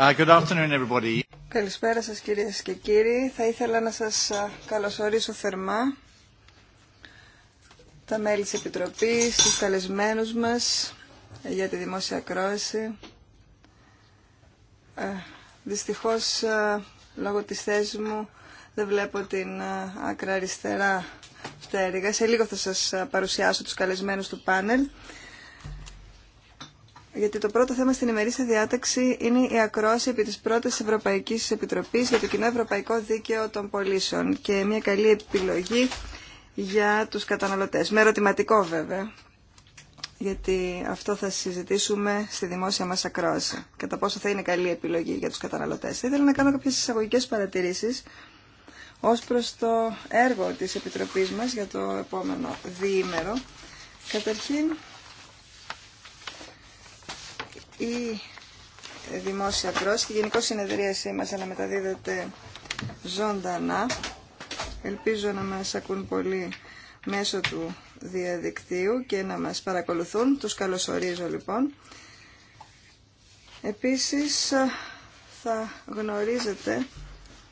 Uh, Καλησπέρα σας κυρίες και κύριοι. Θα ήθελα να σας uh, καλωσορίσω θερμά τα μέλη της Επιτροπής, τους καλεσμένους μας για τη δημόσια ακρόαση. Ε, δυστυχώς, uh, λόγω της θέσης μου, δεν βλέπω την ακραριστερά φτέρυγα. Σε λίγο θα σας παρουσιάσω τους καλεσμένους του πάνελ γιατί το πρώτο θέμα στην ημερήσια διάταξη είναι η ακρόαση επί της πρώτης Ευρωπαϊκής Επιτροπής για το Κοινό Ευρωπαϊκό Δίκαιο των Πωλήσεων και μια καλή επιλογή για τους καταναλωτές. Με ερωτηματικό βέβαια, γιατί αυτό θα συζητήσουμε στη δημόσια μας ακρόαση, κατά πόσο θα είναι καλή επιλογή για τους καταναλωτές. Θα ήθελα να κάνω κάποιες εισαγωγικές παρατηρήσεις ως προς το έργο της Επιτροπής μας για το επόμενο διήμερο. Καταρχήν, η δημόσια πρόσκληση. Γενικώ συνεδρίασή μας μεταδίδεται ζωντανά. Ελπίζω να μας ακούν πολύ μέσω του διαδικτύου και να μας παρακολουθούν. Τους καλωσορίζω λοιπόν. Επίσης θα γνωρίζετε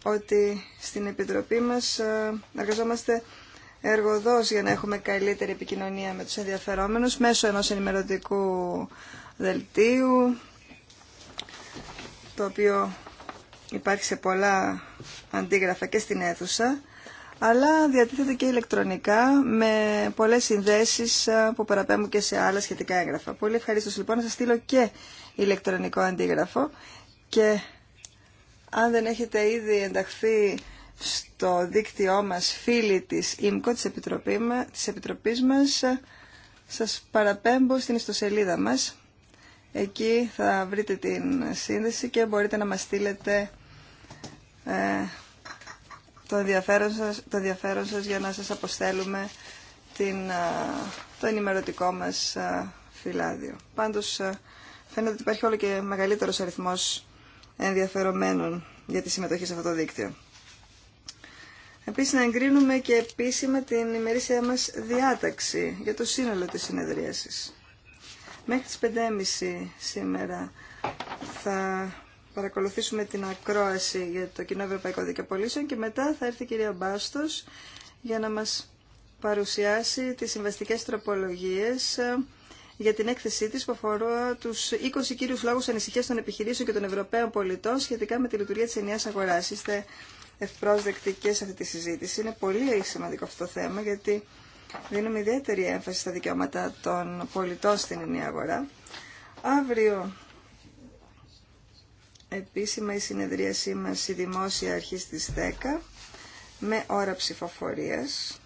ότι στην Επιτροπή μας ε, εργαζόμαστε εργοδός για να έχουμε καλύτερη επικοινωνία με τους ενδιαφερόμενους μέσω ενός ενημερωτικού δελτίου το οποίο υπάρχει σε πολλά αντίγραφα και στην αίθουσα αλλά διατίθεται και ηλεκτρονικά με πολλές συνδέσεις ε, που παραπέμπουν και σε άλλα σχετικά έγγραφα. Πολύ ευχαριστώ λοιπόν να σας στείλω και ηλεκτρονικό αντίγραφο και αν δεν έχετε ήδη ενταχθεί στο δίκτυό μας φίλοι της ΙΜΚΟ, της, Επιτροπή, της Επιτροπής μας, ε, σας παραπέμπω στην ιστοσελίδα μας Εκεί θα βρείτε την σύνδεση και μπορείτε να μας στείλετε ε, το, ενδιαφέρον σας, το ενδιαφέρον για να σας αποστέλουμε την, ε, το ενημερωτικό μας ε, φυλάδιο. Πάντως φαίνεται ότι υπάρχει όλο και μεγαλύτερος αριθμός ενδιαφερομένων για τη συμμετοχή σε αυτό το δίκτυο. Επίσης να εγκρίνουμε και επίσημα την ημερήσια μας διάταξη για το σύνολο της συνεδρίασης. Μέχρι τις 5.30 σήμερα θα παρακολουθήσουμε την ακρόαση για το Κοινό Ευρωπαϊκό Δίκαιο και μετά θα έρθει η κυρία Μπάστος για να μας παρουσιάσει τις συμβαστικές τροπολογίες ε, για την έκθεσή της που αφορά τους 20 κύριους λόγους ανησυχίας των επιχειρήσεων και των Ευρωπαίων πολιτών σχετικά με τη λειτουργία της ενιαίας αγοράς. Είστε ευπρόσδεκτοι και σε αυτή τη συζήτηση. Είναι πολύ σημαντικό αυτό το θέμα γιατί δίνουμε ιδιαίτερη έμφαση στα δικαιώματα των πολιτών στην ενιαία αγορά. Αύριο επίσημα η συνεδρίασή μας η δημόσια αρχή στις 10 με ώρα ψηφοφορίας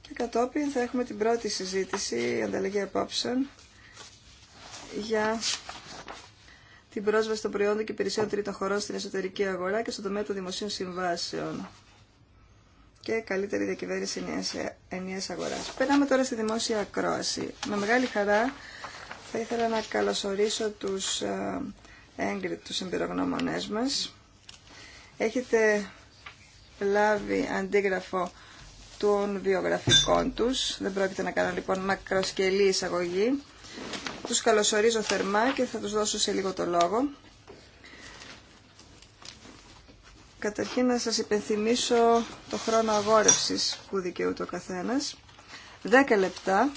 και κατόπιν θα έχουμε την πρώτη συζήτηση, ανταλλαγή απόψεων για την πρόσβαση των προϊόντων και υπηρεσιών τρίτων χωρών στην εσωτερική αγορά και στον τομέα των δημοσίων συμβάσεων και καλύτερη διακυβέρνηση ενιαίας αγοράς. Περνάμε τώρα στη δημόσια ακρόαση. Με μεγάλη χαρά θα ήθελα να καλωσορίσω τους ε, έγκριτους εμπειρογνώμονές μας. Έχετε λάβει αντίγραφο των βιογραφικών τους. Δεν πρόκειται να κάνω λοιπόν μακροσκελή εισαγωγή. Τους καλωσορίζω θερμά και θα τους δώσω σε λίγο το λόγο. Καταρχήν να σας υπενθυμίσω το χρόνο αγόρευσης που δικαιούται ο καθένας. 10 λεπτά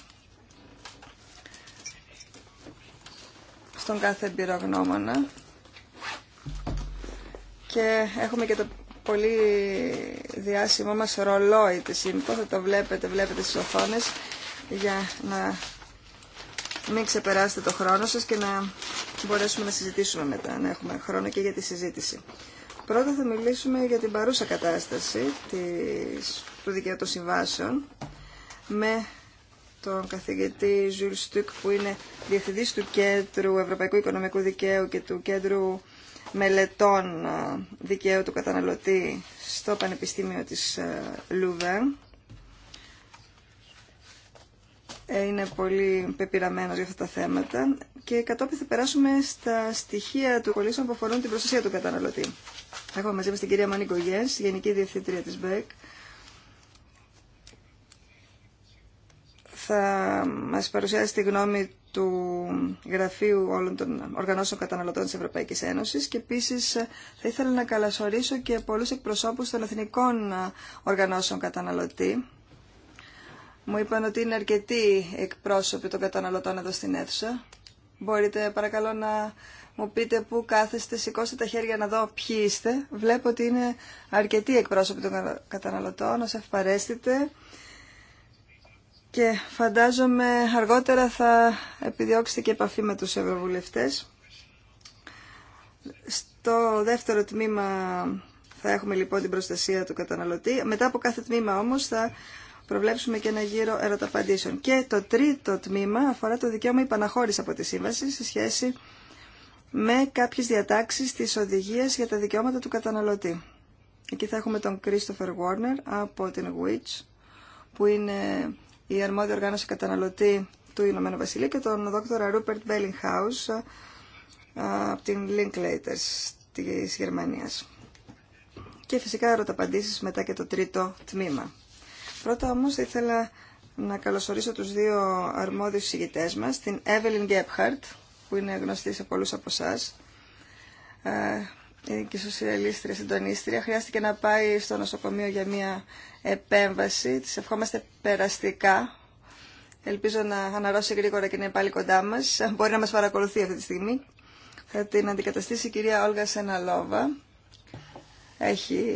στον κάθε εμπειρογνώμονα και έχουμε και το πολύ διάσημο μας ρολόι της ΥΜΠΟ. θα το βλέπετε, βλέπετε στις οθόνες για να μην ξεπεράσετε το χρόνο σας και να μπορέσουμε να συζητήσουμε μετά, να έχουμε χρόνο και για τη συζήτηση. Πρώτα θα μιλήσουμε για την παρούσα κατάσταση της, του δικαίου των συμβάσεων με τον καθηγητή Ζουλ Στουκ που είναι διευθυντής του Κέντρου Ευρωπαϊκού Οικονομικού Δικαίου και του Κέντρου Μελετών ε, Δικαίου του Καταναλωτή στο Πανεπιστήμιο της ε, Λούβεν. Ε, είναι πολύ πεπειραμένος για αυτά τα θέματα και κατόπιν θα περάσουμε στα στοιχεία του κολλήσεων που αφορούν την προστασία του καταναλωτή. Θα έχουμε μαζί μας την κυρία Μανίκο Γιένς, Γενική Διευθύντρια της ΜΠΕΚ. Θα μας παρουσιάσει τη γνώμη του Γραφείου όλων των οργανώσεων καταναλωτών της Ευρωπαϊκής Ένωσης και επίσης θα ήθελα να καλασορίσω και πολλούς εκπροσώπους των εθνικών οργανώσεων καταναλωτή. Μου είπαν ότι είναι αρκετοί εκπρόσωποι των καταναλωτών εδώ στην αίθουσα Μπορείτε παρακαλώ να μου πείτε πού κάθεστε, σηκώστε τα χέρια να δω ποιοι είστε. Βλέπω ότι είναι αρκετοί εκπρόσωποι των καταναλωτών, ως ευπαρέστητε. Και φαντάζομαι αργότερα θα επιδιώξετε και επαφή με τους ευρωβουλευτές. Στο δεύτερο τμήμα θα έχουμε λοιπόν την προστασία του καταναλωτή. Μετά από κάθε τμήμα όμως θα προβλέψουμε και ένα γύρο ερωταπαντήσεων. Και το τρίτο τμήμα αφορά το δικαίωμα υπαναχώρηση από τη Σύμβαση σε σχέση με κάποιες διατάξεις τη οδηγία για τα δικαιώματα του καταναλωτή. Εκεί θα έχουμε τον Christopher Warner από την WITCH, που είναι η αρμόδια οργάνωση καταναλωτή του Ηνωμένου Βασιλείου και τον δόκτωρα Ρούπερτ Bellinghaus από την Linklater τη Γερμανία. Και φυσικά ερωταπαντήσει μετά και το τρίτο τμήμα. Πρώτα όμως ήθελα να καλωσορίσω τους δύο αρμόδιους συγγητές μας, την Evelyn Γκέπχαρτ, που είναι γνωστή σε πολλούς από εσά. Ε, είναι και σοσιαλίστρια, συντονίστρια. Χρειάστηκε να πάει στο νοσοκομείο για μια επέμβαση. Τη ευχόμαστε περαστικά. Ελπίζω να αναρώσει γρήγορα και να είναι πάλι κοντά μας. Μπορεί να μα παρακολουθεί αυτή τη στιγμή. Θα την αντικαταστήσει η κυρία Όλγα Σεναλόβα. Έχει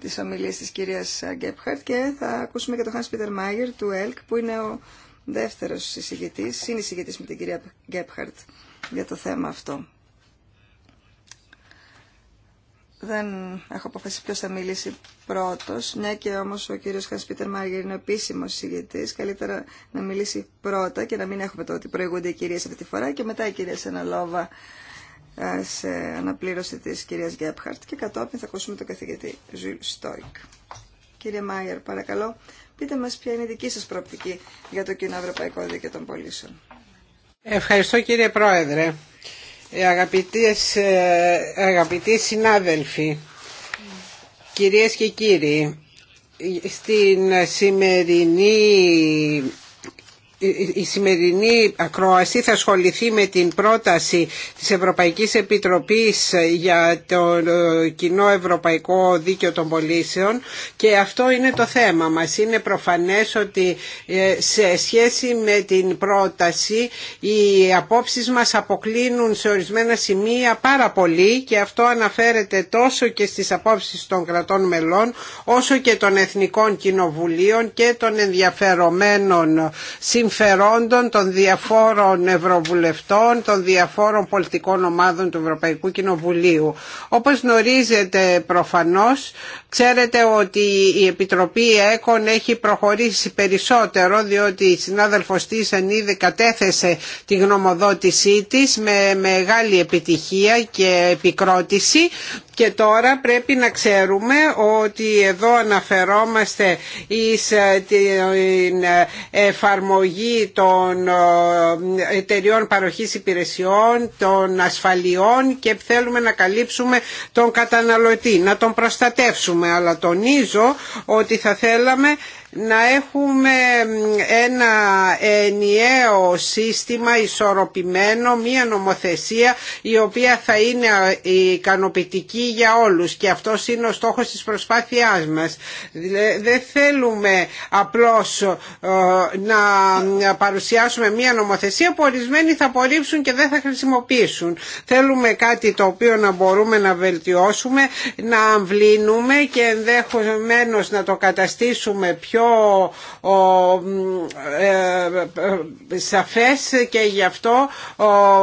Τη ομιλίες τη κυρίας Γκέπχαρτ και θα ακούσουμε και τον Χάν Πίτερ Μάγερ του ΕΛΚ που είναι ο δεύτερος συζητητής, συνεισηγητής με την κυρία Γκέπχαρτ για το θέμα αυτό. Δεν έχω αποφασίσει ποιο θα μιλήσει πρώτο, μια και όμω ο κύριο Χάν Πίτερ Μάγερ είναι ο επίσημο συγγετή. Καλύτερα να μιλήσει πρώτα και να μην έχουμε το ότι προηγούνται οι κυρίε αυτή τη φορά και μετά η κυρία Σεναλόβα ε, σε αναπλήρωση της κυρίας Γκέπχαρτ και κατόπιν θα ακούσουμε τον καθηγητή Ζουλ Στόικ. Κύριε Μάιερ, παρακαλώ, πείτε μας ποια είναι η δική σας προοπτική για το κοινό ευρωπαϊκό δίκαιο των πολίσεων. Ευχαριστώ κύριε Πρόεδρε. Ε, ε, αγαπητοί συνάδελφοι, κυρίες και κύριοι, στην σημερινή η σημερινή ακρόαση θα ασχοληθεί με την πρόταση της Ευρωπαϊκής Επιτροπής για το ε, κοινό ευρωπαϊκό δίκαιο των πολίσεων και αυτό είναι το θέμα μας. Είναι προφανές ότι ε, σε σχέση με την πρόταση οι απόψεις μας αποκλίνουν σε ορισμένα σημεία πάρα πολύ και αυτό αναφέρεται τόσο και στις απόψεις των κρατών μελών όσο και των εθνικών κοινοβουλίων και των ενδιαφερομένων συμφερόντων των διαφόρων ευρωβουλευτών, των διαφόρων πολιτικών ομάδων του Ευρωπαϊκού Κοινοβουλίου. Όπως γνωρίζετε προφανώς, ξέρετε ότι η Επιτροπή ΕΚΟΝ έχει προχωρήσει περισσότερο, διότι η συνάδελφος της ενίδη κατέθεσε τη γνωμοδότησή της με μεγάλη επιτυχία και επικρότηση και τώρα πρέπει να ξέρουμε ότι εδώ αναφερόμαστε εις ε, την ε, εφαρμογή των ε, εταιριών παροχής υπηρεσιών, των ασφαλιών και θέλουμε να καλύψουμε τον καταναλωτή, να τον προστατεύσουμε. Αλλά τονίζω ότι θα θέλαμε να έχουμε ένα ενιαίο σύστημα ισορροπημένο, μία νομοθεσία η οποία θα είναι ε, ικανοποιητική για όλους και αυτός είναι ο στόχος της προσπάθειάς μας. Δεν θέλουμε απλώς ε, να ε, παρουσιάσουμε μία νομοθεσία που ορισμένοι θα απορρίψουν και δεν θα χρησιμοποιήσουν. Θέλουμε κάτι το οποίο να μπορούμε να βελτιώσουμε, να αμβλύνουμε και ενδεχομένως να το καταστήσουμε πιο πιο ε, σαφές και γι' αυτό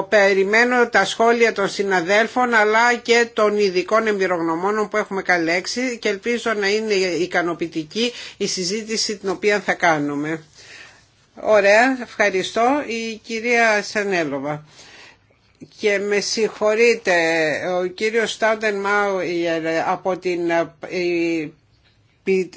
περιμένω τα σχόλια των συναδέλφων αλλά και των ειδικών εμπειρογνωμών που έχουμε καλέξει και ελπίζω να είναι ικανοποιητική η συζήτηση την οποία θα κάνουμε. Ωραία, ευχαριστώ. Η κυρία Σανέλοβα. Και με συγχωρείτε, ο κύριος Στάντεν Μάουιερ από την ε,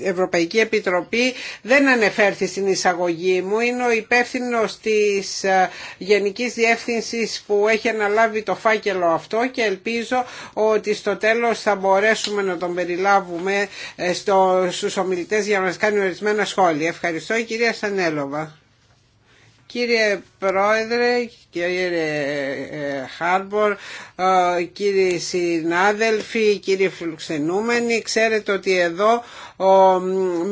Ευρωπαϊκή Επιτροπή δεν ανεφέρθη στην εισαγωγή μου. Είναι ο υπεύθυνο της ε, γενική διεύθυνση που έχει αναλάβει το φάκελο αυτό και ελπίζω ότι στο τέλος θα μπορέσουμε να τον περιλάβουμε ε, στου στους ομιλητές για να μα κάνει ορισμένα σχόλια. Ευχαριστώ η κυρία Σανέλοβα. Κύριε Πρόεδρε, κύριε ε, Χάρμπορ, κύριοι συνάδελφοι, κύριοι φιλοξενούμενοι, ξέρετε ότι εδώ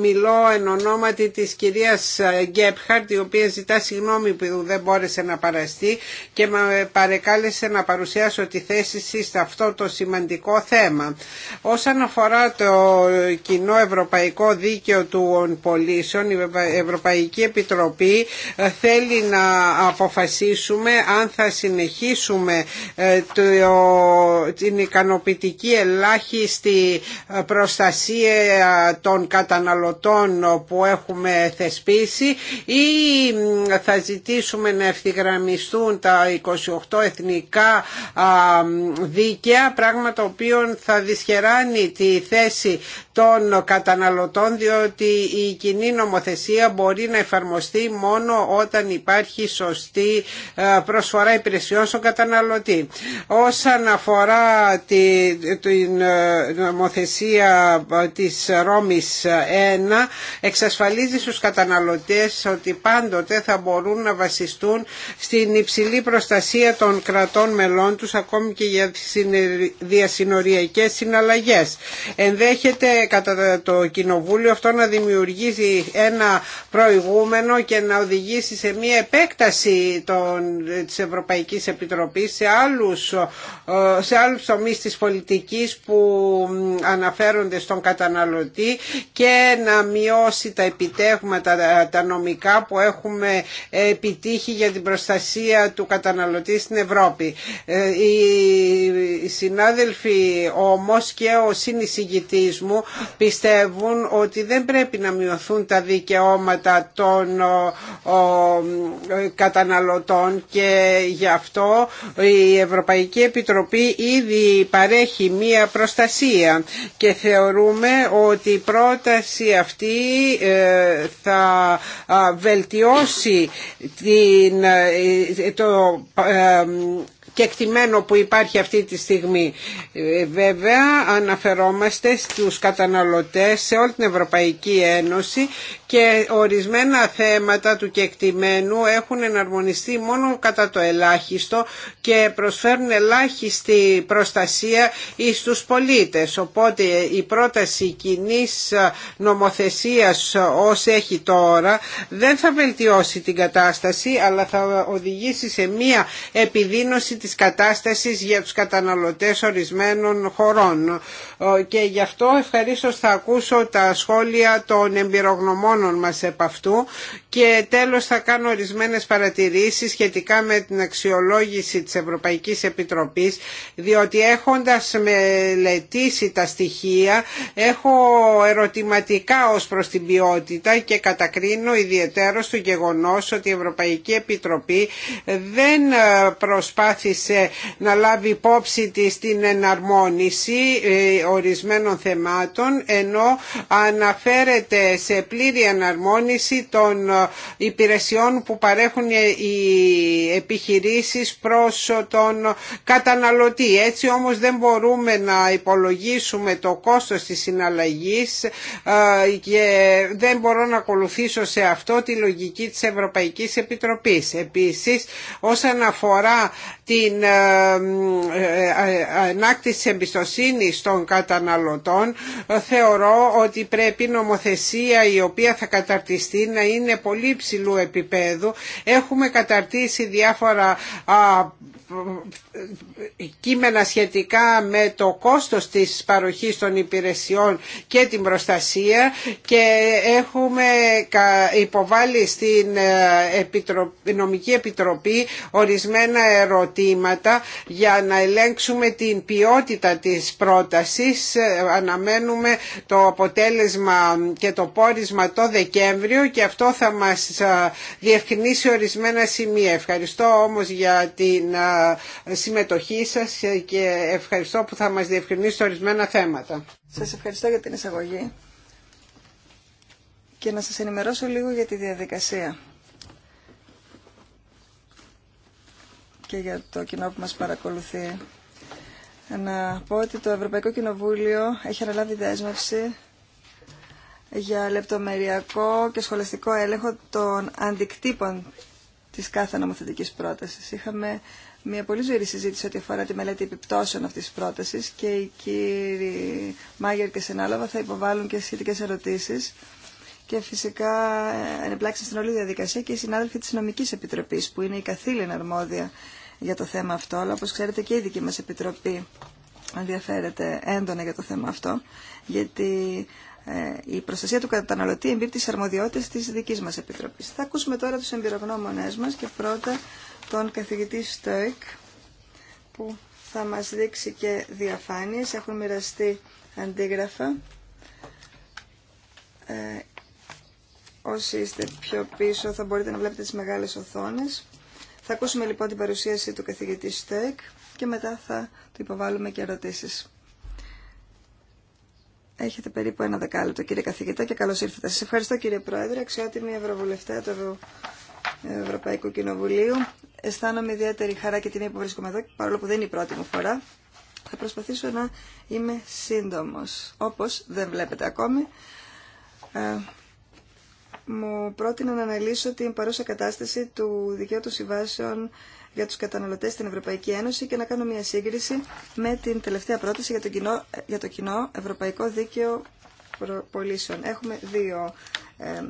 μιλώ εν ονόματι της κυρίας ε, Γκέπχαρτ η οποία ζητά συγγνώμη που δεν μπόρεσε να παραστεί και με παρεκάλεσε να παρουσιάσω τη θέση της σε αυτό το σημαντικό θέμα. Όσον αφορά το κοινό ευρωπαϊκό δίκαιο του πολίσεων, η Ευρωπαϊκή Επιτροπή ε, θέλει να αποφασίσουμε αν θα συνεχίσουμε ε, την ικανοποιητική ελάχιστη προστασία των καταναλωτών που έχουμε θεσπίσει ή θα ζητήσουμε να ευθυγραμμιστούν τα 28 εθνικά δίκαια, πράγμα το οποίο θα δυσχεράνει τη θέση των καταναλωτών διότι η κοινή νομοθεσία μπορεί να εφαρμοστεί μόνο όταν υπάρχει σωστή προσφορά υπηρεσιών στον καταναλωτή. Όσον αφορά την ε, νομοθεσία ε, της ΡΟΜ 1 εξασφαλίζει στους καταναλωτές ότι πάντοτε θα μπορούν να βασιστούν στην υψηλή προστασία των κρατών μελών τους ακόμη και για διασυνοριακές συναλλαγές. Ενδέχεται κατά το Κοινοβούλιο αυτό να δημιουργήσει ένα προηγούμενο και να οδηγήσει σε μια επέκταση των, της Ευρωπαϊκής Επιτροπής σε άλλους, ε, σε άλλους τομείς της πολιτικής που αναφέρονται στον καταναλωτή και να μειώσει τα επιτέχματα, τα νομικά που έχουμε επιτύχει για την προστασία του καταναλωτή στην Ευρώπη. Ε, οι συνάδελφοι όμως και ο συνεισηγητής μου πιστεύουν ότι δεν πρέπει να μειωθούν τα δικαιώματα των καταναλωτών και γι' αυτό η Ευρωπαϊκή Επιτροπή ήδη παρέχει μία προστασία και θεωρούμε ότι πρόταση αυτή ε, θα βελτιώσει ε, το ε, και που υπάρχει αυτή τη στιγμή. Βέβαια αναφερόμαστε στους καταναλωτές σε όλη την Ευρωπαϊκή Ένωση και ορισμένα θέματα του κεκτημένου έχουν εναρμονιστεί μόνο κατά το ελάχιστο και προσφέρουν ελάχιστη προστασία τους πολίτες. Οπότε η πρόταση κοινή νομοθεσίας ως έχει τώρα δεν θα βελτιώσει την κατάσταση αλλά θα οδηγήσει σε μία επιδίνωση της κατάστασης για τους καταναλωτές ορισμένων χωρών. Ε, και γι' αυτό ευχαρίστως θα ακούσω τα σχόλια των εμπειρογνωμών μας επ' και τέλος θα κάνω ορισμένες παρατηρήσεις σχετικά με την αξιολόγηση της Ευρωπαϊκής Επιτροπής διότι έχοντας μελετήσει τα στοιχεία έχω ερωτηματικά ως προς την ποιότητα και κατακρίνω ιδιαίτερο στο γεγονός ότι η Ευρωπαϊκή Επιτροπή δεν προσπάθησε να λάβει υπόψη της την εναρμόνιση ε, ορισμένων θεμάτων ενώ αναφέρεται σε πλήρη εναρμόνιση των ε, υπηρεσιών που παρέχουν οι επιχειρήσεις προς ε, τον καταναλωτή. Έτσι όμως δεν μπορούμε να υπολογίσουμε το κόστος της συναλλαγής ε, και δεν μπορώ να ακολουθήσω σε αυτό τη λογική της Ευρωπαϊκής Επιτροπής. Επίσης, όσον αφορά την ανάκτηση εμπιστοσύνης των καταναλωτών, θεωρώ ότι πρέπει νομοθεσία η οποία θα καταρτιστεί να είναι πολύ ψηλού επίπεδου. Έχουμε καταρτήσει διάφορα κείμενα σχετικά με το κόστος της παροχής των υπηρεσιών και την προστασία και έχουμε υποβάλει στην ε, Νομική Επιτροπή ορισμένα ερωτήματα για να ελέγξουμε την ποιότητα της πρότασης. Ε, αναμένουμε το αποτέλεσμα και το πόρισμα το Δεκέμβριο και αυτό θα μας ε, διευκρινίσει ορισμένα σημεία. Ευχαριστώ όμως για την συμμετοχή σας και ευχαριστώ που θα μας διευκρινίσετε ορισμένα θέματα. Σας ευχαριστώ για την εισαγωγή και να σας ενημερώσω λίγο για τη διαδικασία και για το κοινό που μας παρακολουθεί. Να πω ότι το Ευρωπαϊκό Κοινοβούλιο έχει αναλάβει δέσμευση για λεπτομεριακό και σχολαστικό έλεγχο των αντικτύπων της κάθε νομοθετικής πρότασης. Είχαμε μια πολύ ζωή συζήτηση ό,τι αφορά τη μελέτη επιπτώσεων αυτής της πρότασης και οι κύριοι Μάγερ και Σενάλαβα θα υποβάλουν και σχετικές ερωτήσεις και φυσικά ε, ενεπλάξαν στην όλη διαδικασία και οι συνάδελφοι της Νομικής Επιτροπής που είναι η καθήλυνα αρμόδια για το θέμα αυτό, αλλά όπως ξέρετε και η δική μας Επιτροπή ενδιαφέρεται έντονα για το θέμα αυτό, γιατί ε, η προστασία του καταναλωτή εμπίπτει στι αρμοδιότητες της δικής μας Επιτροπής. Θα ακούσουμε τώρα τους εμπειρογνώμονές μας και πρώτα τον καθηγητή Στοικ που θα μας δείξει και διαφάνειες. Έχουν μοιραστεί αντίγραφα. Ε, όσοι είστε πιο πίσω θα μπορείτε να βλέπετε τις μεγάλες οθόνες. Θα ακούσουμε λοιπόν την παρουσίαση του καθηγητή Στοίκ και μετά θα του υποβάλουμε και ερωτήσεις. Έχετε περίπου ένα δεκάλεπτο κύριε καθηγητά και καλώς ήρθατε. Σας ευχαριστώ κύριε Πρόεδρε, αξιότιμη Ευρωβουλευτέ του Ευρωπαϊκού Κοινοβουλίου. Αισθάνομαι ιδιαίτερη χαρά και τιμή που βρίσκομαι εδώ, παρόλο που δεν είναι η πρώτη μου φορά. Θα προσπαθήσω να είμαι σύντομος. Όπως δεν βλέπετε ακόμη, ε, μου πρότεινα να αναλύσω την παρούσα κατάσταση του δικαίου των συμβάσεων για τους καταναλωτές στην Ευρωπαϊκή Ένωση και να κάνω μια σύγκριση με την τελευταία πρόταση για το για το κοινό Ευρωπαϊκό Δίκαιο Έχουμε δύο ε,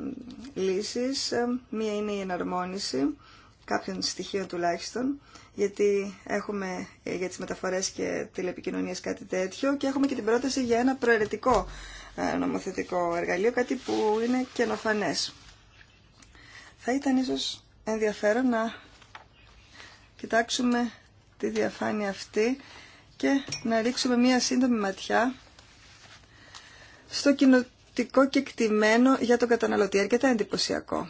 λύσεις. Μία είναι η εναρμόνιση κάποιων στοιχείων τουλάχιστον, γιατί έχουμε ε, για τις μεταφορές και τηλεπικοινωνίες κάτι τέτοιο και έχουμε και την πρόταση για ένα προαιρετικό ε, νομοθετικό εργαλείο, κάτι που είναι καινοφανές. Θα ήταν ίσως ενδιαφέρον να κοιτάξουμε τη διαφάνεια αυτή και να ρίξουμε μία σύντομη ματιά στο κοινοτικό κεκτημένο για τον καταναλωτή. Αρκετά εντυπωσιακό.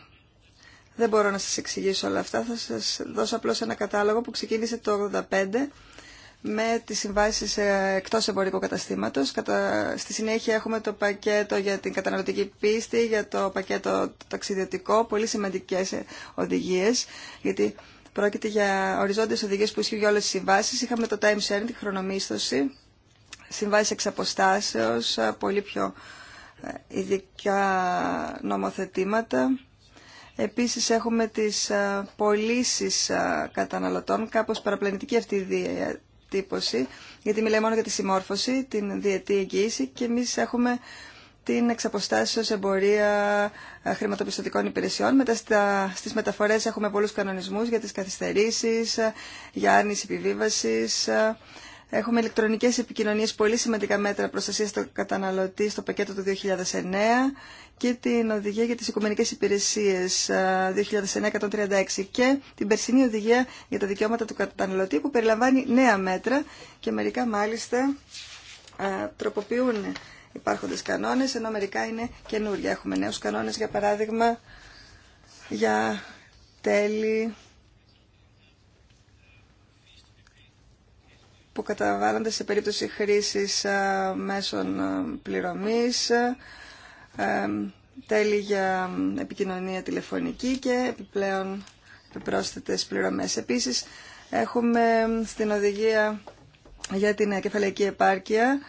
Δεν μπορώ να σας εξηγήσω όλα αυτά. Θα σας δώσω απλώς ένα κατάλογο που ξεκίνησε το 1985 με τις συμβάσεις ε, εκτός εμπορικού καταστήματος. Στη συνέχεια έχουμε το πακέτο για την καταναλωτική πίστη, για το πακέτο ταξιδιωτικό, πολύ σημαντικές ε, οδηγίες, γιατί πρόκειται για οριζόντιες οδηγίες που ισχύουν για όλες τις συμβάσεις. Είχαμε το time sharing, τη χρονομίσθωση, συμβάσει εξ αποστάσεως, ε, πολύ πιο ε, ειδικά νομοθετήματα. Επίσης έχουμε τις ε, πωλήσει καταναλωτών, κάπως παραπλανητική αυτή η διατύπωση, γιατί μιλάει μόνο για τη συμμόρφωση, την διετή εγγύηση και εμείς έχουμε την εξαποστάσεως εμπορία χρηματοπιστωτικών υπηρεσιών. Μετά στα, στις μεταφορές έχουμε πολλούς κανονισμούς για τις καθυστερήσεις, για άρνηση επιβίβασης, Έχουμε ηλεκτρονικές επικοινωνίες, πολύ σημαντικά μέτρα προστασίας του καταναλωτή στο πακέτο του 2009 και την οδηγία για τις οικουμενικές υπηρεσίες 2009-136 ε, και την περσινή οδηγία για τα δικαιώματα του καταναλωτή που περιλαμβάνει νέα μέτρα και μερικά μάλιστα ε, τροποποιούν υπάρχοντες κανόνες ενώ μερικά είναι καινούργια. Έχουμε νέους κανόνες για παράδειγμα για τέλη που καταβάλλονται σε περίπτωση χρήσης ε, μέσων ε, πληρωμής, ε, τέλη για επικοινωνία τηλεφωνική και επιπλέον επιπρόσθετες πληρωμές. Επίσης, έχουμε στην οδηγία για την κεφαλαϊκή επάρκεια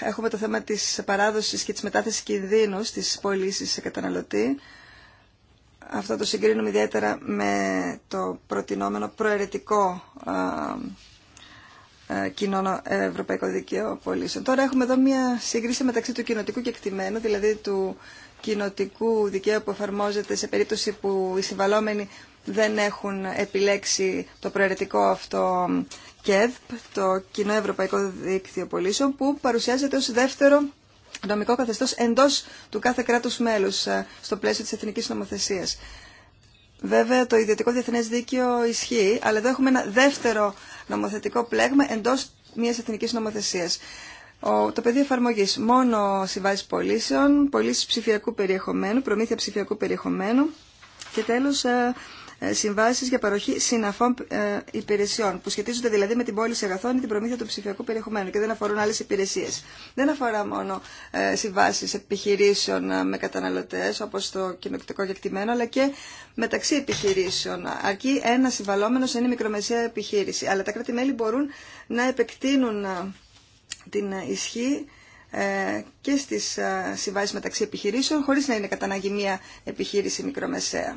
έχουμε το θέμα της παράδοσης και της μετάθεσης κινδύνου στις πωλήσει σε καταναλωτή. Αυτό το συγκρίνουμε ιδιαίτερα με το προτινόμενο προαιρετικό ε, κοινό ε, ευρωπαϊκό δίκαιο πολίσεων. Τώρα έχουμε εδώ μια σύγκριση μεταξύ του κοινοτικού κεκτημένου, δηλαδή του κοινοτικού δικαίου που εφαρμόζεται σε περίπτωση που οι συμβαλόμενοι δεν έχουν επιλέξει το προαιρετικό αυτό ΚΕΔΠ, το Κοινό Ευρωπαϊκό Δίκτυο Πολίσεων, που παρουσιάζεται ως δεύτερο νομικό καθεστώς εντός του κάθε κράτους μέλους ε, στο πλαίσιο της εθνικής νομοθεσίας. Βέβαια το ιδιωτικό διεθνές δίκαιο ισχύει, αλλά εδώ έχουμε ένα δεύτερο νομοθετικό πλέγμα εντός μιας εθνικής νομοθεσίας. Το πεδίο εφαρμογή μόνο συμβάσει πωλήσεων, πωλήσει ψηφιακού περιεχομένου, προμήθεια ψηφιακού περιεχομένου και τέλο ε, ε, συμβάσεις για παροχή συναφών ε, υπηρεσιών, που σχετίζονται δηλαδή με την πώληση αγαθών ή την προμήθεια του ψηφιακού περιεχομένου και δεν αφορούν άλλες υπηρεσίες. Δεν αφορά μόνο ε, συμβάσεις επιχειρήσεων με καταναλωτές, όπως το κοινοκτικό κεκτημένο, αλλά και μεταξύ επιχειρήσεων. Αρκεί ένα συμβαλόμενο είναι μικρομεσαία επιχείρηση, αλλά τα κράτη-μέλη μπορούν να επεκτείνουν την ισχύ και στις συμβάσεις μεταξύ επιχειρήσεων, χωρίς να είναι κατά επιχείρηση μικρομεσαία.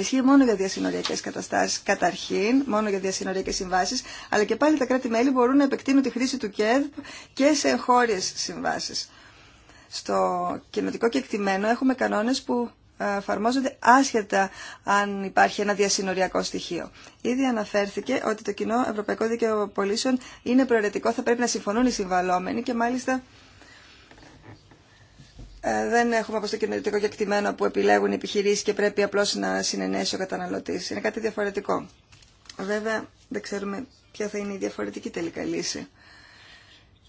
Ισχύει μόνο για διασυνοριακέ καταστάσει, καταρχήν, μόνο για διασυνοριακέ συμβάσει, αλλά και πάλι τα κράτη-μέλη μπορούν να επεκτείνουν τη χρήση του ΚΕΔΠ και σε εγχώριε συμβάσει. Στο κοινοτικό κεκτημένο έχουμε κανόνε που ε, εφαρμόζονται άσχετα αν υπάρχει ένα διασυνοριακό στοιχείο. Ήδη αναφέρθηκε ότι το κοινό ευρωπαϊκό δίκαιο είναι προαιρετικό, θα πρέπει να συμφωνούν οι συμβαλόμενοι και μάλιστα ε, δεν έχουμε από το κοινωνικό κεκτημένο που επιλέγουν οι επιχειρήσεις και πρέπει απλώς να συνενέσει ο καταναλωτής. Είναι κάτι διαφορετικό. Βέβαια, δεν ξέρουμε ποια θα είναι η διαφορετική τελικά λύση.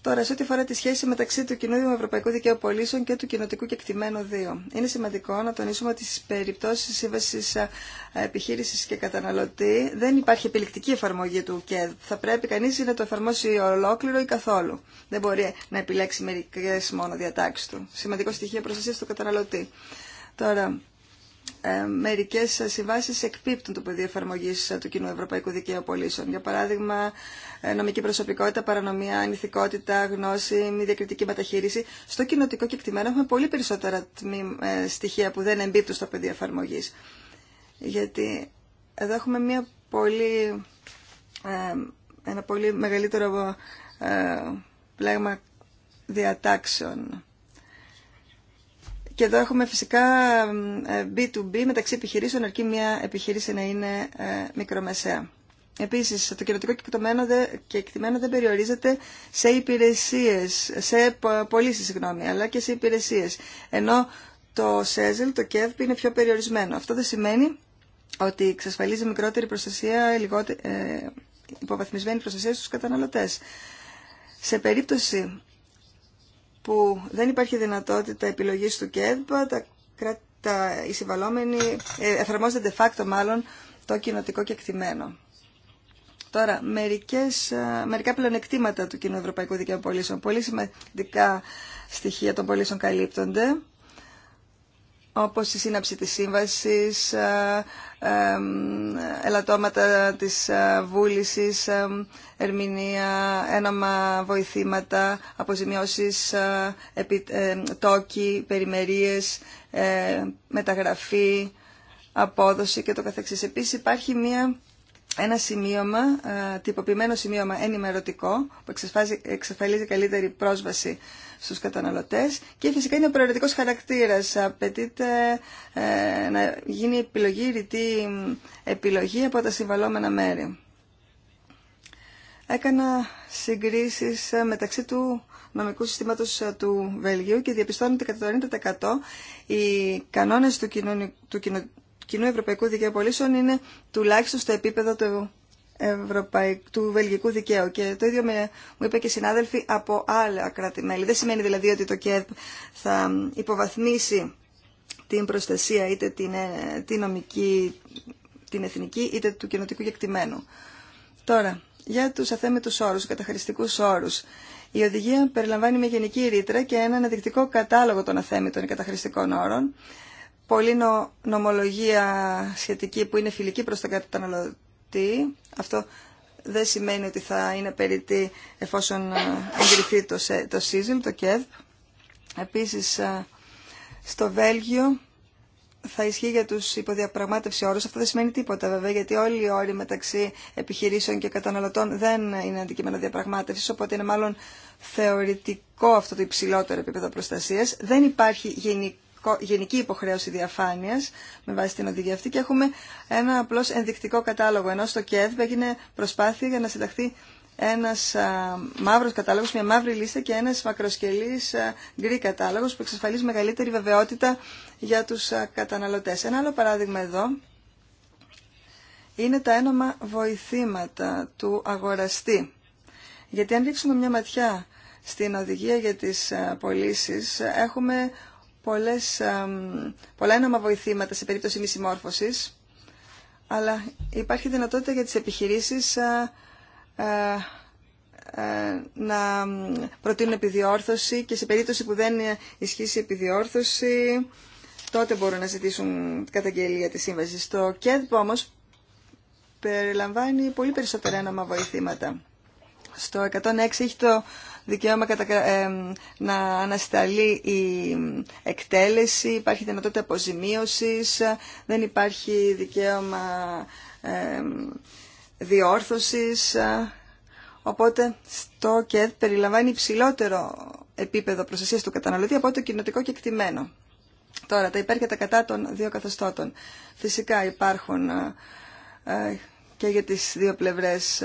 Τώρα, σε ό,τι αφορά τη σχέση μεταξύ του κοινού Ευρωπαϊκού Δικαίου Πολίσεων και του κοινοτικού κεκτημένου 2, είναι σημαντικό να τονίσουμε ότι στι περιπτώσει σύμβαση επιχείρηση και καταναλωτή δεν υπάρχει επιλεκτική εφαρμογή του ΚΕΔ. θα πρέπει κανεί να το εφαρμόσει ολόκληρο ή καθόλου. Δεν μπορεί να επιλέξει μερικέ μόνο διατάξει του. Σημαντικό στοιχείο προστασία του καταναλωτή. Τώρα, ε, μερικές συμβάσεις εκπίπτουν το πεδίο εφαρμογή του κοινού ευρωπαϊκού δικαίου πολίσεων. Για παράδειγμα, ε, νομική προσωπικότητα, παρανομία, ανηθικότητα, γνώση, μη διακριτική μεταχείριση. Στο κοινοτικό κεκτημένο έχουμε πολύ περισσότερα ε, στοιχεία που δεν εμπίπτουν στο πεδίο εφαρμογή. Γιατί εδώ έχουμε μια πολύ, ε, ένα πολύ μεγαλύτερο πλέγμα διατάξεων και εδώ έχουμε φυσικά B2B ε, μεταξύ επιχειρήσεων, αρκεί μια επιχείρηση να είναι ε, μικρομεσαία. Επίση, το κοινοτικό και εκτιμένο δεν περιορίζεται σε υπηρεσίε, σε πωλήσει, συγγνώμη, αλλά και σε υπηρεσίε. Ενώ το ΣΕΖΕΛ, το ΚΕΒΠ είναι πιο περιορισμένο. Αυτό δεν σημαίνει ότι εξασφαλίζει μικρότερη προστασία, ε, υποβαθμισμένη προστασία στου καταναλωτέ. Σε περίπτωση που δεν υπάρχει δυνατότητα επιλογής του ΚΕΔΠΑ, τα, τα, οι συμβαλόμενοι ε, εφαρμόζονται de facto μάλλον το κοινοτικό κεκτημένο. Τώρα, μερικές, ε, μερικά πλεονεκτήματα του κοινοευρωπαϊκού δικαίου πολίσεων. Πολύ σημαντικά στοιχεία των πωλήσεων καλύπτονται όπως η σύναψη της σύμβασης, ε, ε, ελαττώματα της ε, βούλησης, ερμηνεία, ένομα βοηθήματα, αποζημιώσεις, τόκοι, περιμερίες, μεταγραφή, απόδοση και το καθεξής. Επίσης υπάρχει μια, ένα σημείωμα, τυποποιημένο σημείωμα ενημερωτικό που εξασφαλίζει καλύτερη πρόσβαση Στου καταναλωτέ και φυσικά είναι ο προαιρετικός χαρακτήρας. Απαιτείται ε, να γίνει επιλογή, ρητή επιλογή από τα συμβαλώμενα μέρη. Έκανα συγκρίσεις ε, μεταξύ του νομικού συστήματος ε, του Βελγίου και διαπιστώνω ότι κατά το 90% οι κανόνες του, κοινωνικού, του κοινού ευρωπαϊκού δικαίου είναι τουλάχιστον στο επίπεδο του ευρωπαϊκού, του βελγικού δικαίου. Και το ίδιο με, μου είπε και συνάδελφοι από άλλα κράτη-μέλη. Δεν σημαίνει δηλαδή ότι το ΚΕΔ θα υποβαθμίσει την προστασία είτε την, ε, την νομική, την εθνική, είτε του κοινοτικού κεκτημένου. Τώρα, για τους αθέμετους όρους, καταχρηστικού όρου. Η οδηγία περιλαμβάνει μια γενική ρήτρα και ένα αναδεικτικό κατάλογο των αθέμητων καταχρηστικών όρων, Πολύ νομολογία σχετική που είναι φιλική προς τον καταναλωτή, αυτό δεν σημαίνει ότι θα είναι περίτη εφόσον ε, εγκριθεί το, το το ΚΕΔ. Επίσης, ε, στο Βέλγιο θα ισχύει για τους υποδιαπραγμάτευση όρους. Αυτό δεν σημαίνει τίποτα βέβαια, γιατί όλοι οι όροι μεταξύ επιχειρήσεων και καταναλωτών δεν είναι αντικείμενο διαπραγμάτευσης, οπότε είναι μάλλον θεωρητικό αυτό το υψηλότερο επίπεδο προστασίας. Δεν υπάρχει γενικό γενική υποχρέωση διαφάνεια με βάση την οδηγία αυτή και έχουμε ένα απλώ ενδεικτικό κατάλογο. Ενώ στο ΚΕΔ έγινε προσπάθεια για να συνταχθεί ένα μαύρο μαύρος μια μαύρη λίστα και ένα μακροσκελή γκρι κατάλογος που εξασφαλίζει μεγαλύτερη βεβαιότητα για του καταναλωτέ. Ένα άλλο παράδειγμα εδώ είναι τα ένομα βοηθήματα του αγοραστή. Γιατί αν ρίξουμε μια ματιά στην οδηγία για τις πωλήσει έχουμε πολλές, πολλά ένομα βοηθήματα σε περίπτωση μη συμμόρφωσης, αλλά υπάρχει δυνατότητα για τις επιχειρήσεις ε, ε, ε, να προτείνουν επιδιόρθωση και σε περίπτωση που δεν ισχύσει η επιδιόρθωση τότε μπορούν να ζητήσουν καταγγελία της σύμβασης. Το ΚΕΔΠ όμως περιλαμβάνει πολύ περισσότερα ένομα βοηθήματα. Στο 106 έχει το δικαίωμα ε, ε, να ανασταλεί η εκτέλεση, υπάρχει δυνατότητα αποζημίωσης, δεν υπάρχει δικαίωμα ε, διόρθωσης. Οπότε στο ΚΕΔ περιλαμβάνει υψηλότερο επίπεδο προστασίας του καταναλωτή από το κοινοτικό κεκτημένο. Τώρα, τα υπέρ και τα κατά των δύο καθεστώτων. Φυσικά υπάρχουν και για τις δύο πλευρές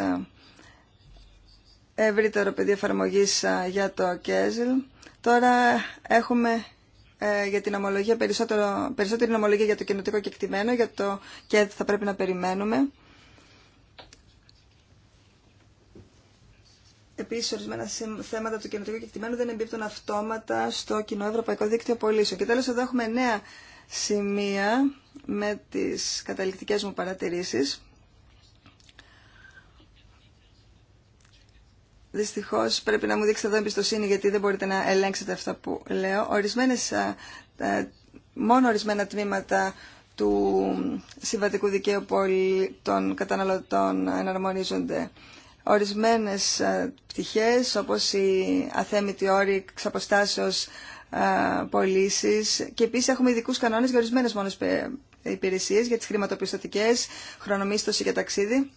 ευρύτερο πεδίο εφαρμογή για το ΚΕΖΛ. Τώρα έχουμε ε, για την ομολογία περισσότερο, περισσότερη ομολογία για το κοινοτικό κεκτημένο, για το ΚΕΔ θα πρέπει να περιμένουμε. Επίση, ορισμένα θέματα του κοινοτικού κεκτημένου δεν εμπίπτουν αυτόματα στο κοινό ευρωπαϊκό δίκτυο πωλήσεων. Και τέλο, εδώ έχουμε νέα σημεία με τι καταληκτικέ μου παρατηρήσει. Δυστυχώ πρέπει να μου δείξετε εδώ εμπιστοσύνη γιατί δεν μπορείτε να ελέγξετε αυτά που λέω. Ορισμένες, μόνο ορισμένα τμήματα του συμβατικού δικαίου των καταναλωτών εναρμονίζονται. Ορισμένες πτυχές όπως η αθέμητη όρη εξαποστάσεως πωλήσει και επίσης έχουμε ειδικού κανόνες για ορισμένες μόνο ε, υπηρεσίες για τις χρηματοπιστωτικές, χρονομίστοση και ταξίδι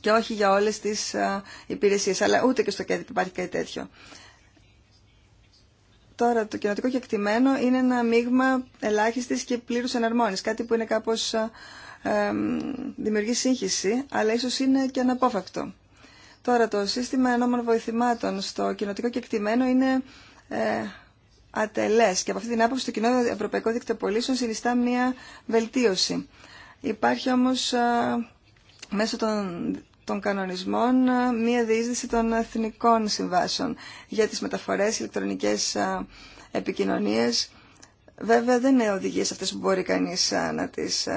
και όχι για όλες τις ε, υπηρεσίες, αλλά ούτε και στο ΚΕΔΙΠ υπάρχει κάτι τέτοιο. Τώρα, το κοινοτικό κεκτημένο είναι ένα μείγμα ελάχιστης και πλήρους εναρμόνη. κάτι που είναι κάπως ε, ε, δημιουργεί σύγχυση, αλλά ίσως είναι και αναπόφευκτο. Τώρα, το σύστημα ενόμων βοηθημάτων στο κοινοτικό κεκτημένο είναι ε, ατελές και από αυτή την άποψη το κοινό ευρωπαϊκό δίκτυο συνιστά μια βελτίωση. Υπάρχει όμως ε, μέσω των, κανονισμών ε, μία διείσδυση των εθνικών συμβάσεων για τις μεταφορές, ηλεκτρονικές ε, επικοινωνίες. Βέβαια δεν είναι οδηγίες αυτές που μπορεί κανείς ε, να τις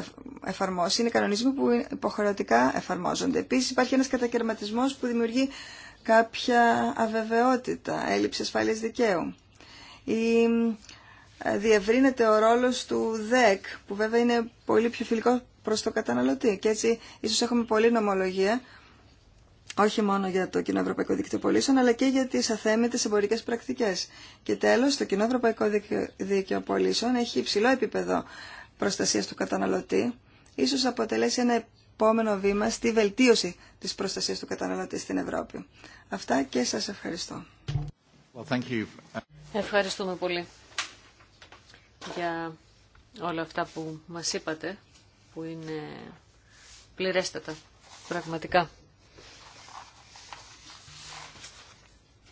εφαρμόσει. Είναι κανονισμοί που υποχρεωτικά εφαρμόζονται. Επίσης υπάρχει ένας κατακαιρματισμός που δημιουργεί κάποια αβεβαιότητα, έλλειψη ασφάλειας δικαίου. Η διευρύνεται ο ρόλος του ΔΕΚ, που βέβαια είναι πολύ πιο φιλικό Προ το καταναλωτή. Και έτσι ίσως έχουμε πολλή νομολογία, όχι μόνο για το Κοινό Ευρωπαϊκό Δίκτυο Πολίσεων, αλλά και για τις αθέμετες εμπορικέ πρακτικές. Και τέλος, το Κοινό Ευρωπαϊκό Δίκαιο Πολίσεων έχει υψηλό επίπεδο προστασία του καταναλωτή, ίσως αποτελέσει ένα επόμενο βήμα στη βελτίωση της προστασία του καταναλωτή στην Ευρώπη. Αυτά και σα ευχαριστώ. Well, thank you. Ευχαριστούμε πολύ για όλα αυτά που μας είπατε που είναι πληρέστατα, πραγματικά.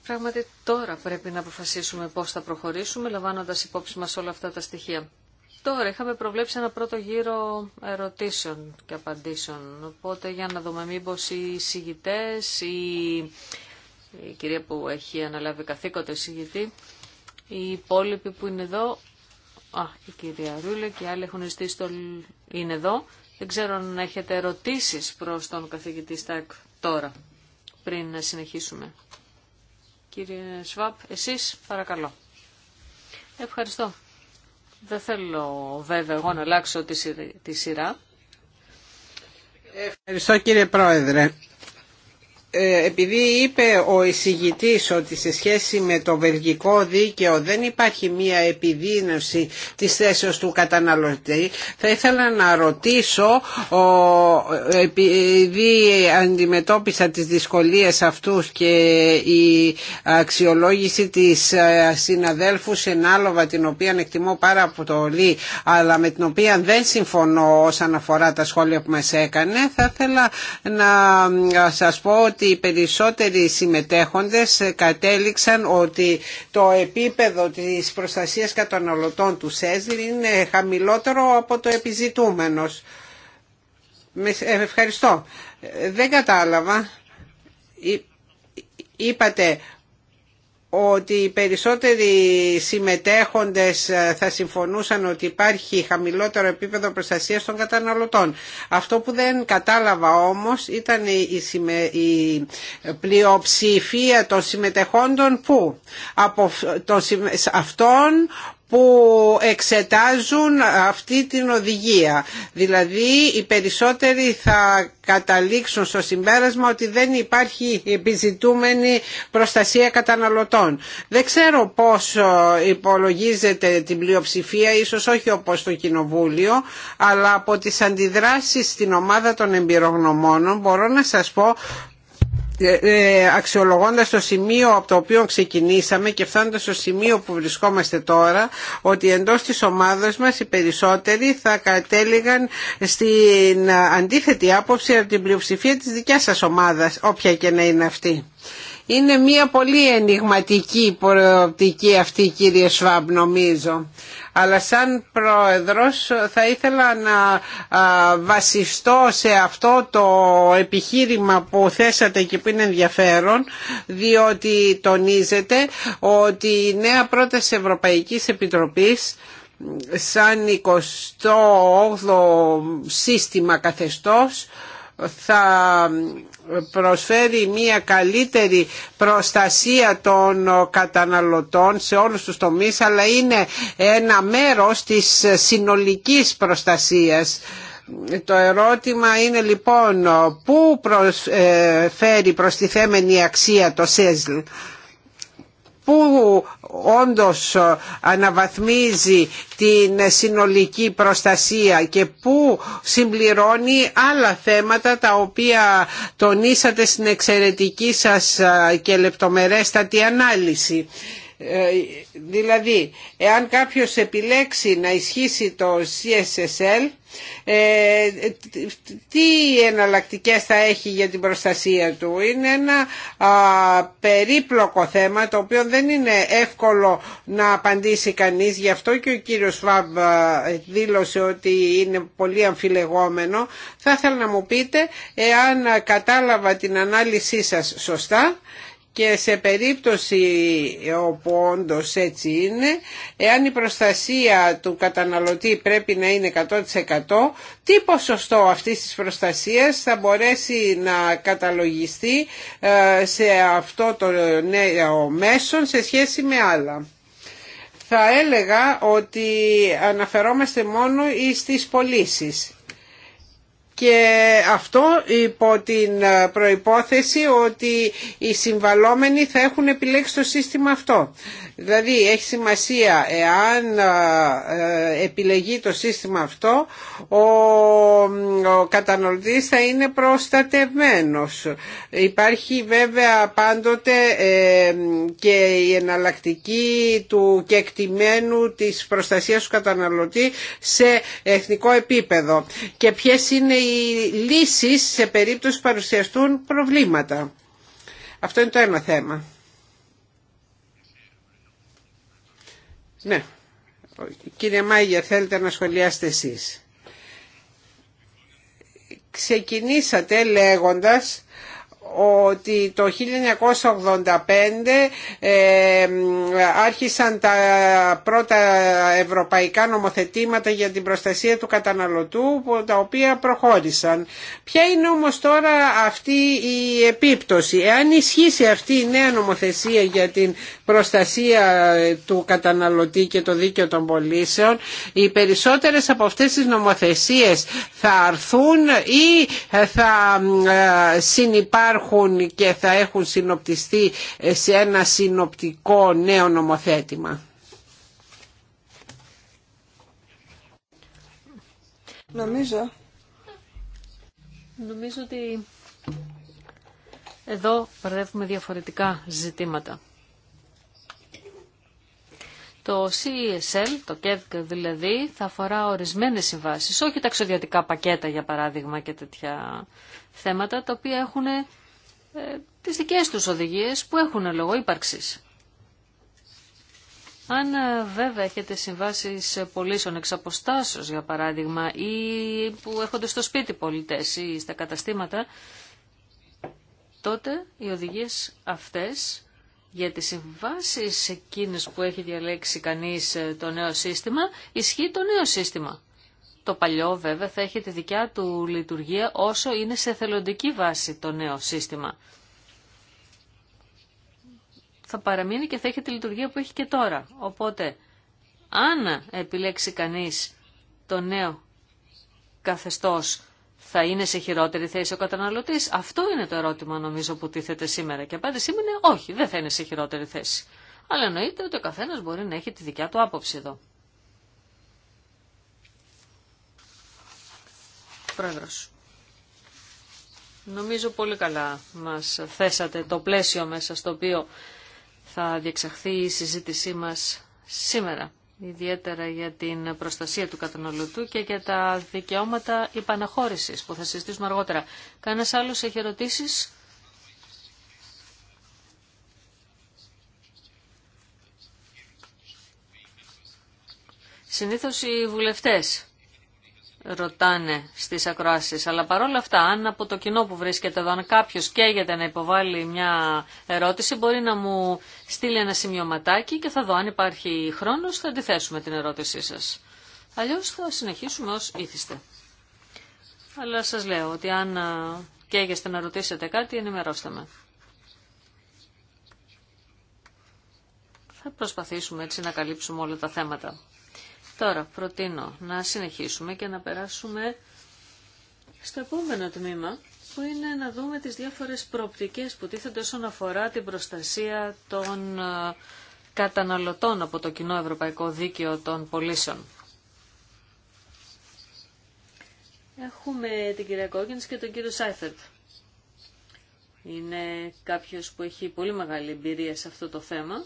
Πράγματι τώρα πρέπει να αποφασίσουμε πώς θα προχωρήσουμε, λαμβάνοντας υπόψη μας όλα αυτά τα στοιχεία. Τώρα είχαμε προβλέψει ένα πρώτο γύρο ερωτήσεων και απαντήσεων. Οπότε για να δούμε μήπως οι συγητές, η... η κυρία που έχει αναλάβει καθήκοντα συγητή, οι υπόλοιποι που είναι εδώ Α, η κυρία Ρούλε και άλλοι έχουν ζητήσει είναι εδώ. Δεν ξέρω αν έχετε ερωτήσεις προς τον καθηγητή Στακ τώρα, πριν να συνεχίσουμε. Κύριε Σβάπ, εσείς παρακαλώ. Ευχαριστώ. Δεν θέλω βέβαια εγώ να αλλάξω τη σειρά. Ευχαριστώ κύριε Πρόεδρε. Ε, επειδή είπε ο εισηγητής ότι σε σχέση με το βελγικό δίκαιο δεν υπάρχει μία επιδίνωση της θέσεως του καταναλωτή θα ήθελα να ρωτήσω επειδή αντιμετώπισα τις δυσκολίες αυτούς και η αξιολόγηση της ε, συναδέλφου Σενάλοβα την οποία εκτιμώ πάρα πολύ αλλά με την οποία δεν συμφωνώ όσον αφορά τα σχόλια που μας έκανε θα ήθελα να ε, σας πω ότι οι περισσότεροι συμμετέχοντες κατέληξαν ότι το επίπεδο της προστασίας καταναλωτών του ΣΕΣΔΙ είναι χαμηλότερο από το επιζητούμενος. Ε, ευχαριστώ. Ε, δεν κατάλαβα. Είπατε ότι οι περισσότεροι συμμετέχοντες ε, θα συμφωνούσαν ότι υπάρχει χαμηλότερο επίπεδο προστασίας των καταναλωτών. Αυτό που δεν κατάλαβα όμως ήταν η πλειοψηφία των συμμετεχόντων που από αυτών που εξετάζουν αυτή την οδηγία. Δηλαδή οι περισσότεροι θα καταλήξουν στο συμπέρασμα ότι δεν υπάρχει επιζητούμενη προστασία καταναλωτών. Δεν ξέρω πώς ε, υπολογίζεται την πλειοψηφία, ίσως όχι όπως το Κοινοβούλιο, αλλά από τις αντιδράσεις στην ομάδα των εμπειρογνωμόνων μπορώ να σας πω ε, ε, αξιολογώντας το σημείο από το οποίο ξεκινήσαμε και φτάνοντας στο σημείο που βρισκόμαστε τώρα ότι εντός της ομάδας μας οι περισσότεροι θα κατέληγαν στην αντίθετη άποψη από την πλειοψηφία της δικιάς σας ομάδας όποια και να είναι αυτή. Είναι μια πολύ ενηγματική προοπτική αυτή κύριε Σβάμπ νομίζω αλλά σαν πρόεδρος θα ήθελα να βασιστώ σε αυτό το επιχείρημα που θέσατε και που είναι ενδιαφέρον διότι τονίζετε ότι η νέα πρόταση Ευρωπαϊκής Επιτροπής σαν 28ο σύστημα καθεστώς θα προσφέρει μια καλύτερη προστασία των καταναλωτών σε όλους τους τομείς αλλά είναι ένα μέρος της συνολικής προστασίας. Το ερώτημα είναι λοιπόν πού προσφέρει ε, προστιθέμενη αξία το ΣΕΖΛ που όντως αναβαθμίζει την συνολική προστασία και που συμπληρώνει άλλα θέματα τα οποία τονίσατε στην εξαιρετική σας και λεπτομερέστατη ανάλυση. Ε, δηλαδή, εάν κάποιος επιλέξει να ισχύσει το CSSL, ε, τι εναλλακτικές θα έχει για την προστασία του. Είναι ένα περίπλοκο θέμα το οποίο δεν είναι εύκολο να απαντήσει κανείς. Γι' αυτό και ο κύριος Φαμπ δήλωσε ότι είναι πολύ αμφιλεγόμενο. Θα ήθελα να μου πείτε εάν κατάλαβα την ανάλυση σας σωστά και σε περίπτωση όπου όντω έτσι είναι, εάν η προστασία του καταναλωτή πρέπει να είναι 100%, τι ποσοστό αυτής της προστασίας θα μπορέσει να καταλογιστεί ε, σε αυτό το νέο μέσο σε σχέση με άλλα. Θα έλεγα ότι αναφερόμαστε μόνο στις πωλήσει και αυτό υπό την ε, προϋπόθεση ότι οι συμβαλόμενοι θα έχουν επιλέξει το σύστημα αυτό. Δηλαδή έχει σημασία εάν ε, ε, επιλεγεί το σύστημα αυτό ο καταναλωτής θα είναι προστατευμένος. Υπάρχει βέβαια πάντοτε ε, και η εναλλακτική του κεκτημένου της προστασίας του καταναλωτή σε εθνικό επίπεδο και ποιες είναι οι λύσεις σε περίπτωση που παρουσιαστούν προβλήματα. Αυτό είναι το ένα θέμα. Ναι. Κύριε Μάγια, θέλετε να σχολιάσετε εσείς. Ξεκινήσατε λέγοντας ότι το 1985 ε, άρχισαν τα πρώτα ευρωπαϊκά νομοθετήματα για την προστασία του καταναλωτού τα οποία προχώρησαν. Ποια είναι όμως τώρα αυτή η επίπτωση. Εάν ισχύσει αυτή η νέα νομοθεσία για την προστασία του καταναλωτή και το δίκαιο των πολίσεων οι περισσότερες από αυτές τις νομοθεσίες θα αρθούν ή θα ε, συνεπάρχουν υπάρχουν και θα έχουν συνοπτιστεί σε ένα συνοπτικό νέο νομοθέτημα. Νομίζω. Νομίζω ότι εδώ παρεύουμε διαφορετικά ζητήματα. Το CSL, το CEDC δηλαδή, θα αφορά ορισμένες συμβάσεις, όχι ταξιδιωτικά πακέτα για παράδειγμα και τέτοια θέματα, τα οποία έχουν ε, τις δικές τους οδηγίες που έχουν λόγω ύπαρξης. Αν ε, βέβαια έχετε συμβάσεις πωλήσεων εξ για παράδειγμα, ή που έρχονται στο σπίτι πολιτές ή στα καταστήματα, τότε οι οδηγίες αυτές για τις συμβάσεις εκείνες που έχει διαλέξει κανείς ε, το νέο σύστημα, ισχύει το νέο σύστημα. Το παλιό βέβαια θα έχει τη δικιά του λειτουργία όσο είναι σε θελοντική βάση το νέο σύστημα. Θα παραμείνει και θα έχει τη λειτουργία που έχει και τώρα. Οπότε, αν επιλέξει κανείς το νέο καθεστώς, θα είναι σε χειρότερη θέση ο καταναλωτής. Αυτό είναι το ερώτημα νομίζω που τίθεται σήμερα. Και απάντησή σήμερα είναι όχι, δεν θα είναι σε χειρότερη θέση. Αλλά εννοείται ότι ο καθένας μπορεί να έχει τη δικιά του άποψη εδώ. Πρόεδρος. Νομίζω πολύ καλά μας θέσατε το πλαίσιο μέσα στο οποίο θα διεξαχθεί η συζήτησή μας σήμερα. Ιδιαίτερα για την προστασία του καταναλωτού και για τα δικαιώματα υπαναχώρησης που θα συζητήσουμε αργότερα. Κανένας άλλος έχει ερωτήσεις? Συνήθως οι βουλευτές ρωτάνε στι ακρόασει. Αλλά παρόλα αυτά, αν από το κοινό που βρίσκεται εδώ, αν κάποιο καίγεται να υποβάλει μια ερώτηση, μπορεί να μου στείλει ένα σημειωματάκι και θα δω αν υπάρχει χρόνο θα αντιθέσουμε την ερώτησή σα. Αλλιώ θα συνεχίσουμε ω ήθιστε. Αλλά σα λέω ότι αν καίγεστε να ρωτήσετε κάτι, ενημερώστε με. Θα προσπαθήσουμε έτσι να καλύψουμε όλα τα θέματα. Τώρα προτείνω να συνεχίσουμε και να περάσουμε στο επόμενο τμήμα που είναι να δούμε τις διάφορες προοπτικές που τίθενται όσον αφορά την προστασία των ε, καταναλωτών από το κοινό ευρωπαϊκό δίκαιο των πωλήσεων. Έχουμε την κυρία και τον κύριο Σάιφερτ. Είναι κάποιος που έχει πολύ μεγάλη εμπειρία σε αυτό το θέμα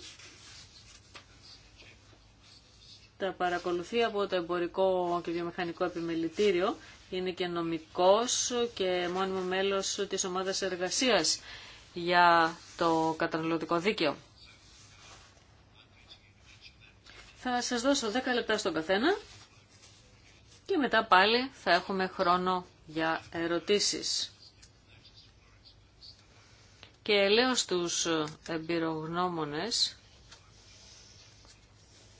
τα παρακολουθεί από το εμπορικό και βιομηχανικό επιμελητήριο. Είναι και νομικός και μόνιμο μέλος της ομάδας εργασίας για το καταναλωτικό δίκαιο. Θα σας δώσω 10 λεπτά στον καθένα και μετά πάλι θα έχουμε χρόνο για ερωτήσεις. Και λέω στους εμπειρογνώμονες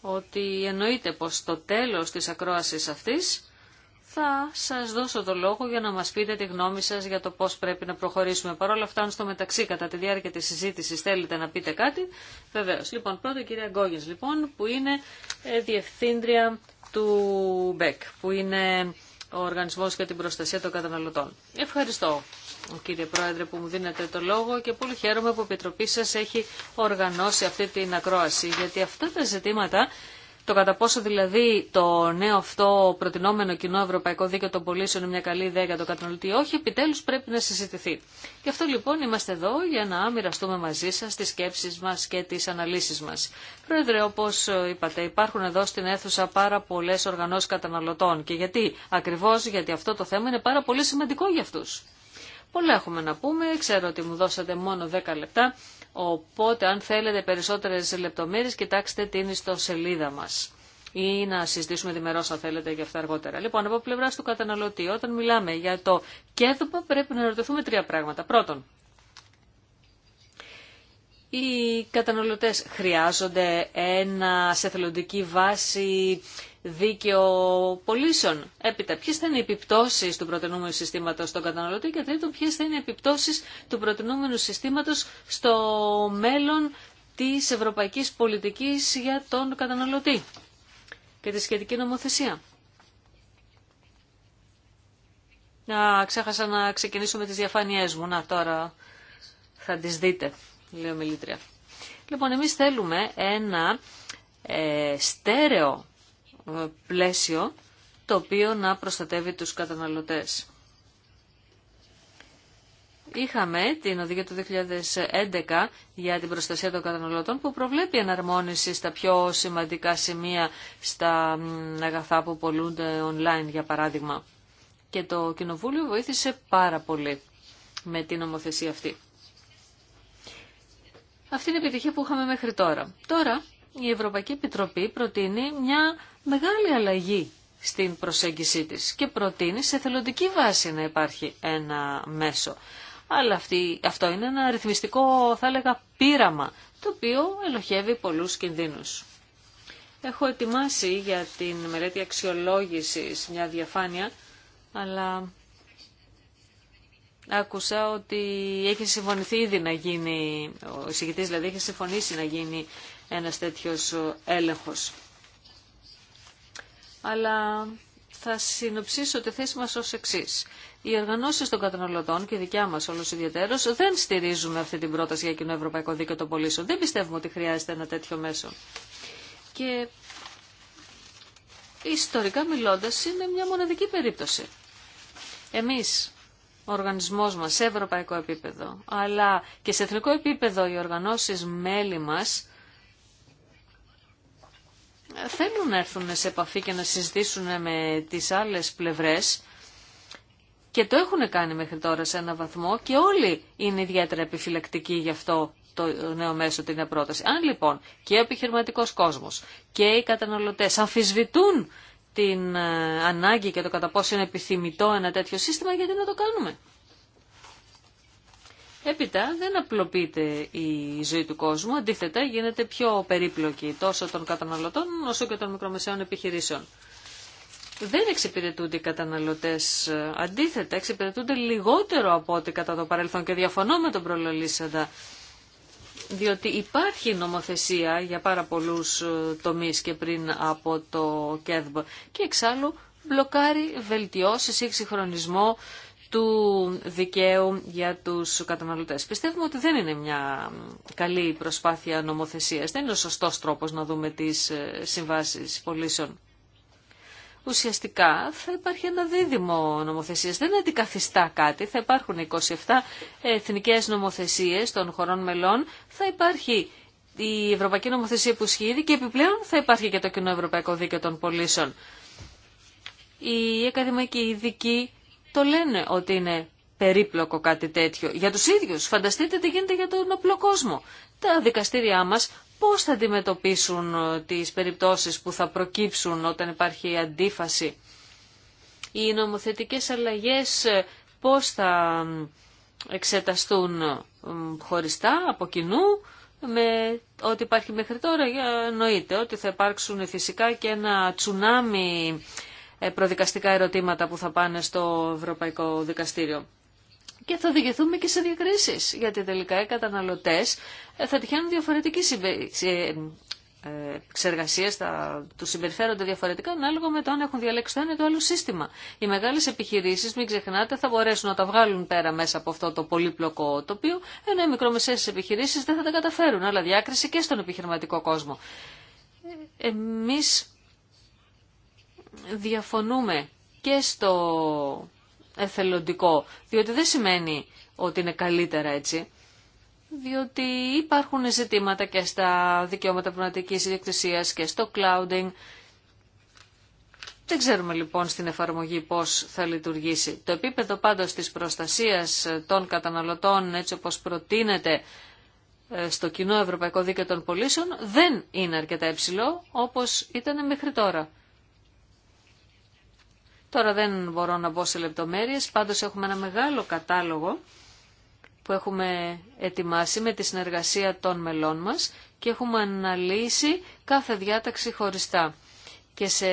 ότι εννοείται πως στο τέλος της ακρόασης αυτής θα σας δώσω το λόγο για να μας πείτε τη γνώμη σας για το πώς πρέπει να προχωρήσουμε. Παρ' όλα αυτά, αν στο μεταξύ κατά τη διάρκεια της συζήτησης θέλετε να πείτε κάτι, βεβαίως. Λοιπόν, πρώτα η κυρία Γκόγες, λοιπόν, που είναι ε, διευθύντρια του ΜΠΕΚ, που είναι ο Οργανισμός για την Προστασία των Καταναλωτών. Ευχαριστώ, κύριε Πρόεδρε που μου δίνετε το λόγο και πολύ χαίρομαι που η Επιτροπή σας έχει οργανώσει αυτή την ακρόαση γιατί αυτά τα ζητήματα το κατά πόσο δηλαδή το νέο αυτό προτινόμενο κοινό ευρωπαϊκό δίκαιο των πολίσεων είναι μια καλή ιδέα για το καταναλωτή, όχι, επιτέλους πρέπει να συζητηθεί. Γι' αυτό λοιπόν είμαστε εδώ για να μοιραστούμε μαζί σας τι σκέψεις μας και τι αναλύσει μα. Πρόεδρε, όπως είπατε, υπάρχουν εδώ στην αίθουσα πάρα πολλέ οργανώσει καταναλωτών. Και γιατί, ακριβώ γιατί αυτό το θέμα είναι πάρα πολύ σημαντικό για αυτούς. Πολλά έχουμε να πούμε, ξέρω ότι μου δώσατε μόνο 10 λεπτά, οπότε αν θέλετε περισσότερες λεπτομέρειες κοιτάξτε την ιστοσελίδα μας ή να συζητήσουμε διμερώς αν θέλετε για αυτά αργότερα. Λοιπόν, από πλευρά του καταναλωτή, όταν μιλάμε για το κέρδομα πρέπει να ρωτηθούμε τρία πράγματα. Πρώτον, οι καταναλωτές χρειάζονται ένα σε θελοντική βάση δίκαιο πολίσεων. Έπειτα, ποιε θα είναι οι επιπτώσει του προτενούμενου συστήματο στον καταναλωτή και τρίτον, ποιε θα είναι οι επιπτώσει του προτενούμενου συστήματο στο μέλλον τη ευρωπαϊκή πολιτική για τον καταναλωτή και τη σχετική νομοθεσία. Να ξέχασα να ξεκινήσω με τις διαφάνειές μου. Να, τώρα θα τις δείτε, λέω Μιλήτρια. Λοιπόν, εμείς θέλουμε ένα ε, στέρεο ε, πλαίσιο το οποίο να προστατεύει τους καταναλωτές. Είχαμε την οδηγία του 2011 για την προστασία των καταναλωτών που προβλέπει εναρμόνιση στα πιο σημαντικά σημεία στα αγαθά που πολλούνται online για παράδειγμα. Και το Κοινοβούλιο βοήθησε πάρα πολύ με την νομοθεσία αυτή. Αυτή είναι η επιτυχία που είχαμε μέχρι τώρα. Τώρα η Ευρωπαϊκή Επιτροπή προτείνει μια μεγάλη αλλαγή στην προσέγγιση της και προτείνει σε θελοντική βάση να υπάρχει ένα μέσο. Αλλά αυτή, αυτό είναι ένα αριθμιστικό θα έλεγα, πείραμα, το οποίο ελοχεύει πολλούς κινδύνους. Έχω ετοιμάσει για την μελέτη αξιολόγησης μια διαφάνεια, αλλά άκουσα ότι έχει συμφωνηθεί ήδη να γίνει, ο δηλαδή έχει συμφωνήσει να γίνει ένας τέτοιος έλεγχος αλλά θα συνοψίσω τη θέση μας ως εξή. Οι οργανώσεις των καταναλωτών και η δικιά μας όλος ιδιαίτερος δεν στηρίζουμε αυτή την πρόταση για κοινό ευρωπαϊκό δίκαιο των πολίσεων. Δεν πιστεύουμε ότι χρειάζεται ένα τέτοιο μέσο. Και ιστορικά μιλώντας είναι μια μοναδική περίπτωση. Εμείς, ο οργανισμός μας σε ευρωπαϊκό επίπεδο, αλλά και σε εθνικό επίπεδο οι οργανώσεις μέλη μας, θέλουν να έρθουν σε επαφή και να συζητήσουν με τις άλλες πλευρές και το έχουν κάνει μέχρι τώρα σε ένα βαθμό και όλοι είναι ιδιαίτερα επιφυλακτικοί γι' αυτό το νέο μέσο την πρόταση. Αν λοιπόν και ο επιχειρηματικός κόσμος και οι καταναλωτές αμφισβητούν την ε, ανάγκη και το κατά πόσο είναι επιθυμητό ένα τέτοιο σύστημα, γιατί να το κάνουμε. Έπειτα δεν απλοποιείται η ζωή του κόσμου, αντίθετα γίνεται πιο περίπλοκη τόσο των καταναλωτών όσο και των μικρομεσαίων επιχειρήσεων. Δεν εξυπηρετούνται οι καταναλωτές, αντίθετα εξυπηρετούνται λιγότερο από ό,τι κατά το παρελθόν και διαφωνώ με τον προλαλήσαντα διότι υπάρχει νομοθεσία για πάρα πολλού ε, τομεί και πριν από το ΚΕΔΜ και εξάλλου μπλοκάρει βελτιώσει ή συγχρονισμό του δικαίου για τους καταναλωτές. Πιστεύουμε ότι δεν είναι μια καλή προσπάθεια νομοθεσίας, δεν είναι ο σωστός τρόπος να δούμε τις ε, συμβάσεις πωλήσεων. Ουσιαστικά θα υπάρχει ένα δίδυμο νομοθεσίας, δεν αντικαθιστά κάτι, θα υπάρχουν 27 εθνικές νομοθεσίες των χωρών μελών, θα υπάρχει η Ευρωπαϊκή Νομοθεσία που ισχύει και επιπλέον θα υπάρχει και το Κοινό Ευρωπαϊκό Δίκαιο των Πολίσεων. Οι ακαδημαϊκοί ειδικοί το λένε ότι είναι περίπλοκο κάτι τέτοιο. Για τους ίδιους, φανταστείτε τι γίνεται για τον απλό κόσμο. Τα δικαστήριά μας πώς θα αντιμετωπίσουν ε, τις περιπτώσεις που θα προκύψουν όταν υπάρχει αντίφαση. Οι νομοθετικές αλλαγές ε, πώς θα εξεταστούν ε, χωριστά, από κοινού, με ό,τι υπάρχει μέχρι τώρα, εννοείται ότι θα υπάρξουν φυσικά και ένα τσουνάμι ε, προδικαστικά ερωτήματα που θα πάνε στο Ευρωπαϊκό Δικαστήριο. Και θα οδηγηθούμε και σε διακρίσει. γιατί τελικά οι καταναλωτέ ε, θα τυχαίνουν διαφορετική ε, εξεργασία, θα του συμπεριφέρονται διαφορετικά ανάλογα με το αν έχουν διαλέξει το ένα ή το άλλο σύστημα. Οι μεγάλε επιχειρήσει, μην ξεχνάτε, θα μπορέσουν να τα βγάλουν πέρα μέσα από αυτό το πολύπλοκο τοπίο, ενώ οι μικρομεσαίε επιχειρήσει δεν θα τα καταφέρουν. Αλλά διάκριση και στον επιχειρηματικό κόσμο. Εμείς διαφωνούμε και στο εθελοντικό, διότι δεν σημαίνει ότι είναι καλύτερα έτσι, διότι υπάρχουν ζητήματα και στα δικαιώματα πνευματικής ιδιοκτησίας και στο clouding. Δεν ξέρουμε λοιπόν στην εφαρμογή πώς θα λειτουργήσει. Το επίπεδο πάντως της προστασίας των καταναλωτών έτσι όπως προτείνεται ε, στο κοινό Ευρωπαϊκό Δίκαιο των Πολίσεων δεν είναι αρκετά υψηλό όπως ήταν μέχρι τώρα. Τώρα δεν μπορώ να μπω σε λεπτομέρειες, πάντως έχουμε ένα μεγάλο κατάλογο που έχουμε ετοιμάσει με τη συνεργασία των μελών μας και έχουμε αναλύσει κάθε διάταξη χωριστά. Και σε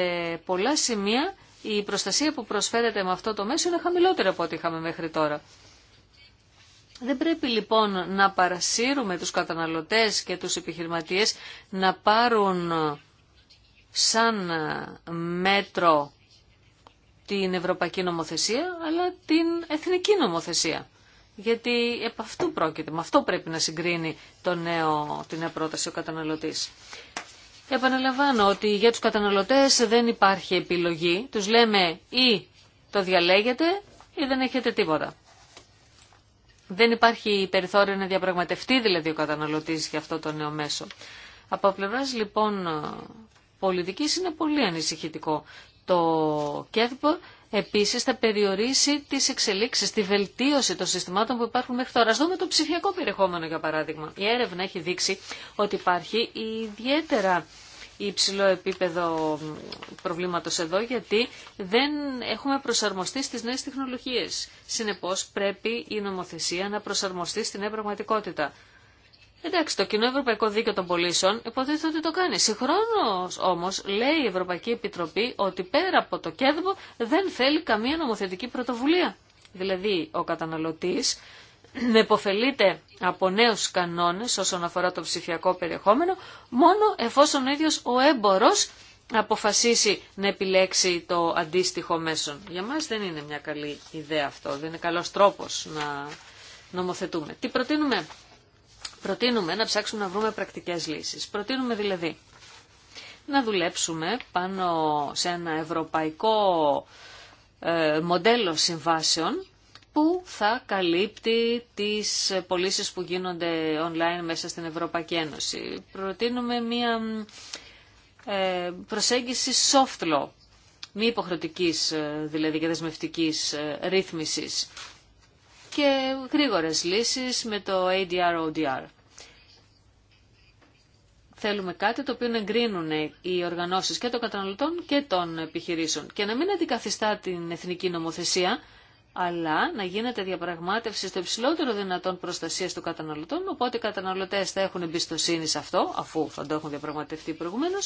πολλά σημεία η προστασία που προσφέρεται με αυτό το μέσο είναι χαμηλότερη από ό,τι είχαμε μέχρι τώρα. Δεν πρέπει λοιπόν να παρασύρουμε τους καταναλωτές και τους επιχειρηματίες να πάρουν σαν μέτρο την ευρωπαϊκή νομοθεσία, αλλά την εθνική νομοθεσία. Γιατί επ' αυτού πρόκειται, με αυτό πρέπει να συγκρίνει το νέο, την νέα πρόταση ο καταναλωτής. Επαναλαμβάνω ότι για τους καταναλωτές δεν υπάρχει επιλογή. Τους λέμε ή το διαλέγετε ή δεν έχετε τίποτα. Δεν υπάρχει περιθώριο να διαπραγματευτεί δηλαδή ο καταναλωτής για αυτό το νέο μέσο. Από πλευρά λοιπόν πολιτικής είναι πολύ ανησυχητικό το ΚΕΔΠ επίση θα περιορίσει τις εξελίξεις, τη βελτίωση των συστημάτων που υπάρχουν μέχρι τώρα. Α δούμε το ψηφιακό περιεχόμενο για παράδειγμα. Η έρευνα έχει δείξει ότι υπάρχει ιδιαίτερα υψηλό επίπεδο προβλήματος εδώ, γιατί δεν έχουμε προσαρμοστεί στις νέες τεχνολογίες. Συνεπώς πρέπει η νομοθεσία να προσαρμοστεί στην νέα πραγματικότητα. Εντάξει, το κοινό ευρωπαϊκό δίκαιο των πολίσεων υποτίθεται ότι το κάνει. Συγχρόνω όμω λέει η Ευρωπαϊκή Επιτροπή ότι πέρα από το κέρδο δεν θέλει καμία νομοθετική πρωτοβουλία. Δηλαδή ο καταναλωτή να από νέου κανόνε όσον αφορά το ψηφιακό περιεχόμενο μόνο εφόσον ο ίδιο ο έμπορο αποφασίσει να επιλέξει το αντίστοιχο μέσον. Για μας δεν είναι μια καλή ιδέα αυτό, δεν είναι καλός τρόπος να νομοθετούμε. Τι προτείνουμε, Προτείνουμε να ψάξουμε να βρούμε πρακτικές λύσεις. Προτείνουμε δηλαδή να δουλέψουμε πάνω σε ένα ευρωπαϊκό ε, μοντέλο συμβάσεων που θα καλύπτει τις πωλήσει που γίνονται online μέσα στην Ευρωπαϊκή Ένωση. Προτείνουμε μία ε, προσέγγιση soft law, μη υποχρεωτικής ε, δηλαδή και δεσμευτικής ρύθμισης και γρήγορες λύσεις με το ADR-ODR. Θέλουμε κάτι το οποίο εγκρίνουν οι οργανώσεις και των καταναλωτών και των επιχειρήσεων και να μην αντικαθιστά την εθνική νομοθεσία, αλλά να γίνεται διαπραγμάτευση στο υψηλότερο δυνατόν προστασία του καταναλωτών, οπότε οι καταναλωτέ θα έχουν εμπιστοσύνη σε αυτό, αφού θα το έχουν διαπραγματευτεί προηγουμένω,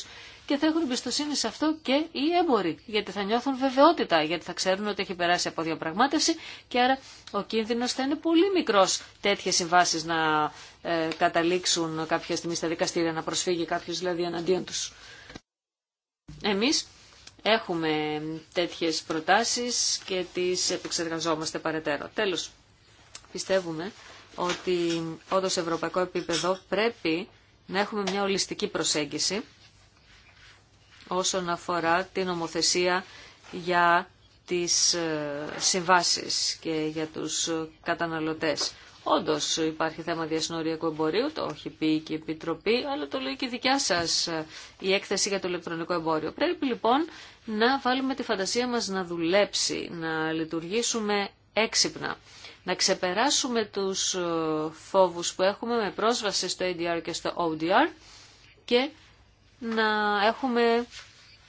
και θα έχουν εμπιστοσύνη σε αυτό και οι έμποροι, γιατί θα νιώθουν βεβαιότητα, γιατί θα ξέρουν ότι έχει περάσει από διαπραγμάτευση και άρα ο κίνδυνο θα είναι πολύ μικρό τέτοιε συμβάσει να ε, καταλήξουν κάποια στιγμή στα δικαστήρια, να προσφύγει κάποιο δηλαδή εναντίον του. Εμεί, Έχουμε τέτοιες προτάσεις και τις επεξεργαζόμαστε παρετέρω. Τέλος, πιστεύουμε ότι όντως σε ευρωπαϊκό επίπεδο πρέπει να έχουμε μια ολιστική προσέγγιση όσον αφορά την ομοθεσία για τις ε, συμβάσεις και για τους καταναλωτές. Όντως υπάρχει θέμα διασυνοριακού εμπορίου, το έχει πει και η Επιτροπή, αλλά το λέει και η δικιά σας ε, η έκθεση για το ηλεκτρονικό εμπόριο. Πρέπει λοιπόν να βάλουμε τη φαντασία μας να δουλέψει, να λειτουργήσουμε έξυπνα, να ξεπεράσουμε τους ε, φόβους που έχουμε με πρόσβαση στο ADR και στο ODR και να έχουμε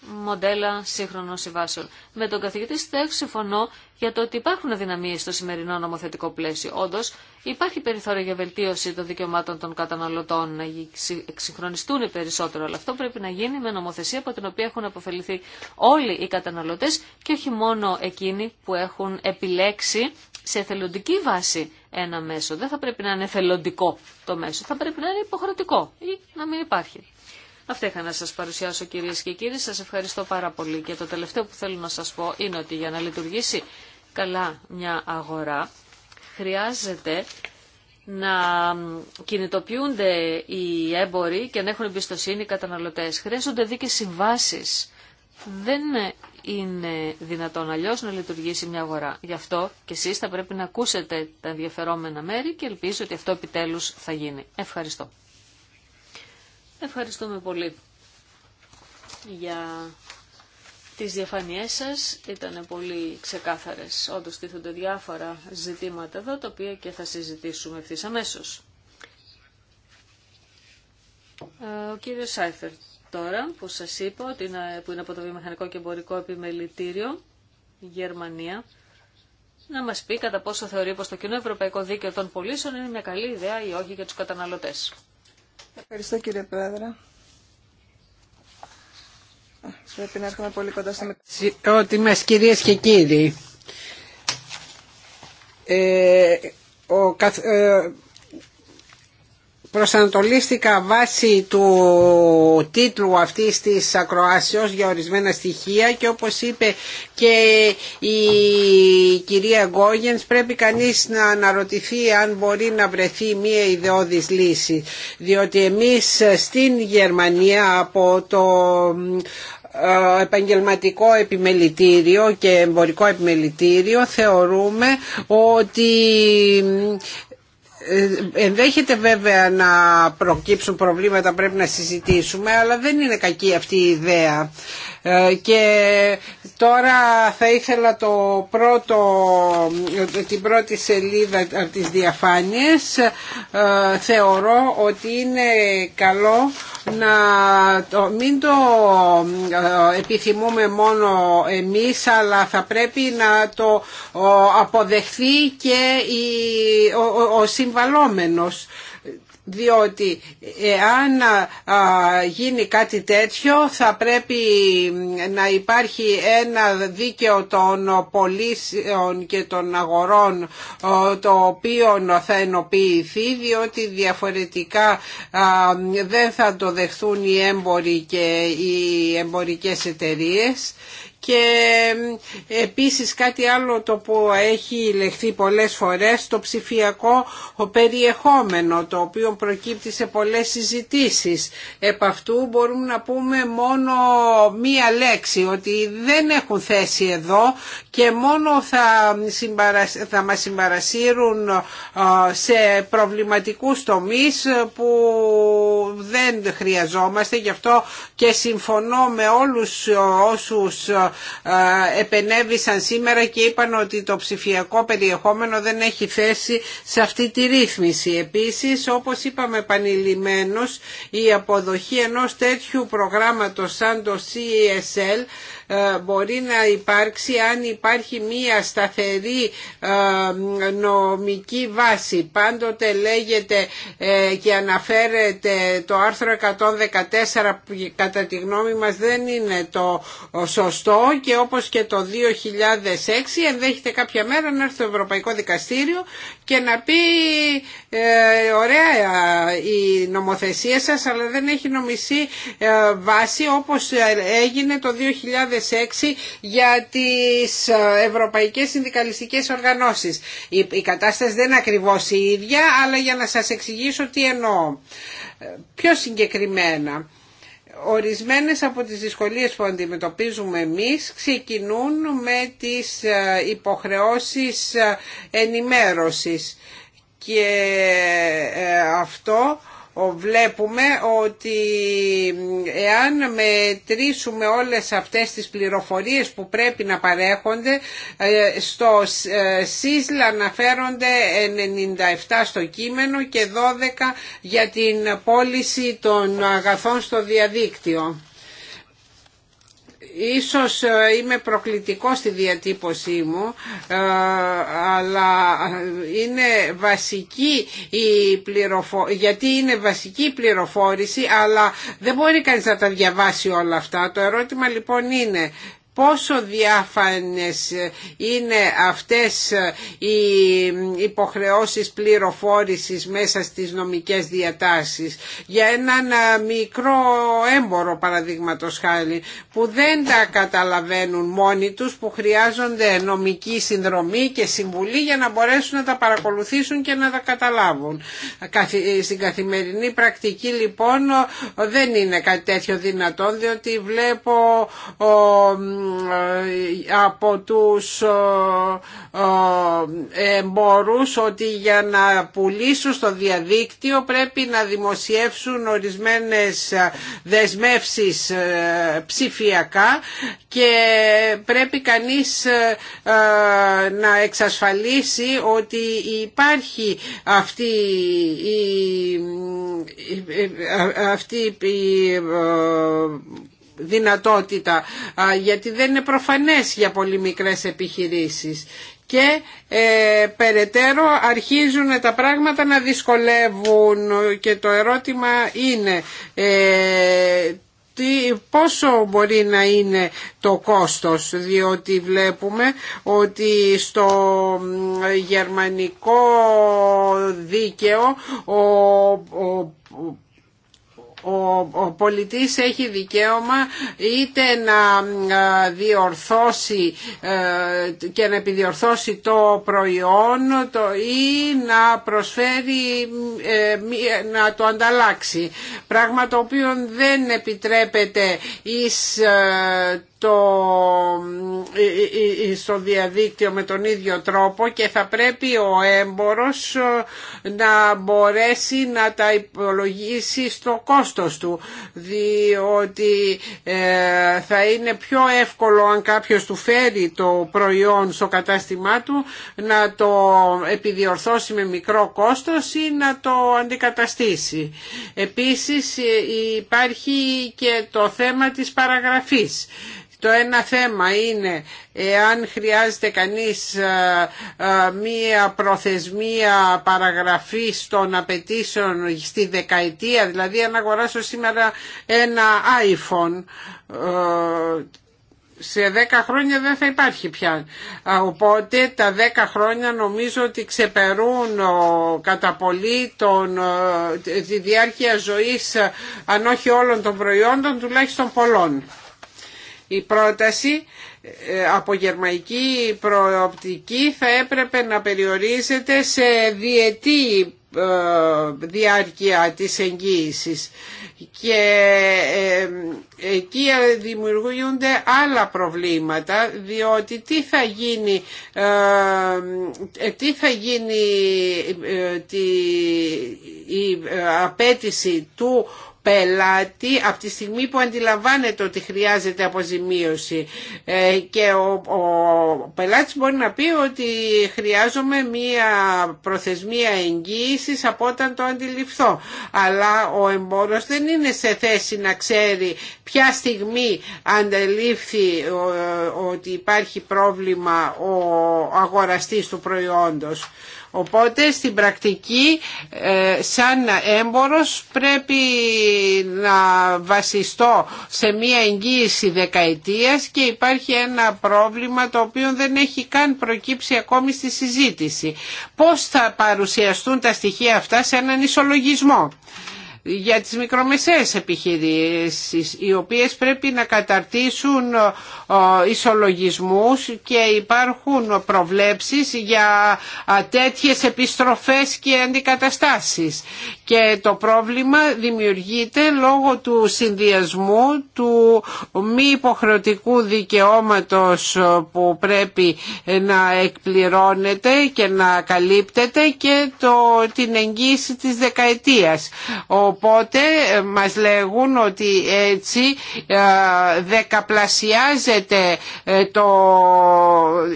μοντέλα σύγχρονων συμβάσεων. Με τον καθηγητή Στέφ συμφωνώ για το ότι υπάρχουν αδυναμίες στο σημερινό νομοθετικό πλαίσιο. Όντω, υπάρχει περιθώριο για βελτίωση των δικαιωμάτων των καταναλωτών να εξυγχρονιστούν περισσότερο, αλλά αυτό πρέπει να γίνει με νομοθεσία από την οποία έχουν αποφεληθεί όλοι οι καταναλωτέ και όχι μόνο εκείνοι που έχουν επιλέξει σε εθελοντική βάση ένα μέσο. Δεν θα πρέπει να είναι εθελοντικό το μέσο, θα πρέπει να είναι υποχρεωτικό ή να μην υπάρχει. Αυτά είχα να σας παρουσιάσω κυρίες και κύριοι. Σας ευχαριστώ πάρα πολύ. Και το τελευταίο που θέλω να σας πω είναι ότι για να λειτουργήσει καλά μια αγορά χρειάζεται να κινητοποιούνται οι έμποροι και να έχουν εμπιστοσύνη οι καταναλωτές. Χρειάζονται δίκες συμβάσεις. Δεν είναι δυνατόν αλλιώ να λειτουργήσει μια αγορά. Γι' αυτό και εσείς θα πρέπει να ακούσετε τα ενδιαφερόμενα μέρη και ελπίζω ότι αυτό επιτέλους θα γίνει. Ευχαριστώ. Ευχαριστούμε πολύ για τις διαφανειές σας. Ήταν πολύ ξεκάθαρες. Όντως τίθονται διάφορα ζητήματα εδώ, τα οποία και θα συζητήσουμε ευθύς αμέσως. Ε, ο κύριος Σάιφερ τώρα, που σας είπα, ότι είναι, που είναι από το Βιομηχανικό και Εμπορικό Επιμελητήριο, Γερμανία, να μας πει κατά πόσο θεωρεί πως το κοινό ευρωπαϊκό δίκαιο των πολίσεων είναι μια καλή ιδέα ή όχι για τους καταναλωτές. Ευχαριστώ κύριε Πρόεδρε. Πρέπει να έρχομαι πολύ κοντά στο μικρόφωνο. Ότι μας κυρίες και κύριοι, ε, ο, καθ, ε, προσανατολίστηκα βάσει του τίτλου αυτής της ακροάσεως για ορισμένα στοιχεία και όπως είπε και η κυρία Γκόγενς πρέπει κανείς να αναρωτηθεί αν μπορεί να βρεθεί μία ιδεώδης λύση διότι εμείς στην Γερμανία από το ε, επαγγελματικό επιμελητήριο και εμπορικό επιμελητήριο θεωρούμε ότι ε, ενδέχεται βέβαια να προκύψουν προβλήματα πρέπει να συζητήσουμε αλλά δεν είναι κακή αυτή η ιδέα ε, και τώρα θα ήθελα το πρώτο, την πρώτη σελίδα από τις ε, θεωρώ ότι είναι καλό να μην το ε, επιθυμούμε μόνο εμείς αλλά θα πρέπει να το αποδεχθεί και ο, ο, ο συμβαλόμενος διότι εάν γίνει κάτι τέτοιο θα πρέπει να υπάρχει ένα δίκαιο των πωλήσεων και των αγορών το οποίο θα ενοποιηθεί διότι διαφορετικά δεν θα το δεχθούν οι έμποροι και οι εμπορικές εταιρείες και επίσης κάτι άλλο το που έχει λεχθεί πολλές φορές το ψηφιακό περιεχόμενο το οποίο προκύπτει σε πολλές συζητήσεις. Επ' αυτού μπορούμε να πούμε μόνο μία λέξη ότι δεν έχουν θέση εδώ και μόνο θα, θα μας συμπαρασύρουν σε προβληματικούς τομείς που δεν χρειαζόμαστε γι' αυτό και συμφωνώ με όλους όσους ε, επενέβησαν σήμερα και είπαν ότι το ψηφιακό περιεχόμενο δεν έχει θέση σε αυτή τη ρύθμιση. Επίσης, όπως είπαμε επανειλημμένως, η αποδοχή ενός τέτοιου προγράμματος σαν το CESL ε, μπορεί να υπάρξει αν υπάρχει μία σταθερή ε, νομική βάση. Πάντοτε λέγεται ε, και αναφέρεται το άρθρο 114 κατά τη γνώμη μας δεν είναι το σωστό και όπως και το 2006 ενδέχεται κάποια μέρα να έρθει το Ευρωπαϊκό Δικαστήριο και να πει ε, ωραία ε, η νομοθεσία σας αλλά δεν έχει νομισή ε, βάση όπως έγινε το 2006 για τις Ευρωπαϊκές Συνδικαλιστικές Οργανώσεις. Η, η κατάσταση δεν είναι ακριβώς η ίδια αλλά για να σας εξηγήσω τι εννοώ. Πιο συγκεκριμένα ορισμένες από τις δυσκολίες που αντιμετωπίζουμε εμείς ξεκινούν με τις υποχρεώσεις ενημέρωσης και ε, αυτό βλέπουμε ότι εάν μετρήσουμε όλες αυτές τις πληροφορίες που πρέπει να παρέχονται ε, στο ε, ΣΥΣΛ αναφέρονται 97 στο κείμενο και 12 για την πώληση των αγαθών στο διαδίκτυο. Ίσως ε, είμαι προκλητικό στη διατύπωσή μου, ε, αλλά είναι βασική η πληροφόρηση, γιατί είναι βασική η πληροφόρηση, αλλά δεν μπορεί κανείς να τα διαβάσει όλα αυτά. Το ερώτημα λοιπόν είναι πόσο διάφανες είναι αυτές οι υποχρεώσεις πληροφόρησης μέσα στις νομικές διατάσεις για έναν μικρό έμπορο παραδείγματο χάρη που δεν τα καταλαβαίνουν μόνοι τους που χρειάζονται νομική συνδρομή και συμβουλή για να μπορέσουν να τα παρακολουθήσουν και να τα καταλάβουν. Στην καθημερινή πρακτική λοιπόν δεν είναι κάτι τέτοιο δυνατόν διότι βλέπω ε, από τους ε, ε, εμπόρους ότι για να πουλήσουν στο διαδίκτυο πρέπει να δημοσιεύσουν ορισμένες δεσμεύσεις ψηφιακά και πρέπει κανείς να εξασφαλίσει ότι υπάρχει αυτή η, αυτή η δυνατότητα γιατί δεν είναι προφανές για πολύ μικρές επιχειρήσεις και ε, περαιτέρω αρχίζουν τα πράγματα να δυσκολεύουν και το ερώτημα είναι ε, τι, πόσο μπορεί να είναι το κόστος διότι βλέπουμε ότι στο γερμανικό δίκαιο ο, ο πολιτής έχει δικαίωμα είτε να ε, διορθώσει ε, και να επιδιορθώσει το προϊόν ή να προσφέρει ε, να το ανταλλάξει. Πράγμα το οποίο δεν επιτρέπεται εις ε, ε, ε, στο διαδίκτυο με τον ίδιο τρόπο και θα πρέπει ο έμπορος να μπορέσει να τα υπολογίσει στο κόστος του διότι θα είναι πιο εύκολο αν κάποιος του φέρει το προϊόν στο κατάστημά του να το επιδιορθώσει με μικρό κόστος ή να το αντικαταστήσει. Επίσης υπάρχει και το θέμα της παραγραφής το ένα θέμα είναι εάν χρειάζεται κανείς ε, ε, μία προθεσμία παραγραφής των απαιτήσεων στη δεκαετία, δηλαδή αν αγοράσω σήμερα ένα iPhone, ε, σε 10 χρόνια δεν θα υπάρχει πια. Οπότε τα 10 χρόνια νομίζω ότι ξεπερούν κατά πολύ τον, τη διάρκεια ζωής αν όχι όλων των προϊόντων τουλάχιστον πολλών η πρόταση ε, από γερμαϊκή προοπτική θα έπρεπε να περιορίζεται σε διετή ε, διάρκεια της εγγύησης και ε, εκεί δημιουργούνται άλλα προβλήματα διότι τι θα γίνει τι θα γίνει τη, η απέτηση του πελάτη από τη στιγμή που αντιλαμβάνεται ότι χρειάζεται αποζημίωση ε, και ο, ο πελάτης μπορεί να πει ότι χρειάζομαι μία προθεσμία εγγύησης από όταν το αντιληφθώ αλλά ο εμπόρος δεν είναι σε θέση να ξέρει ποια στιγμή αντελήφθη ε, ότι υπάρχει πρόβλημα ο αγοραστής του προϊόντος. Οπότε στην πρακτική ε, σαν έμπορος πρέπει να βασιστώ σε μία εγγύηση δεκαετίας και υπάρχει ένα πρόβλημα το οποίο δεν έχει καν προκύψει ακόμη στη συζήτηση. Πώς θα παρουσιαστούν τα στοιχεία αυτά σε έναν ισολογισμό για τις μικρομεσαίες επιχειρήσεις οι οποίες πρέπει να καταρτήσουν ε, ε, ισολογισμούς και υπάρχουν προβλέψεις για ε, τέτοιες επιστροφές και αντικαταστάσεις και το πρόβλημα δημιουργείται λόγω του συνδυασμού του μη υποχρεωτικού δικαιώματος που πρέπει να εκπληρώνεται και να καλύπτεται και το, την εγγύηση της δεκαετίας. Οπότε ε, μας λέγουν ότι έτσι ε, δεκαπλασιάζεται ε, το,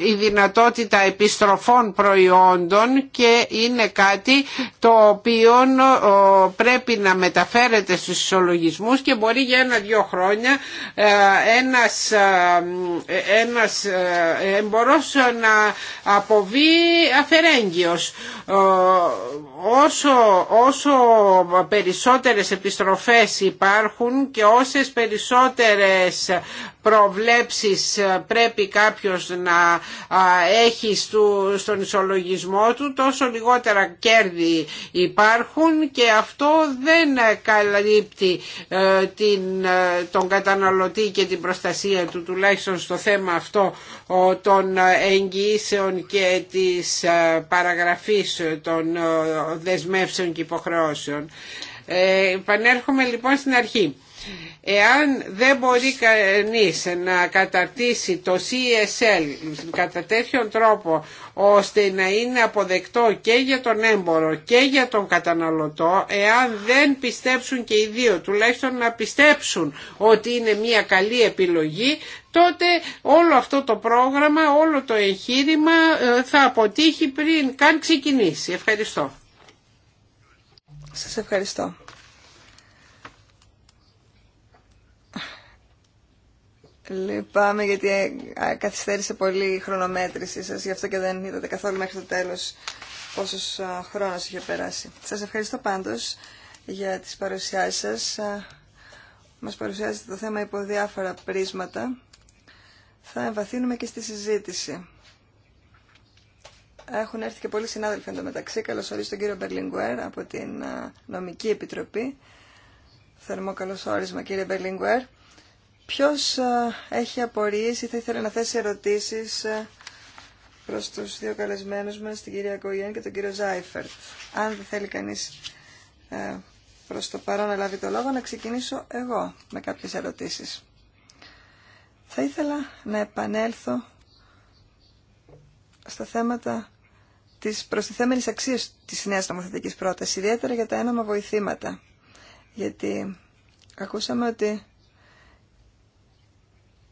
η δυνατότητα επιστροφών προϊόντων και είναι κάτι το οποίο πρέπει να μεταφέρεται στους ισολογισμούς και μπορεί για ένα-δυο χρόνια ε, ένας, ε, ένας εμπορός να αποβεί Ε, Όσο, όσο περισσότερες επιστροφές υπάρχουν και όσες περισσότερες προβλέψεις ε, πρέπει κάποιος να έχει στον ισολογισμό του τόσο λιγότερα κέρδη υπάρχουν και αυτό δεν καλύπτει ε, την, ε, τον καταναλωτή και την προστασία του τουλάχιστον στο θέμα αυτό των εγγυήσεων και της παραγραφής των δεσμεύσεων και υποχρεώσεων. Ε, λοιπόν στην αρχή. Εάν δεν μπορεί κανείς να καταρτήσει το CSL κατά τέτοιον τρόπο ώστε να είναι αποδεκτό και για τον έμπορο και για τον καταναλωτό, εάν δεν πιστέψουν και οι δύο, τουλάχιστον να πιστέψουν ότι είναι μια καλή επιλογή, τότε όλο αυτό το πρόγραμμα, όλο το εγχείρημα ε, θα αποτύχει πριν καν ξεκινήσει. Ευχαριστώ. Σας ευχαριστώ. Λυπάμαι γιατί ε, καθυστέρησε πολύ η χρονομέτρηση σας, γι' αυτό και δεν είδατε καθόλου μέχρι το τέλος πόσος χρόνος είχε περάσει. Σας ευχαριστώ πάντως για τις παρουσιάσεις σας. Μας παρουσιάζετε το θέμα υπό διάφορα πρίσματα. Θα εμβαθύνουμε και στη συζήτηση. Έχουν έρθει και πολλοί συνάδελφοι εντωμεταξύ. Καλώς ορίζω τον κύριο Μπερλίνγκουερ από την Νομική Επιτροπή. Θερμό καλώς όρισμα κύριε Μπερλιγκουέρ. Ποιος ε, έχει απορίες ή θα ήθελε να θέσει ερωτήσεις ε, προς τους δύο καλεσμένους μας, την κυρία Κογιέν και τον κύριο Ζάιφερτ. Αν δεν θέλει κανείς ε, προς το παρόν να λάβει το λόγο, να ξεκινήσω εγώ με κάποιες ερωτήσεις. Θα ήθελα να επανέλθω στα θέματα της προστιθέμενης αξίας της νέας νομοθετικής πρότασης, ιδιαίτερα για τα ένομα βοηθήματα. Γιατί ακούσαμε ότι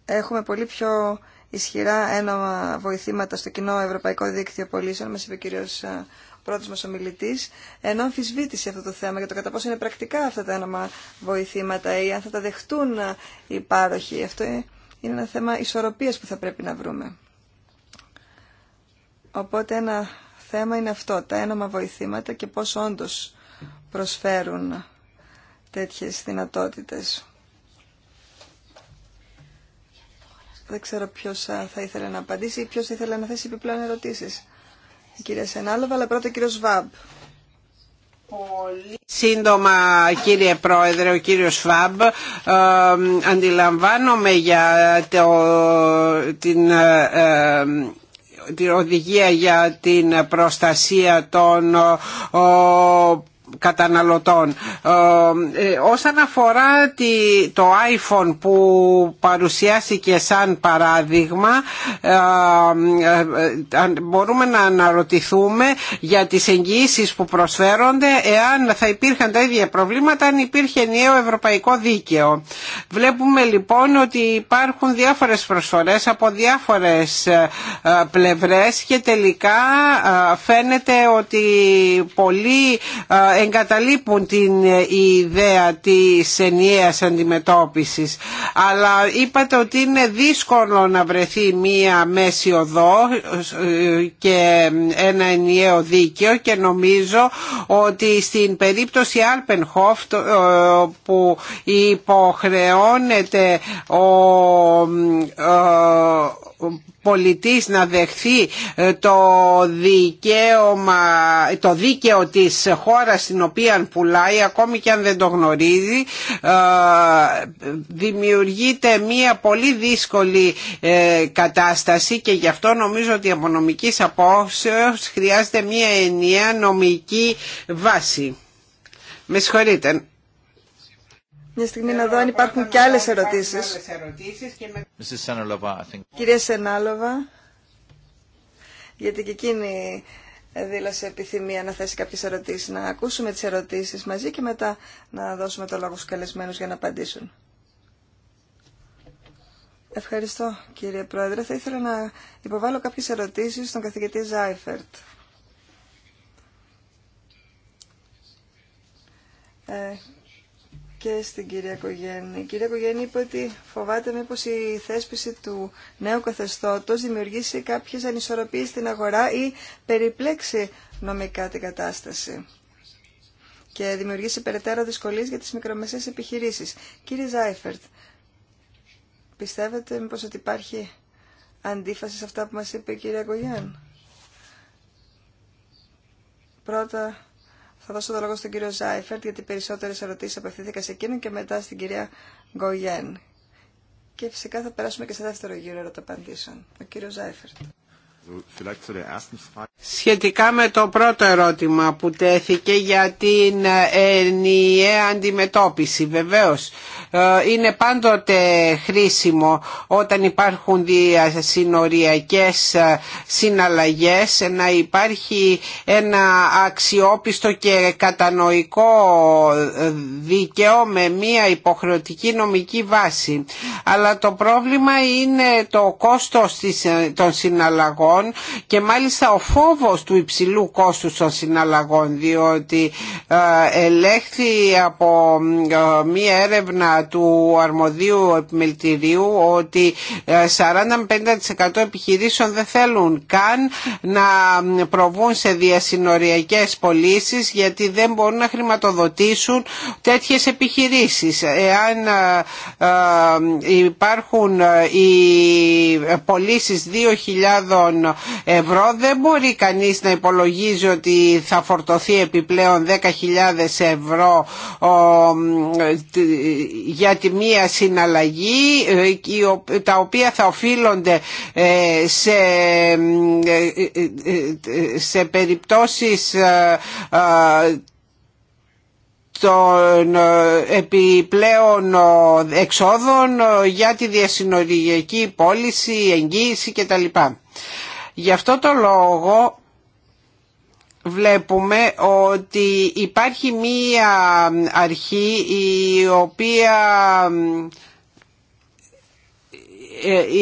έχουμε πολύ πιο ισχυρά ένομα βοηθήματα στο κοινό Ευρωπαϊκό Δίκτυο Πολίσεων, μα είπε ο κύριο ε, πρώτο μας ομιλητή, ενώ αμφισβήτησε αυτό το θέμα για το κατά πόσο είναι πρακτικά αυτά τα ένομα βοηθήματα ή αν θα τα δεχτούν ε, οι πάροχοι. Αυτό είναι ένα θέμα ισορροπίας που θα πρέπει να βρούμε. Οπότε ένα θέμα είναι αυτό, τα ένομα βοηθήματα και πώς όντως προσφέρουν τέτοιες δυνατότητες. Δεν ξέρω ποιο θα ήθελε να απαντήσει ή ποιο θα ήθελε να θέσει επιπλέον ερωτήσει. Η κυρία Σενάλοβα, αλλά πρώτα ο κύριο Βαμπ. Πολύ σύντομα κύριε Πρόεδρε, ο κύριος Φαμπ, αντιλαμβάνομαι για το, την... Ε, την οδηγία για την προστασία των καταναλωτών. Ε, ε, όσον αφορά το iPhone που παρουσιάστηκε σαν παράδειγμα ε, ε, μπορούμε να αναρωτηθούμε για τις εγγυήσεις που προσφέρονται εάν θα υπήρχαν τα ίδια προβλήματα αν υπήρχε νέο ευρωπαϊκό δίκαιο. Βλέπουμε λοιπόν ότι υπάρχουν διάφορες προσφορές από διάφορες πλευρές και τελικά φαίνεται ότι πολλοί εγκαταλείπουν την ε, ιδέα της ενιαίας αντιμετώπισης. Αλλά είπατε ότι είναι δύσκολο να βρεθεί μία μέση οδό ε, και ένα ενιαίο δίκαιο και νομίζω ότι στην περίπτωση Αλπενχόφτ που υποχρεώνεται ο ε, πολιτής να δεχθεί ε, το, δικαίωμα, το δίκαιο της χώρας στην οποία πουλάει ακόμη και αν δεν το γνωρίζει ε, δημιουργείται μια πολύ δύσκολη ε, κατάσταση και γι' αυτό νομίζω ότι από νομικής απόψεως χρειάζεται μια ενιαία νομική βάση. Με συγχωρείτε μια στιγμή να δω αν υπάρχουν και άλλες ερωτήσεις. Κυρία Σενάλοβα, γιατί και εκείνη δήλωσε επιθυμία να θέσει κάποιες ερωτήσεις. Να ακούσουμε τις ερωτήσεις μαζί και μετά να δώσουμε το λόγο στους καλεσμένους για να απαντήσουν. Ευχαριστώ κύριε Πρόεδρε. Θα ήθελα να υποβάλω κάποιες ερωτήσεις στον καθηγητή Ζάιφερτ. Ε, και στην κυρία Κογέννη. Η κυρία Κογέννη είπε ότι φοβάται μήπως η θέσπιση του νέου καθεστώτος δημιουργήσει κάποιες ανισορροπίες στην αγορά ή περιπλέξει νομικά την κατάσταση και δημιουργήσει περαιτέρω δυσκολίες για τις μικρομεσαίες επιχειρήσεις. Κύριε Ζάιφερτ, πιστεύετε μήπως ότι υπάρχει αντίφαση σε αυτά που μας είπε η κυρία Κογιέννη. Πρώτα θα δώσω το λόγο στον κύριο Ζάιφερτ γιατί περισσότερε ερωτήσει απευθύνθηκα σε εκείνον και μετά στην κυρία Γκογιέν. Και φυσικά θα περάσουμε και σε δεύτερο γύρο ερωταπαντήσεων. Ο κύριο Ζάιφερτ. Σχετικά με το πρώτο ερώτημα που τέθηκε για την ε, ενιαία αντιμετώπιση βεβαίως ε, είναι πάντοτε χρήσιμο όταν υπάρχουν διασυνοριακές ε, συναλλαγές να υπάρχει ένα αξιόπιστο και κατανοϊκό δίκαιο με μία υποχρεωτική νομική βάση αλλά το πρόβλημα είναι το κόστος των συναλλαγών Λοιπόν, και μάλιστα ο φόβος του υψηλού κόστου των συναλλαγών διότι ε, ελέγχθη από ε, μία έρευνα του αρμοδίου επιμελητηρίου ότι 40-50% ε, επιχειρήσεων δεν θέλουν καν να προβούν σε διασυνοριακές πωλήσει γιατί δεν μπορούν να χρηματοδοτήσουν τέτοιες επιχειρήσεις. Εάν υπάρχουν οι πωλήσει 2.000 ευρώ δεν μπορεί κανείς να υπολογίζει ότι θα φορτωθεί επιπλέον 10.000 ευρώ για τη μία συναλλαγή ε, τα οποία θα οφείλονται ε, σε, ε, σε περιπτώσεις των επιπλέον εξόδων για τη διασυνοριακή πώληση, εγγύηση κτλ. Γι' αυτό το λόγο βλέπουμε ότι υπάρχει μία αρχή η οποία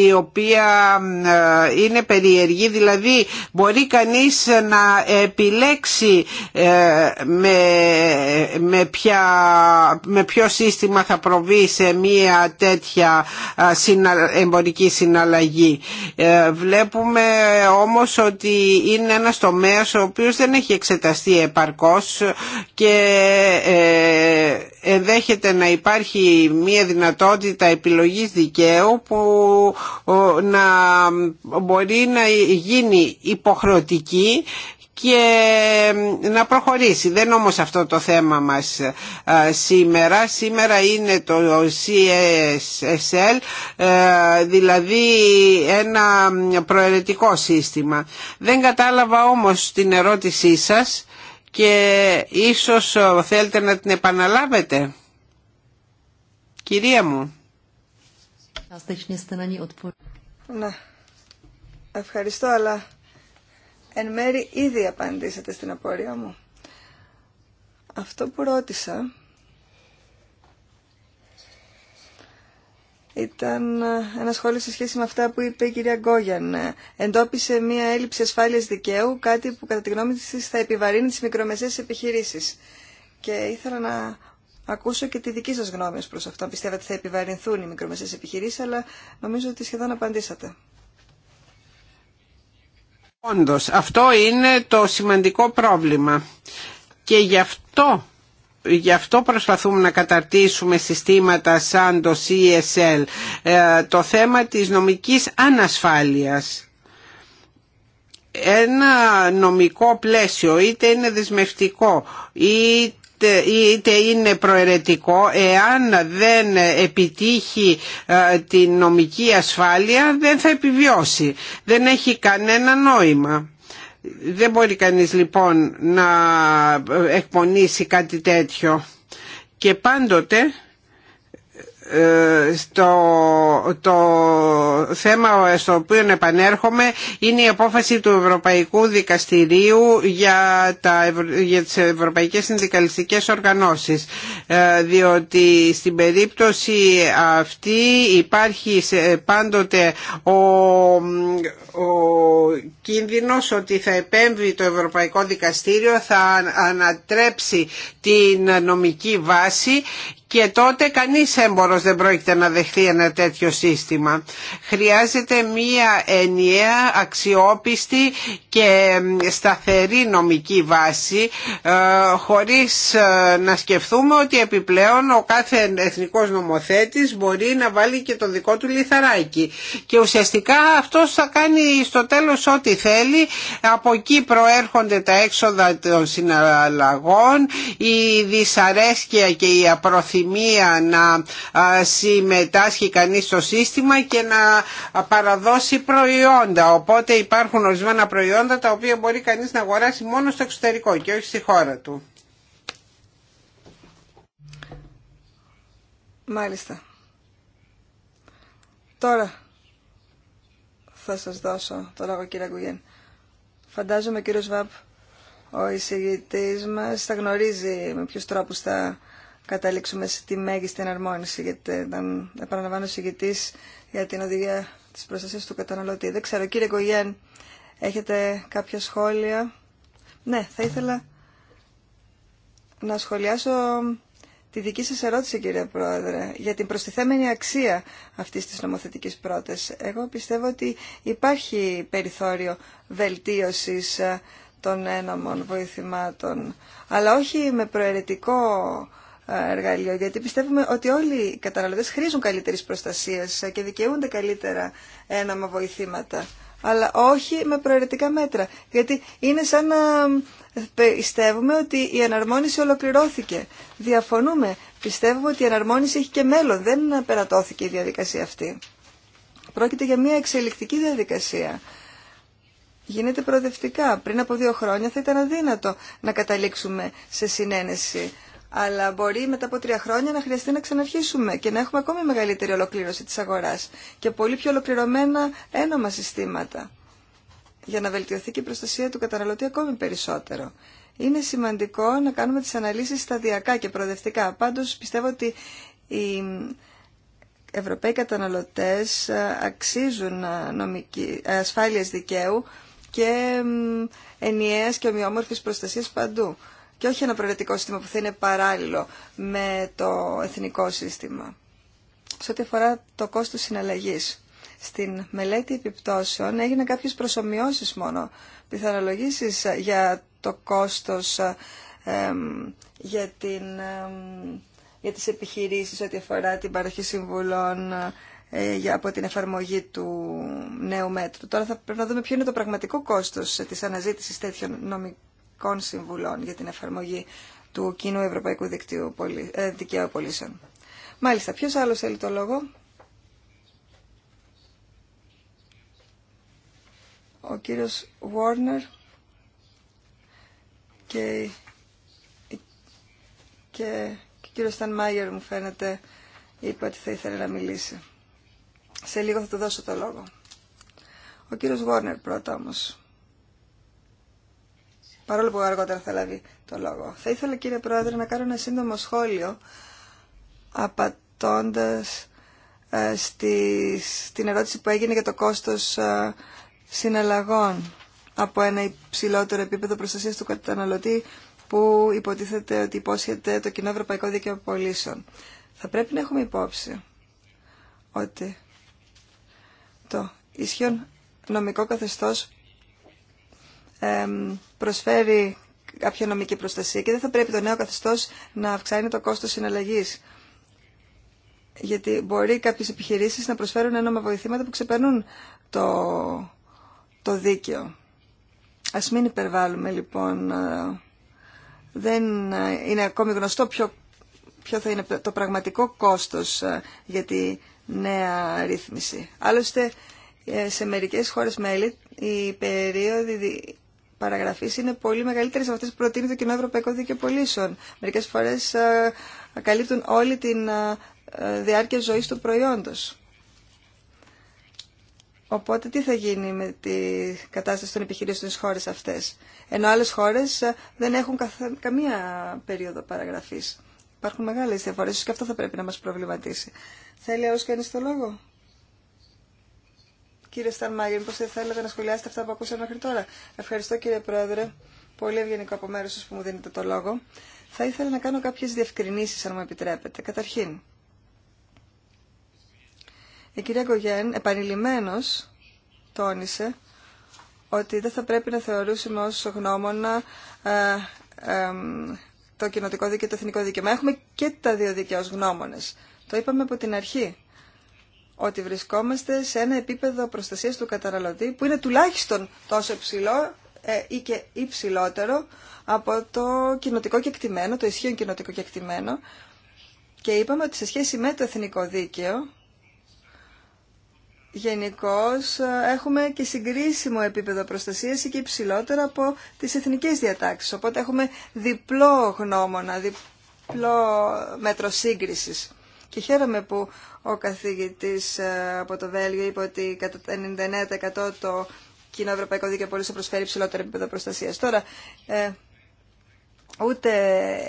η οποία ε, είναι περιεργή δηλαδή μπορεί κανείς να επιλέξει ε, με, με, με ποιο σύστημα θα προβεί σε μια τέτοια εμπορική συναλλαγή ε, βλέπουμε όμως ότι είναι ένας τομέας ο οποίος δεν έχει εξεταστεί επαρκώς και ενδέχεται να υπάρχει μια δυνατότητα επιλογής δικαίου που να μπορεί να γίνει υποχρεωτική και να προχωρήσει. Δεν όμως αυτό το θέμα μας σήμερα. Σήμερα είναι το CSSL, δηλαδή ένα προαιρετικό σύστημα. Δεν κατάλαβα όμως την ερώτησή σας και ίσως ε, θέλετε να την επαναλάβετε. Κυρία μου. Ναι. Ευχαριστώ, αλλά εν μέρη ήδη απαντήσατε στην απορία μου. Αυτό που ρώτησα ήταν ε, ένα σχόλιο σε σχέση με αυτά που είπε η κυρία Γκόγιαν. Ε, εντόπισε μια έλλειψη ασφάλεια δικαίου, κάτι που κατά τη γνώμη της θα επιβαρύνει τι μικρομεσαίε επιχειρήσει. Και ήθελα να ακούσω και τη δική σας γνώμη προ προς αυτό. Πιστεύετε θα επιβαρυνθούν οι μικρομεσαίε επιχειρήσει, αλλά νομίζω ότι σχεδόν απαντήσατε. Όντως, αυτό είναι το σημαντικό πρόβλημα. Και γι' αυτό γι' αυτό προσπαθούμε να καταρτήσουμε συστήματα σαν το CSL, ε, το θέμα της νομικής ανασφάλειας. Ένα νομικό πλαίσιο είτε είναι δεσμευτικό είτε είτε είναι προαιρετικό εάν δεν επιτύχει ε, την νομική ασφάλεια δεν θα επιβιώσει δεν έχει κανένα νόημα δεν μπορεί κανείς λοιπόν να εκπονήσει κάτι τέτοιο. Και πάντοτε ε, το θέμα στο οποίο επανέρχομαι είναι η απόφαση του Ευρωπαϊκού Δικαστηρίου για, τα, για τις Ευρωπαϊκές Συνδικαλιστικές Οργανώσεις ε, διότι στην περίπτωση αυτή υπάρχει πάντοτε ο, ο κίνδυνος ότι θα επέμβει το Ευρωπαϊκό Δικαστήριο θα ανατρέψει την νομική βάση και τότε κανείς έμπορος δεν πρόκειται να δεχθεί ένα τέτοιο σύστημα. Χρειάζεται μία ενιαία, αξιόπιστη και σταθερή νομική βάση ε, χωρίς ε, να σκεφτούμε ότι επιπλέον ο κάθε εθνικός νομοθέτης μπορεί να βάλει και το δικό του λιθαράκι. Και ουσιαστικά αυτός θα κάνει στο τέλος ό,τι θέλει. Από εκεί προέρχονται τα έξοδα των συναλλαγών, η δυσαρέσκεια και η απροθυμία μία να συμμετάσχει κανείς στο σύστημα και να παραδώσει προϊόντα. Οπότε υπάρχουν ορισμένα προϊόντα τα οποία μπορεί κανείς να αγοράσει μόνο στο εξωτερικό και όχι στη χώρα του. Μάλιστα. Τώρα θα σας δώσω το λόγο κύριε Αγκουγέν. Φαντάζομαι κύριο κύριος ο εισηγητής μας, θα γνωρίζει με ποιους τρόπους θα καταλήξουμε στη μέγιστη εναρμόνιση, γιατί ήταν, επαναλαμβάνω, συγκητή για την οδηγία τη προστασία του καταναλωτή. Δεν ξέρω, κύριε Κογιέν, έχετε κάποια σχόλια. Ναι, θα ήθελα να σχολιάσω τη δική σας ερώτηση, κύριε Πρόεδρε, για την προστιθέμενη αξία αυτής της νομοθετικής πρότασης. Εγώ πιστεύω ότι υπάρχει περιθώριο βελτίωσης ε, των ένομων βοηθημάτων, αλλά όχι με προαιρετικό εργαλείο, γιατί πιστεύουμε ότι όλοι οι καταναλωτέ χρήζουν καλύτερη προστασία και δικαιούνται καλύτερα με βοηθήματα, αλλά όχι με προαιρετικά μέτρα, γιατί είναι σαν να πιστεύουμε ότι η εναρμόνιση ολοκληρώθηκε. Διαφωνούμε. Πιστεύουμε ότι η εναρμόνιση έχει και μέλλον. Δεν περατώθηκε η διαδικασία αυτή. Πρόκειται για μια εξελικτική διαδικασία. Γίνεται προοδευτικά. Πριν από δύο χρόνια θα ήταν αδύνατο να καταλήξουμε σε συνένεση αλλά μπορεί μετά από τρία χρόνια να χρειαστεί να ξαναρχίσουμε και να έχουμε ακόμη μεγαλύτερη ολοκλήρωση της αγοράς και πολύ πιο ολοκληρωμένα ένομα συστήματα για να βελτιωθεί και η προστασία του καταναλωτή ακόμη περισσότερο. Είναι σημαντικό να κάνουμε τις αναλύσεις σταδιακά και προοδευτικά. Πάντως πιστεύω ότι οι Ευρωπαίοι καταναλωτές ε, αξίζουν ε, νομική, ε, ασφάλειες δικαίου και ενιαίας και ομοιόμορφης προστασίας παντού και όχι ένα προαιρετικό σύστημα που θα είναι παράλληλο με το εθνικό σύστημα. Σε ό,τι αφορά το κόστος συναλλαγής, στην μελέτη επιπτώσεων έγιναν κάποιες προσωμιώσεις μόνο, πιθανολογήσεις ε, για το κόστος ε, για, την, για τις επιχειρήσεις ό,τι αφορά την παροχή συμβουλών ε, για, από την εφαρμογή του νέου μέτρου. Τώρα θα πρέπει να δούμε ποιο είναι το πραγματικό κόστος της αναζήτησης τέτοιων νομικών Ευρωπαϊκών συμβουλών για την εφαρμογή του κοινού Ευρωπαϊκού Δικτύου ε, Δικαίου Πολίσεων. Μάλιστα, ποιος άλλο θέλει το λόγο? Ο κύριος Βόρνερ και, και, ο κύριος Στανμάγερ μου φαίνεται είπε ότι θα ήθελε να μιλήσει. Σε λίγο θα του δώσω το λόγο. Ο κύριος Βόρνερ πρώτα όμως παρόλο που αργότερα θα λάβει το λόγο. Θα ήθελα κύριε Πρόεδρε να κάνω ένα σύντομο σχόλιο απατώντας ε, στην ερώτηση που έγινε για το κόστος ε, συναλλαγών από ένα υψηλότερο επίπεδο προστασίας του καταναλωτή που υποτίθεται ότι υπόσχεται το κοινό ευρωπαϊκό δίκαιο πωλήσεων. Θα πρέπει να έχουμε υπόψη ότι το ισχύον νομικό καθεστώς προσφέρει κάποια νομική προστασία και δεν θα πρέπει το νέο καθεστώς να αυξάνει το κόστος συναλλαγής. Γιατί μπορεί κάποιες επιχειρήσεις να προσφέρουν ένομα βοηθήματα που ξεπερνούν το, το δίκαιο. Ας μην υπερβάλλουμε λοιπόν. Δεν είναι ακόμη γνωστό ποιο, ποιο θα είναι το πραγματικό κόστος για τη νέα ρύθμιση. Άλλωστε ε, σε μερικές χώρες μέλη η περίοδη παραγραφή είναι πολύ μεγαλύτερε από αυτέ που προτείνει το Κοινό Ευρωπαϊκό Δίκαιο Πολίσεων. Μερικέ φορέ ε, καλύπτουν όλη τη ε, ε, διάρκεια ζωή του προϊόντο. Οπότε τι θα γίνει με τη κατάσταση των επιχειρήσεων στις χώρες αυτές. Ενώ άλλες χώρες δεν έχουν καμία περίοδο παραγραφής. Υπάρχουν μεγάλες διαφορές και αυτό θα πρέπει να μας προβληματίσει. Θέλει ο κανείς το λόγο. Κύριε Στανμάγερ, πώς θα θέλετε να σχολιάσετε αυτά που ακούσαμε μέχρι τώρα. Ευχαριστώ κύριε Πρόεδρε. Πολύ ευγενικό από μέρους σας που μου δίνετε το λόγο. Θα ήθελα να κάνω κάποιες διευκρινήσεις, αν μου επιτρέπετε. Καταρχήν, η κυρία Κογέν επανειλημμένως τόνισε ότι δεν θα πρέπει να θεωρούσουμε ως γνώμονα ε, ε, το κοινοτικό δίκαιο και το εθνικό δίκαιο. Μα έχουμε και τα δύο δίκαια ως γνώμονες. Το είπαμε από την αρχή ότι βρισκόμαστε σε ένα επίπεδο προστασίας του καταναλωτή που είναι τουλάχιστον τόσο υψηλό ε, ή και υψηλότερο από το κοινοτικό κεκτημένο, το ισχύον κοινοτικό κεκτημένο και είπαμε ότι σε σχέση με το εθνικό δίκαιο Γενικώ ε, έχουμε και συγκρίσιμο επίπεδο προστασίας ή και υψηλότερο από τις εθνικές διατάξεις. Οπότε έχουμε διπλό γνώμονα, διπλό μέτρο σύγκρισης. Και χαίρομαι που ο καθηγητής ε, από το Βέλγιο είπε ότι κατά 99% το κοινό ευρωπαϊκό δίκαιο μπορεί να προσφέρει ψηλότερο επίπεδο προστασίας. Τώρα, ε, ούτε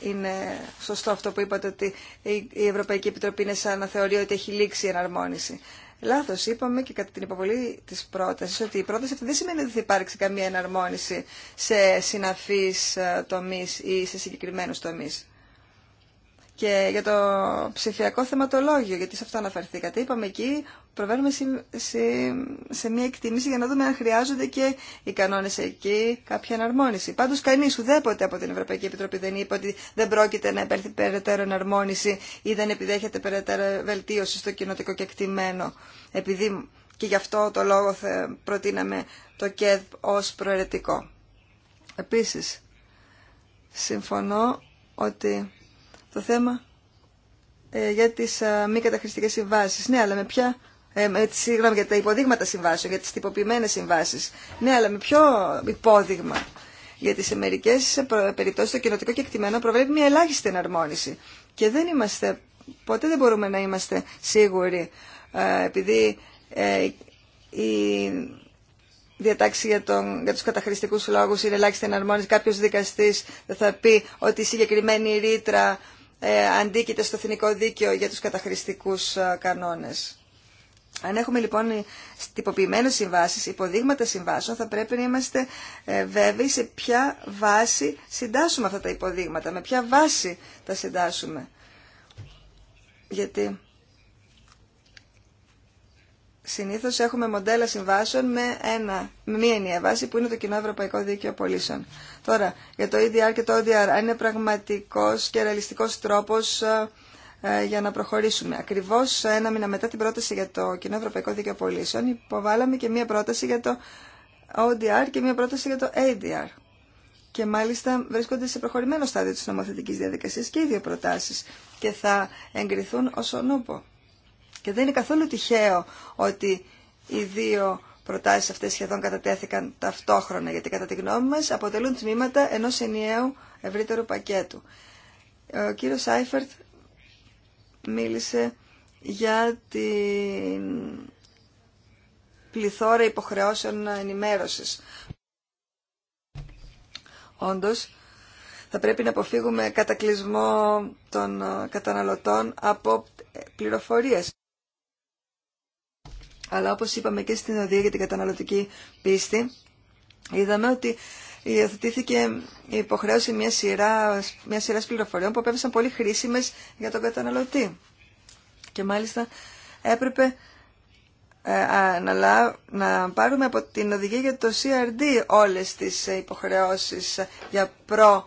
είναι σωστό αυτό που είπατε ότι η Ευρωπαϊκή Επιτροπή είναι σαν να θεωρεί ότι έχει λήξει η εναρμόνιση. Λάθος, είπαμε και κατά την υποβολή της πρότασης ότι η πρόταση αυτή δεν σημαίνει ότι θα υπάρξει καμία εναρμόνιση σε συναφείς ε, τομείς ή σε συγκεκριμένους τομείς. Και για το ψηφιακό θεματολόγιο, γιατί σε αυτό αναφερθήκατε, είπαμε εκεί, προβαίνουμε σε, μια εκτίμηση για να δούμε αν χρειάζονται και οι κανόνε εκεί κάποια εναρμόνιση. Πάντω, κανεί ουδέποτε από την Ευρωπαϊκή Επιτροπή δεν είπε ότι δεν πρόκειται να υπέρθει περαιτέρω εναρμόνιση ή δεν επιδέχεται περαιτέρω βελτίωση στο κοινοτικό κεκτημένο. Επειδή και γι' αυτό το λόγο θα προτείναμε το ΚΕΔ ω προαιρετικό. Επίση, συμφωνώ ότι το θέμα ε, για τις ε, μη καταχρηστικές συμβάσεις. Ναι, αλλά με ποια... Ε, ε συγγνώμη, για τα υποδείγματα συμβάσεων, για τις τυποποιημένε συμβάσεις. Ναι, αλλά με ποιο υπόδειγμα. Γιατί σε μερικέ περιπτώσει το κοινοτικό κεκτημένο προβλέπει μια ελάχιστη εναρμόνιση. Και δεν είμαστε, ποτέ δεν μπορούμε να είμαστε σίγουροι, ε, επειδή η διατάξη για, τον, για τους καταχρηστικούς λόγους είναι ελάχιστη εναρμόνιση. Κάποιος δικαστής δεν θα πει ότι η συγκεκριμένη ρήτρα ε, αντίκειται στο εθνικό δίκαιο για τους καταχρηστικούς ε, κανόνες. Αν έχουμε λοιπόν τυποποιημένε συμβάσει, υποδείγματα συμβάσεων, θα πρέπει να είμαστε ε, βέβαιοι σε ποια βάση συντάσσουμε αυτά τα υποδείγματα, με ποια βάση τα συντάσσουμε. Γιατί συνήθως έχουμε μοντέλα συμβάσεων με, ένα, με μία ενιαία βάση που είναι το κοινό ευρωπαϊκό δίκαιο Πολίσεων. Τώρα, για το EDR και το ODR, αν είναι πραγματικός και ρεαλιστικός τρόπος ε, ε, για να προχωρήσουμε. Ακριβώς ένα μήνα μετά την πρόταση για το κοινό ευρωπαϊκό δίκαιο Πολίσεων υποβάλαμε και μία πρόταση για το ODR και μία πρόταση για το ADR. Και μάλιστα βρίσκονται σε προχωρημένο στάδιο της νομοθετικής διαδικασίας και οι δύο προτάσεις και θα εγκριθούν ω ονούπο. Και δεν είναι καθόλου τυχαίο ότι οι δύο προτάσεις αυτές σχεδόν κατατέθηκαν ταυτόχρονα, γιατί κατά τη γνώμη μας αποτελούν τμήματα ενός ενιαίου ευρύτερου πακέτου. Ο κύριος Σάιφερτ μίλησε για την πληθώρα υποχρεώσεων ενημέρωσης. Όντως, θα πρέπει να αποφύγουμε κατακλυσμό των καταναλωτών από πληροφορίες. Αλλά όπως είπαμε και στην οδηγία για την καταναλωτική πίστη, είδαμε ότι υιοθετήθηκε η υποχρέωση μια σειρά μιας σειράς πληροφοριών που απέβησαν πολύ χρήσιμες για τον καταναλωτή. Και μάλιστα έπρεπε ε, να πάρουμε από την οδηγία για το CRD όλες τις ε, υποχρεώσεις ε, για προ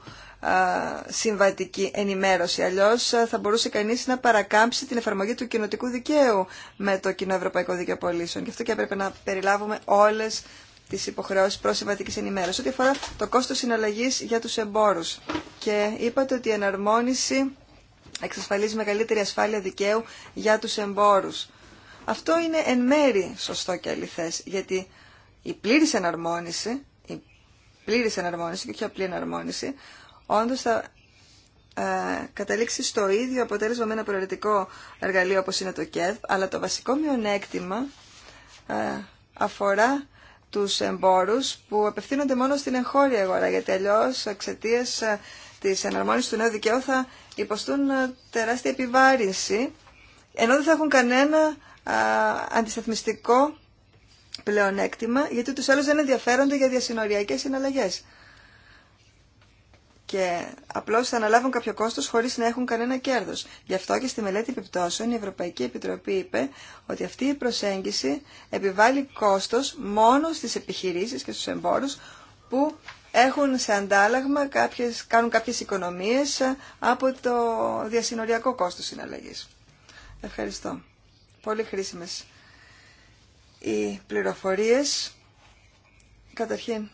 συμβατική ενημέρωση. Αλλιώς θα μπορούσε κανείς να παρακάμψει την εφαρμογή του κοινοτικού δικαίου με το κοινό ευρωπαϊκό δίκαιο πολίσεων. Και αυτό και έπρεπε να περιλάβουμε όλες τις υποχρεώσεις προς συμβατική ενημέρωσης. Ό,τι αφορά το κόστος συναλλαγής για τους εμπόρους. Και είπατε ότι η εναρμόνιση εξασφαλίζει μεγαλύτερη ασφάλεια δικαίου για τους εμπόρους. Αυτό είναι εν μέρη σωστό και αληθές, γιατί η πλήρη εναρμόνιση, η πλήρης εναρμόνιση και όχι απλή εναρμόνιση, Όντω θα ε, καταλήξει στο ίδιο αποτέλεσμα με ένα προαιρετικό εργαλείο όπως είναι το ΚΕΔ, αλλά το βασικό μειονέκτημα ε, αφορά τους εμπόρους που απευθύνονται μόνο στην εγχώρια αγορά, γιατί αλλιώ εξαιτία ε, της εναρμόνισης του νέου δικαίου θα υποστούν τεράστια επιβάρυνση, ενώ δεν θα έχουν κανένα αντισταθμιστικό πλεονέκτημα, γιατί τους άλλους δεν ενδιαφέρονται για διασυνοριακές συναλλαγές και απλώς θα αναλάβουν κάποιο κόστος χωρίς να έχουν κανένα κέρδος. Γι' αυτό και στη μελέτη επιπτώσεων η Ευρωπαϊκή Επιτροπή είπε ότι αυτή η προσέγγιση επιβάλλει κόστος μόνο στις επιχειρήσεις και στους εμπόρους που έχουν σε αντάλλαγμα κάποιες, κάνουν κάποιες οικονομίες από το διασυνοριακό κόστος συναλλαγής. Ευχαριστώ. Πολύ χρήσιμες οι πληροφορίες. Καταρχήν,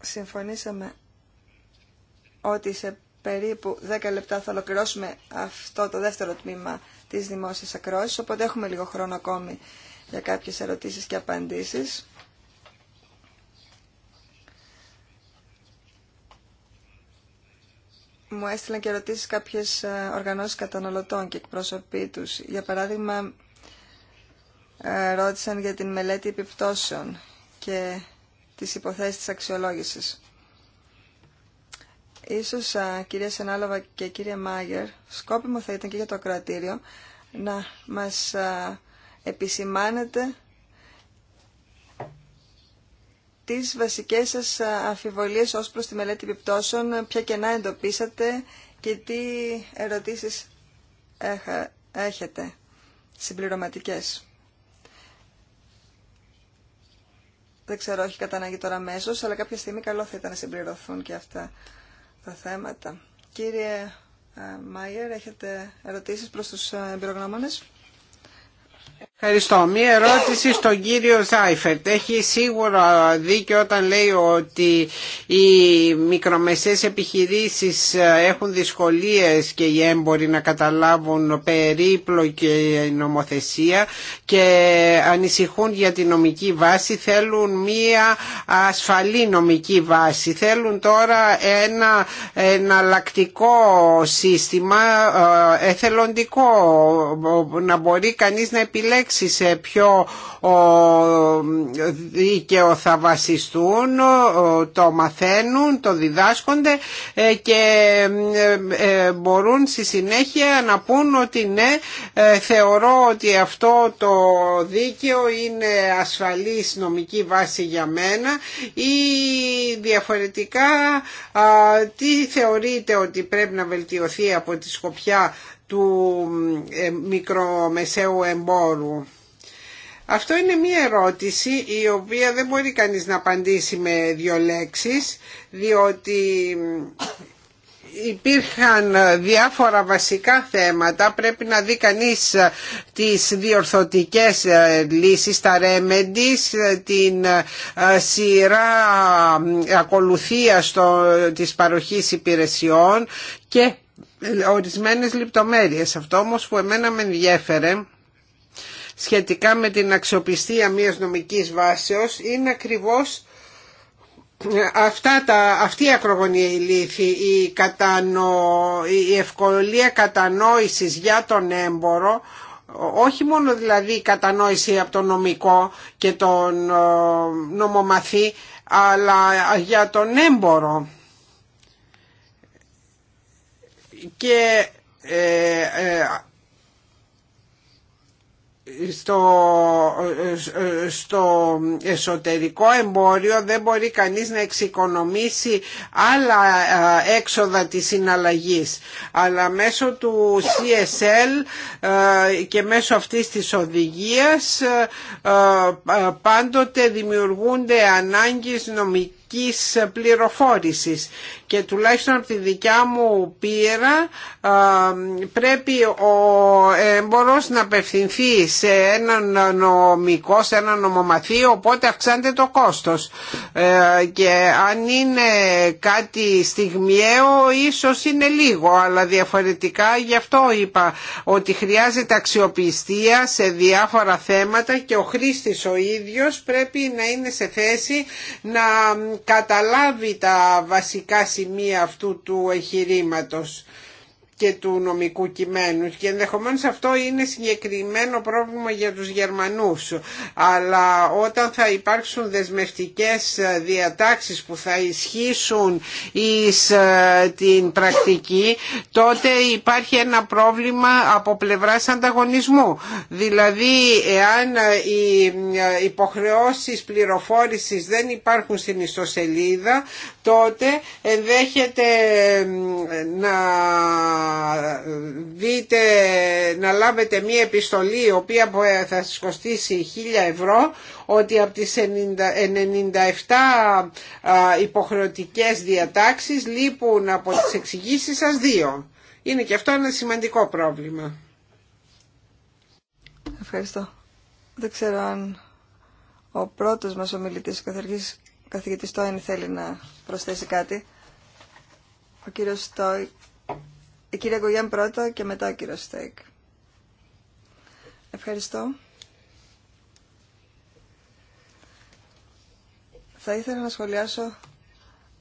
συμφωνήσαμε ότι σε περίπου 10 λεπτά θα ολοκληρώσουμε αυτό το δεύτερο τμήμα της δημόσιας ακρόασης, οπότε έχουμε λίγο χρόνο ακόμη για κάποιες ερωτήσεις και απαντήσεις. Μου έστειλαν και ερωτήσει κάποιε οργανώσει καταναλωτών και εκπρόσωποι του. Για παράδειγμα, ε, ρώτησαν για την μελέτη επιπτώσεων και τις υποθέσεις της αξιολόγησης. Ίσως, κυρία Σενάλοβα και κύριε Μάγερ, σκόπιμο θα ήταν και για το ακροατήριο να μας επισημάνετε τις βασικές σας αμφιβολίες ως προς τη μελέτη επιπτώσεων, ποια κενά εντοπίσατε και τι ερωτήσεις έχετε συμπληρωματικές. Δεν ξέρω, όχι κατά τώρα αμέσω, αλλά κάποια στιγμή καλό θα ήταν να συμπληρωθούν και αυτά τα Κύριε ε, Μάιερ, έχετε ερωτήσεις προς τους ε, εμπειρογνώμονες. Ευχαριστώ. Μία ερώτηση στον κύριο Ζάιφερτ. Έχει σίγουρα δίκιο όταν λέει ότι οι μικρομεσαίες επιχειρήσεις ε, έχουν δυσκολίες και οι έμποροι να καταλάβουν περίπλοκη νομοθεσία και ανησυχούν για τη νομική βάση. Θέλουν μία ασφαλή νομική βάση. Θέλουν τώρα ένα εναλλακτικό σύστημα ε, εθελοντικό να μπορεί κανείς να επιλέξει σε ποιο δίκαιο θα βασιστούν, το μαθαίνουν, το διδάσκονται ε, και ε, ε, μπορούν στη συνέχεια να πούν ότι ναι, θεωρώ ότι αυτό το δίκαιο είναι ασφαλής νομική βάση για μένα ή διαφορετικά τι θεωρείτε ότι πρέπει να βελτιωθεί από τη σκοπιά του ε, μικρομεσαίου εμπόρου. Αυτό είναι μία ερώτηση η οποία δεν μπορεί κανείς να απαντήσει με δύο λέξεις, διότι υπήρχαν διάφορα βασικά θέματα πρέπει να δει κανείς ε, τις διορθωτικές ε, λύσεις τα remedies την σειρά ακολουθίας της παροχής υπηρεσιών και ορισμένες λεπτομέρειες. Αυτό όμως που εμένα με ενδιέφερε σχετικά με την αξιοπιστία μιας νομικής βάσεως είναι ακριβώς αυτά τα, αυτή η ακρογωνία λύθη, η, κατανο, η ευκολία κατανόησης για τον έμπορο όχι μόνο δηλαδή η κατανόηση από τον νομικό και τον ε, νομομαθή αλλά για τον έμπορο και ε, ε, στο, ε, στο εσωτερικό εμπόριο δεν μπορεί κανείς να εξοικονομήσει άλλα έξοδα της συναλλαγής αλλά μέσω του CSL και μέσω αυτής της οδηγίας πάντοτε δημιουργούνται ανάγκες νομικής πληροφόρησης και τουλάχιστον από τη δικιά μου πείρα πρέπει ο εμπορός να απευθυνθεί σε έναν νομικό, σε ένα νομομαθή οπότε αυξάνεται το κόστος ε, και αν είναι κάτι στιγμιαίο ίσως είναι λίγο αλλά διαφορετικά γι' αυτό είπα ότι χρειάζεται αξιοπιστία σε διάφορα θέματα και ο χρήστης ο ίδιος πρέπει να είναι σε θέση να καταλάβει τα βασικά σημεία αυτού του εχειρήματος και του νομικού κειμένου και ενδεχομένως αυτό είναι συγκεκριμένο πρόβλημα για τους Γερμανούς αλλά όταν θα υπάρξουν δεσμευτικές διατάξεις που θα ισχύσουν εις ε, την πρακτική τότε υπάρχει ένα πρόβλημα από πλευράς ανταγωνισμού δηλαδή εάν ε, οι ε, υποχρεώσεις πληροφόρησης δεν υπάρχουν στην ιστοσελίδα τότε ενδέχεται να δείτε, να λάβετε μία επιστολή η οποία θα σας κοστίσει 1000 ευρώ ότι από τις 97 υποχρεωτικές διατάξεις λείπουν από τις εξηγήσεις σας δύο. Είναι και αυτό ένα σημαντικό πρόβλημα. Ευχαριστώ. Δεν ξέρω αν ο πρώτος μας ομιλητής, ο καθηγητής, καθηγητής Τόιν θέλει να προσθέσει κάτι. Ο κύριος Τόιν. Η κυρία Γκογιάν πρώτα και μετά ο κύριος Στέικ. Ευχαριστώ. Θα ήθελα να σχολιάσω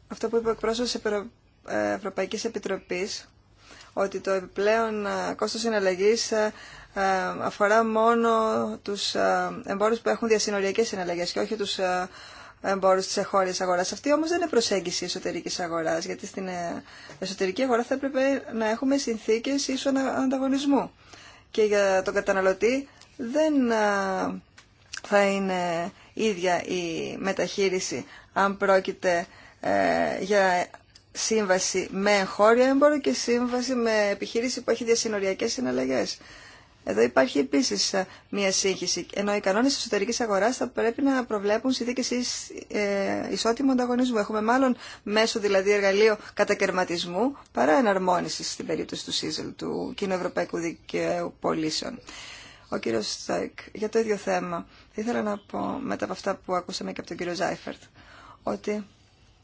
αυτό που είπε ο εκπρόσωπος της ε, Ευρωπαϊκής Επιτροπής, ότι το επιπλέον ε, κόστος συναλλαγής ε, αφορά μόνο τους εμπόρους που έχουν διασυνοριακές συναλλαγές και όχι τους εμπόρου τη εγχώρια αγορά. Αυτή όμω δεν είναι προσέγγιση εσωτερική αγορά, γιατί στην ε, εσωτερική αγορά θα έπρεπε να έχουμε συνθήκε ίσου ανταγωνισμού. Και για τον καταναλωτή δεν ε, θα είναι ίδια η μεταχείριση αν πρόκειται ε, για σύμβαση με εγχώριο έμπορο και σύμβαση με επιχείρηση που έχει διασυνοριακές συναλλαγές. Εδώ υπάρχει επίση ε, μία σύγχυση, ενώ οι κανόνε τη αγορά θα πρέπει να προβλέπουν συνθήκες ε, ισότιμου ανταγωνισμού. Έχουμε μάλλον μέσω δηλαδή εργαλείο κατακαιρματισμού παρά εναρμόνιση στην περίπτωση του ΣΥΖΕΛ, του Κοινοευρωπαϊκού Δικαίου Πολίσεων. Ο κύριο Στάικ, για το ίδιο θέμα, ήθελα να πω μετά από αυτά που ακούσαμε και από τον κύριο Ζάιφερτ, ότι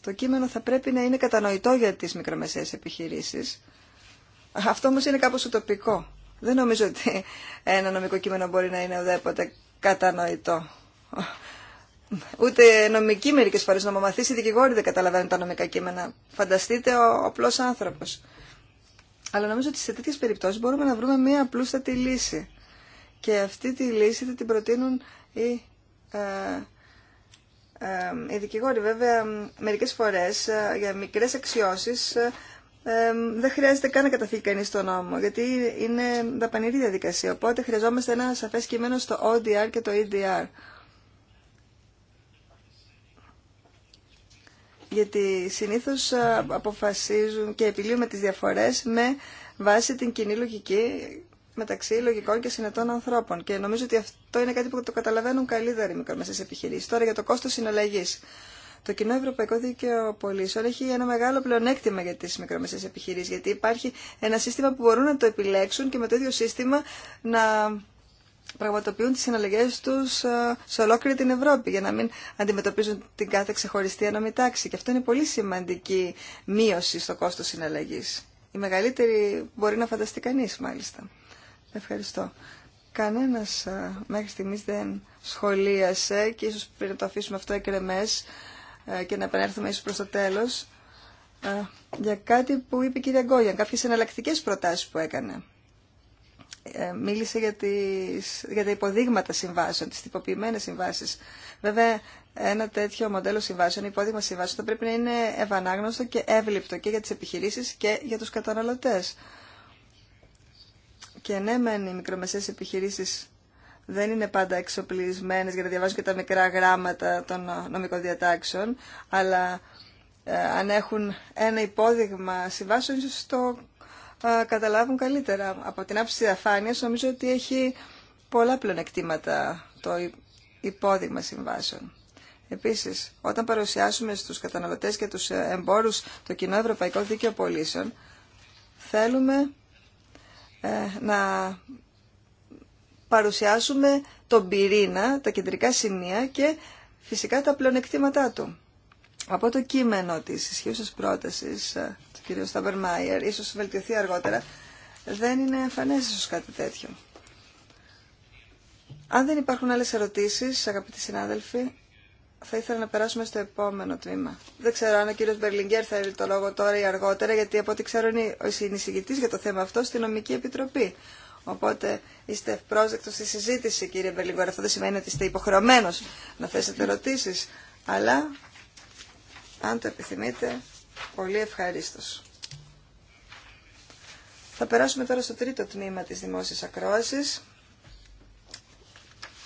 το κείμενο θα πρέπει να είναι κατανοητό για τι μικρομεσαίε επιχειρήσει. Αυτό όμω είναι κάπω ουτοπικό. Δεν νομίζω ότι ένα νομικό κείμενο μπορεί να είναι οδέποτε κατανοητό. Ούτε νομικοί μερικέ φορέ να η δικηγόροι δεν καταλαβαίνουν τα νομικά κείμενα. Φανταστείτε ο απλό άνθρωπο. Αλλά νομίζω ότι σε τέτοιε περιπτώσει μπορούμε να βρούμε μία απλούστατη λύση. Και αυτή τη λύση θα την προτείνουν οι, ε, ε, ε, οι δικηγόροι. Βέβαια, μερικέ φορέ για μικρές αξιώσει δεν χρειάζεται καν να καταφύγει κανεί στο νόμο, γιατί είναι δαπανηρή διαδικασία. Οπότε χρειαζόμαστε ένα σαφέ κείμενο στο ODR και το EDR. γιατί συνήθως ε, αποφασίζουν και επιλύουμε τις διαφορές με βάση την κοινή λογική μεταξύ λογικών και συνετών ανθρώπων. Και νομίζω ότι αυτό είναι κάτι που το καταλαβαίνουν καλύτερα οι μικρομεσαίε επιχειρήσει. Τώρα για το κόστο συναλλαγή. Το κοινό ευρωπαϊκό δίκαιο πολίσεων έχει ένα μεγάλο πλεονέκτημα για τι μικρομεσαίες επιχειρήσει, γιατί υπάρχει ένα σύστημα που μπορούν να το επιλέξουν και με το ίδιο σύστημα να πραγματοποιούν τι συναλλαγέ του ε, σε ολόκληρη την Ευρώπη για να μην αντιμετωπίζουν την κάθε ξεχωριστή τάξη. Και αυτό είναι πολύ σημαντική μείωση στο κόστο συναλλαγή. Η μεγαλύτερη μπορεί να φανταστεί κανεί μάλιστα. Ευχαριστώ. Κανένα ε, μέχρι στιγμή δεν σχολίασε και ίσως πριν το αφήσουμε αυτό εκρεμέ. Ε, και να επανέλθουμε ίσως προς το τέλος ε, για κάτι που είπε η κυρία Γκόγιαν, κάποιες εναλλακτικές προτάσεις που έκανε. Ε, μίλησε για, τις, για τα υποδείγματα συμβάσεων, τις τυποποιημένες συμβάσεις. Βέβαια, ένα τέτοιο μοντέλο συμβάσεων, υπόδειγμα συμβάσεων, θα πρέπει να είναι ευανάγνωστο και εύληπτο και για τις επιχειρήσεις και για τους καταναλωτές. Και ναι, μεν οι μικρομεσαίες επιχειρήσεις δεν είναι πάντα εξοπλισμένε για να διαβάζουν και τα μικρά γράμματα των νομικών διατάξεων, αλλά ε, αν έχουν ένα υπόδειγμα συμβάσεων, ίσω το ε, καταλάβουν καλύτερα. Από την άψη διαφάνεια, νομίζω ότι έχει πολλά πλεονεκτήματα το υπόδειγμα συμβάσεων. Επίση, όταν παρουσιάσουμε στους καταναλωτές και τους ε, εμπόρους το κοινό ευρωπαϊκό δίκαιο πολίσεων, θέλουμε να παρουσιάσουμε τον πυρήνα, τα κεντρικά σημεία και φυσικά τα πλεονεκτήματά του. Από το κείμενο τη ισχύουσα πρόταση ε, του κ. Σταμπερμάιερ, ίσω βελτιωθεί αργότερα, δεν είναι εμφανέ ίσω κάτι τέτοιο. Αν δεν υπάρχουν άλλε ερωτήσει, αγαπητοί συνάδελφοι, θα ήθελα να περάσουμε στο επόμενο τμήμα. Δεν ξέρω αν ο κύριος Μπερλιγκέρ θα έρθει το λόγο τώρα ή αργότερα, γιατί από ό,τι ξέρω είναι ο συνεισηγητής για το θέμα αυτό στη Νομική Επιτροπή. Οπότε είστε πρόσδεκτο στη συζήτηση, κύριε Μπελιγκόρα. Αυτό δεν σημαίνει ότι είστε υποχρεωμένο να θέσετε ερωτήσει, αλλά αν το επιθυμείτε, πολύ ευχαρίστω. Θα περάσουμε τώρα στο τρίτο τμήμα της δημόσιας ακρόασης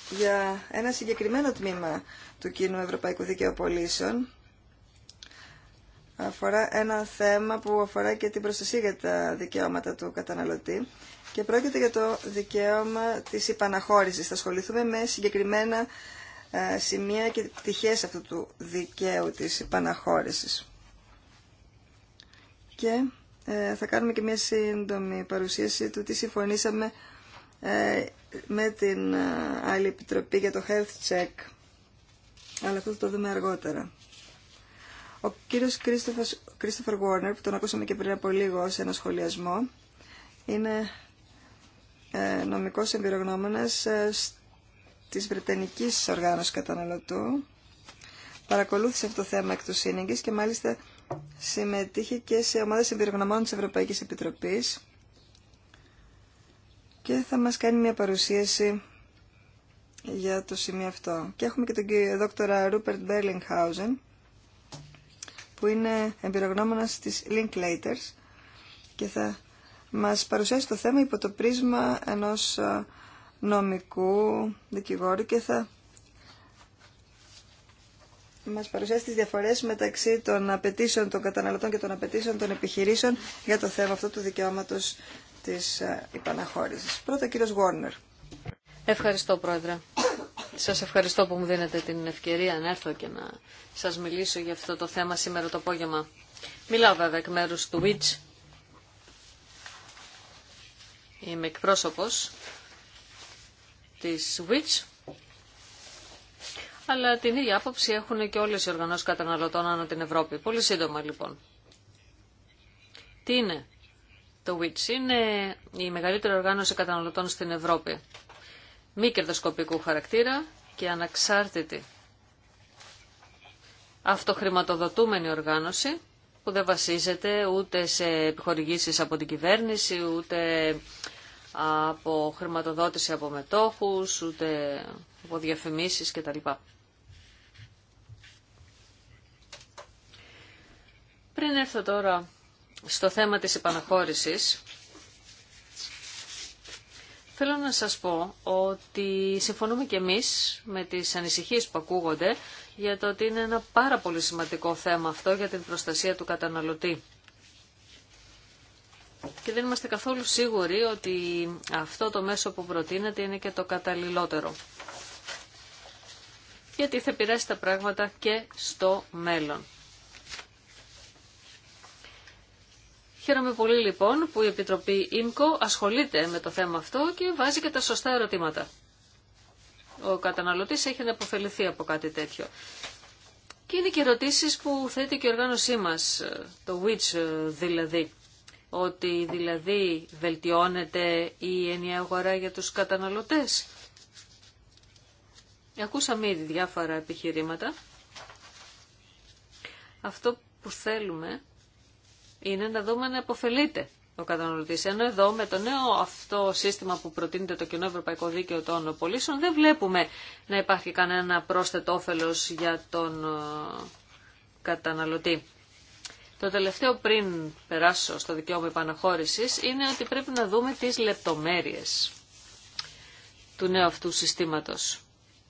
για ένα συγκεκριμένο τμήμα του κοινού Ευρωπαϊκού Δικαίου Αφορά ένα θέμα που αφορά και την προστασία για τα δικαιώματα του καταναλωτή και πρόκειται για το δικαίωμα της υπαναχώρησης. Θα ασχοληθούμε με συγκεκριμένα ε, σημεία και πτυχές αυτού του δικαίου της υπαναχώρησης. Και ε, θα κάνουμε και μια σύντομη παρουσίαση του τι συμφωνήσαμε ε, με την άλλη επιτροπή για το health check. Αλλά αυτό θα το δούμε αργότερα. Ο κύριος Κρίστοφερ Warner, που τον ακούσαμε και πριν από λίγο σε ένα σχολιασμό, είναι ε, νομικός εμπειρογνώμονας ε, της Βρετανικής Οργάνωσης Καταναλωτού. Παρακολούθησε αυτό το θέμα εκ του σύνεγγης και μάλιστα συμμετείχε και σε ομάδες εμπειρογνωμών της Ευρωπαϊκής Επιτροπής και θα μας κάνει μια παρουσίαση για το σημείο αυτό. Και έχουμε και τον κύριο δόκτωρα Ρούπερτ Μπέρλινγχάουζεν που είναι εμπειρογνώμονας της Linklaters και θα μας παρουσιάσει το θέμα υπό το πρίσμα ενός ε, νομικού δικηγόρου και θα μας παρουσιάσει τις διαφορές μεταξύ των απαιτήσεων των καταναλωτών και των απαιτήσεων των επιχειρήσεων για το θέμα αυτό του δικαιώματος της ε, υπαναχώρησης. Πρώτα ο κύριος Γόρνερ. Ευχαριστώ πρόεδρε. Σας ευχαριστώ που μου δίνετε την ευκαιρία να έρθω και να σας μιλήσω για αυτό το θέμα σήμερα το απόγευμα. Μιλάω βέβαια εκ μέρους του WITCH Είμαι εκπρόσωπος της WITS, αλλά την ίδια άποψη έχουν και όλες οι οργανώσεις καταναλωτών ανά την Ευρώπη. Πολύ σύντομα λοιπόν. Τι είναι το WITS? Είναι η μεγαλύτερη οργάνωση καταναλωτών στην Ευρώπη. Μη κερδοσκοπικού χαρακτήρα και αναξάρτητη. Αυτοχρηματοδοτούμενη οργάνωση που δεν βασίζεται ούτε σε επιχορηγήσεις από την κυβέρνηση, ούτε από χρηματοδότηση από μετόχους, ούτε από διαφημίσεις κτλ. Πριν έρθω τώρα στο θέμα της επαναχώρησης, θέλω να σας πω ότι συμφωνούμε και εμείς με τις ανησυχίες που ακούγονται για το ότι είναι ένα πάρα πολύ σημαντικό θέμα αυτό για την προστασία του καταναλωτή. Και δεν είμαστε καθόλου σίγουροι ότι αυτό το μέσο που προτείνεται είναι και το καταλληλότερο. Γιατί θα επηρεάσει τα πράγματα και στο μέλλον. Χαίρομαι πολύ λοιπόν που η Επιτροπή ΙΜΚΟ ασχολείται με το θέμα αυτό και βάζει και τα σωστά ερωτήματα ο καταναλωτής έχει να αποφεληθεί από κάτι τέτοιο. Και είναι και ερωτήσεις που θέτει και η οργάνωσή μας, το WITCH δηλαδή, ότι δηλαδή βελτιώνεται η ενιαία αγορά για τους καταναλωτές. Ακούσαμε ήδη διάφορα επιχειρήματα. Αυτό που θέλουμε είναι να δούμε να αποφελείται ο καταναλωτής. Ενώ εδώ με το νέο αυτό σύστημα που προτείνεται το κοινό ευρωπαϊκό δίκαιο των πωλήσεων δεν βλέπουμε να υπάρχει κανένα πρόσθετο όφελος για τον ε, καταναλωτή. Το τελευταίο πριν περάσω στο δικαίωμα επαναχώρησης είναι ότι πρέπει να δούμε τις λεπτομέρειες του νέου αυτού συστήματος.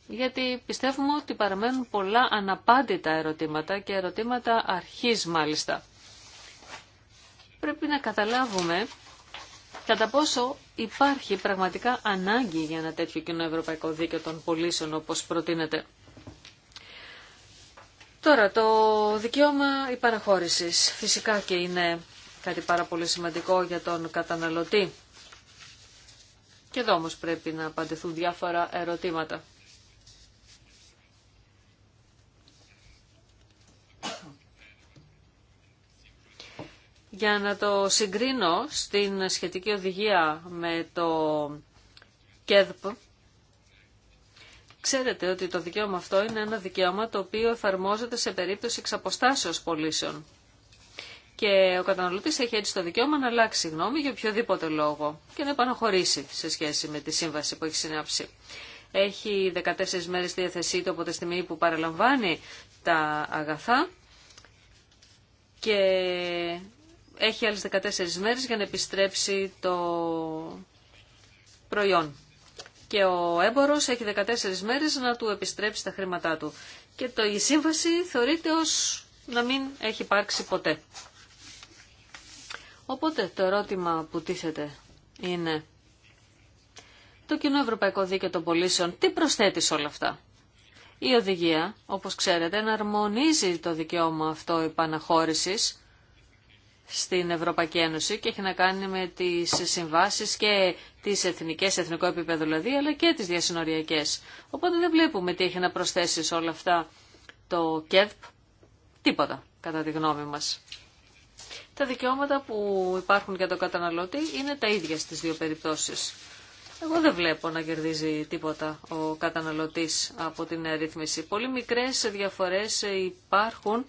Γιατί πιστεύουμε ότι παραμένουν πολλά αναπάντητα ερωτήματα και ερωτήματα αρχής μάλιστα πρέπει να καταλάβουμε κατά πόσο υπάρχει πραγματικά ανάγκη για ένα τέτοιο κοινό ευρωπαϊκό δίκαιο των πωλήσεων όπως προτείνεται. Τώρα, το δικαίωμα υπαραχώρησης φυσικά και είναι κάτι πάρα πολύ σημαντικό για τον καταναλωτή. Και εδώ όμως πρέπει να απαντηθούν διάφορα ερωτήματα. Για να το συγκρίνω στην σχετική οδηγία με το ΚΕΔΠ, ξέρετε ότι το δικαίωμα αυτό είναι ένα δικαίωμα το οποίο εφαρμόζεται σε περίπτωση εξαποστάσεως πωλήσεων. Και ο καταναλωτής έχει έτσι το δικαίωμα να αλλάξει γνώμη για οποιοδήποτε λόγο και να επαναχωρήσει σε σχέση με τη σύμβαση που έχει συνάψει. Έχει 14 μέρες τη διαθεσή του από τη στιγμή που παραλαμβάνει τα αγαθά και έχει άλλες 14 μέρες για να επιστρέψει το προϊόν. Και ο έμπορος έχει 14 μέρες να του επιστρέψει τα χρήματά του. Και το, η σύμβαση θεωρείται ως να μην έχει υπάρξει ποτέ. Οπότε το ερώτημα που τίθεται είναι το Κοινό Ευρωπαϊκό Δίκαιο των Πολίσεων τι προσθέτει σε όλα αυτά. Η οδηγία, όπως ξέρετε, εναρμονίζει το δικαίωμα αυτό επαναχώρησης στην Ευρωπαϊκή Ένωση και έχει να κάνει με τις συμβάσεις και τις εθνικές, εθνικό επίπεδο δηλαδή, αλλά και τις διασυνοριακές. Οπότε δεν βλέπουμε τι έχει να προσθέσει όλα αυτά το ΚΕΔΠ. Τίποτα, κατά τη γνώμη μας. Τα δικαιώματα που υπάρχουν για τον καταναλώτη είναι τα ίδια στις δύο περιπτώσεις. Εγώ δεν βλέπω να κερδίζει τίποτα ο καταναλωτής από την αρρύθμιση. Πολύ μικρές διαφορές υπάρχουν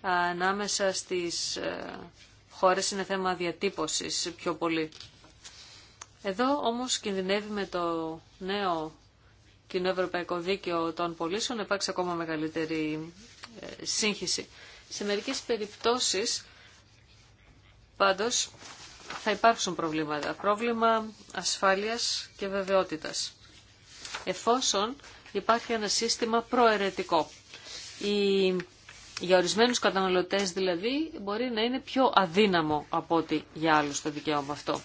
ανάμεσα στις ε, χώρες είναι θέμα διατύπωσης πιο πολύ. Εδώ όμως κινδυνεύει με το νέο κοινό ευρωπαϊκό δίκαιο των πολίσεων να υπάρξει ακόμα μεγαλύτερη ε, σύγχυση. Σε μερικές περιπτώσεις πάντως θα υπάρξουν προβλήματα. Πρόβλημα ασφάλειας και βεβαιότητας. Εφόσον υπάρχει ένα σύστημα προαιρετικό. Η για ορισμένου καταναλωτέ, δηλαδή μπορεί να είναι πιο αδύναμο από ότι για άλλους το δικαίωμα αυτό.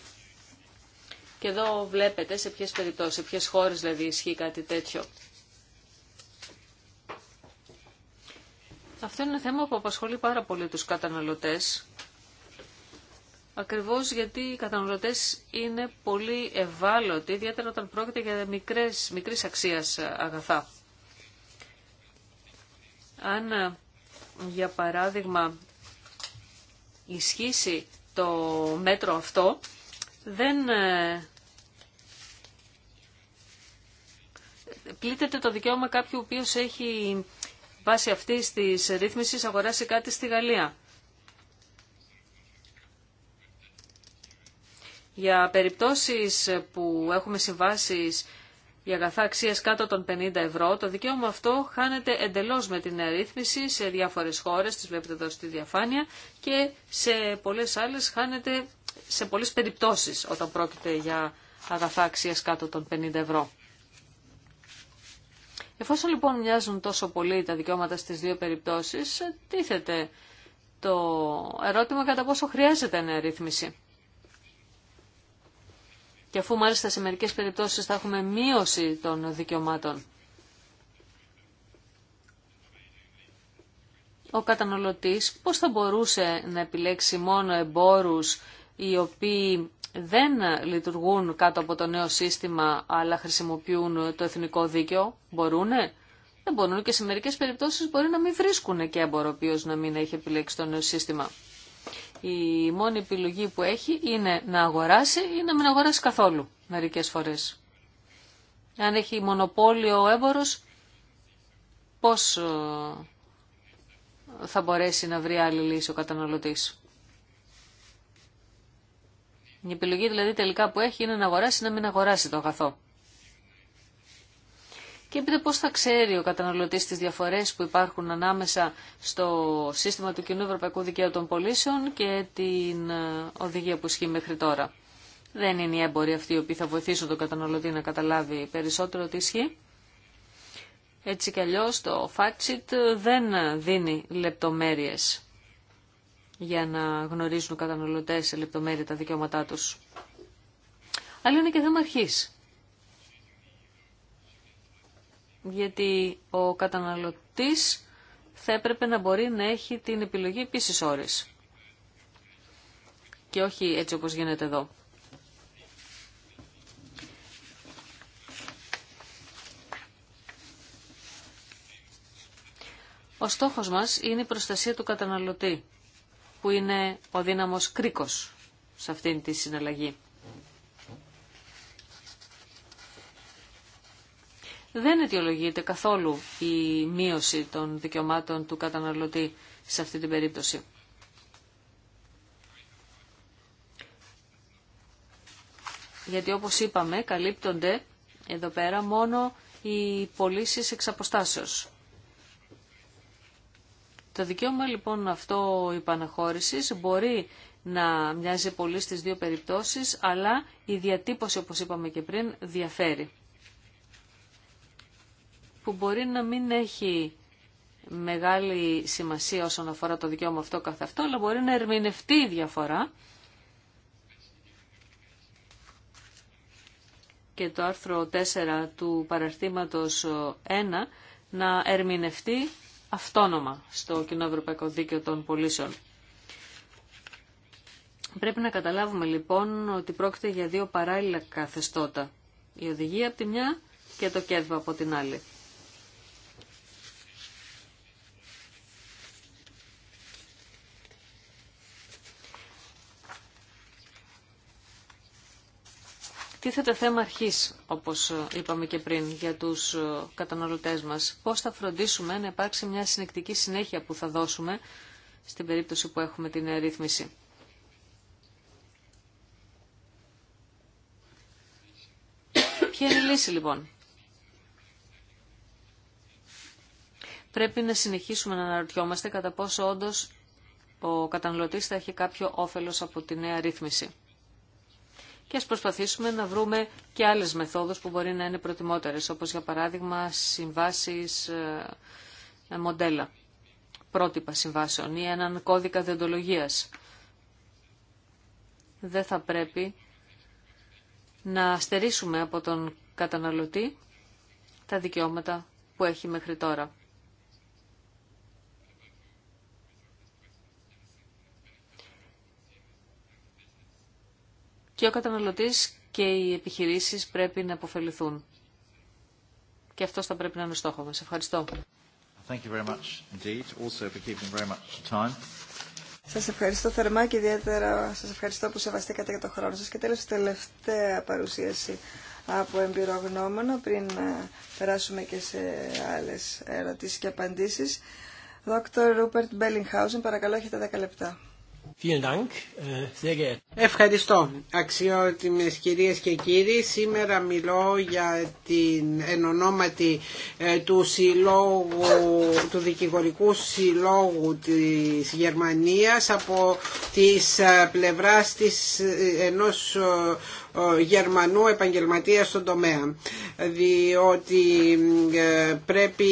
Και εδώ βλέπετε σε ποιες περιπτώσεις, σε ποιες χώρες δηλαδή ισχύει κάτι τέτοιο. Αυτό είναι ένα θέμα που απασχολεί πάρα πολύ τους καταναλωτές. Ακριβώς γιατί οι καταναλωτές είναι πολύ ευάλωτοι, ιδιαίτερα όταν πρόκειται για μικρές, μικρής ε, αγαθά. Αν για παράδειγμα, ισχύσει το μέτρο αυτό, δεν ε, πλήττεται το δικαίωμα κάποιου ο οποίος έχει βάσει αυτή της ρύθμιση αγοράσει κάτι στη Γαλλία. Για περιπτώσεις που έχουμε συμβάσεις για αγαθά αξία κάτω των 50 ευρώ, το δικαίωμα αυτό χάνεται εντελώ με την ρύθμιση σε διάφορε χώρε, τι βλέπετε εδώ στη διαφάνεια, και σε πολλέ άλλε χάνεται σε πολλέ περιπτώσει όταν πρόκειται για αγαθά αξία κάτω των 50 ευρώ. Εφόσον λοιπόν μοιάζουν τόσο πολύ τα δικαιώματα στις δύο περιπτώσεις, τίθεται το ερώτημα κατά πόσο χρειάζεται νέα ρύθμιση. Και αφού μάλιστα σε μερικές περιπτώσεις θα έχουμε μείωση των δικαιωμάτων. Ο καταναλωτής πώς θα μπορούσε να επιλέξει μόνο εμπόρους οι οποίοι δεν λειτουργούν κάτω από το νέο σύστημα αλλά χρησιμοποιούν το εθνικό δίκαιο. Μπορούνε. Δεν μπορούν και σε μερικές περιπτώσεις μπορεί να μην βρίσκουν και έμπορο ο οποίο να μην έχει επιλέξει το νέο σύστημα η μόνη επιλογή που έχει είναι να αγοράσει ή να μην αγοράσει καθόλου μερικές φορές. Αν έχει μονοπόλιο ο έμπορος, πώς ε, θα μπορέσει να βρει άλλη λύση ο καταναλωτής. Η επιλογή δηλαδή τελικά που έχει είναι να αγοράσει ή να μην αγοράσει το αγαθό. Και πείτε πώς θα ξέρει ο καταναλωτής τις διαφορές που υπάρχουν ανάμεσα στο σύστημα του Κοινού Ευρωπαϊκού Δικαίου των Πολίσεων και την ε, οδηγία που ισχύει μέχρι τώρα. Δεν είναι οι έμποροι αυτοί οι οποίοι θα βοηθήσουν τον καταναλωτή να καταλάβει περισσότερο τι ισχύει. Έτσι κι αλλιώς το FATSIT δεν δίνει λεπτομέρειες για να γνωρίζουν οι καταναλωτές σε λεπτομέρεια τα δικαιώματά τους. Αλλά είναι και θέμα αρχίσει. γιατί ο καταναλωτής θα έπρεπε να μπορεί να έχει την επιλογή επίσης ώρες και όχι έτσι όπως γίνεται εδώ. Ο στόχος μας είναι η προστασία του καταναλωτή, που είναι ο δύναμος κρίκος σε αυτήν τη συναλλαγή. δεν αιτιολογείται καθόλου η μείωση των δικαιωμάτων του καταναλωτή σε αυτή την περίπτωση. Γιατί όπως είπαμε καλύπτονται εδώ πέρα μόνο οι πωλήσει εξ αποστάσεως. Το δικαίωμα λοιπόν αυτό υπαναχώρησης μπορεί να μοιάζει πολύ στις δύο περιπτώσεις, αλλά η διατύπωση όπως είπαμε και πριν διαφέρει που μπορεί να μην έχει μεγάλη σημασία όσον αφορά το δικαίωμα αυτό καθ' αυτό, αλλά μπορεί να ερμηνευτεί η διαφορά. Και το άρθρο 4 του παραρτήματος 1 να ερμηνευτεί αυτόνομα στο Κοινό Ευρωπαϊκό Δίκαιο των Πολίσεων. Πρέπει να καταλάβουμε λοιπόν ότι πρόκειται για δύο παράλληλα καθεστώτα. Η οδηγία από τη μια και το κέδβα από την άλλη. Τίθεται θέμα αρχής, όπως ε, είπαμε και πριν, για τους ε, καταναλωτές μας. Πώς θα φροντίσουμε να υπάρξει μια συνεκτική συνέχεια που θα δώσουμε στην περίπτωση που έχουμε την ρύθμιση. Ποια είναι η λύση λοιπόν. Πρέπει να συνεχίσουμε να αναρωτιόμαστε κατά πόσο όντως ο καταναλωτής θα έχει κάποιο όφελος από τη νέα ρύθμιση και ας προσπαθήσουμε να βρούμε και άλλες μεθόδους που μπορεί να είναι προτιμότερες, όπως για παράδειγμα συμβάσεις ε, ε, μοντέλα, πρότυπα συμβάσεων ή έναν κώδικα διοντολογίας. Δεν θα πρέπει να στερήσουμε από τον καταναλωτή τα δικαιώματα που έχει μέχρι τώρα. και ο καταναλωτής και οι επιχειρήσεις πρέπει να αποφεληθούν. Και αυτό θα πρέπει να είναι ο στόχο μας. Ευχαριστώ. Thank you very much indeed, also for keeping very much time. Σας ευχαριστώ θερμά και ιδιαίτερα σα ευχαριστώ που σεβαστήκατε για το χρόνο σα Και τέλος, τελευταία παρουσίαση από εμπειρογνώμονα πριν ε, περάσουμε και σε άλλες ερωτήσεις και απαντήσει. Δόκτωρ Ρούπερτ Μπέλιγχάουζεν, παρακαλώ έχετε 10 λεπτά. Äh, Ευχαριστώ. Αξιότιμες κυρίες και κύριοι, σήμερα μιλώ για την ενονόματι ε, του, συλλόγου, του δικηγορικού συλλόγου της Γερμανίας από τις ε, πλευράς της ε, ενός ε, γερμανού επαγγελματία στον τομέα. Διότι ε, πρέπει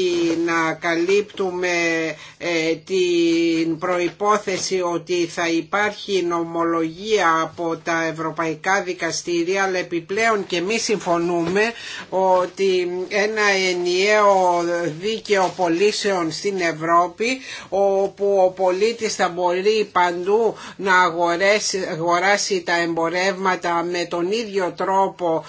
να καλύπτουμε ε, την προϋπόθεση ότι θα υπάρχει νομολογία από τα ευρωπαϊκά δικαστήρια αλλά επιπλέον και εμεί συμφωνούμε ότι ένα ενιαίο δίκαιο πολίσεων στην Ευρώπη όπου ο πολίτης θα μπορεί παντού να αγοράσει, αγοράσει τα εμπορεύματα με τον ίδιο τρόπο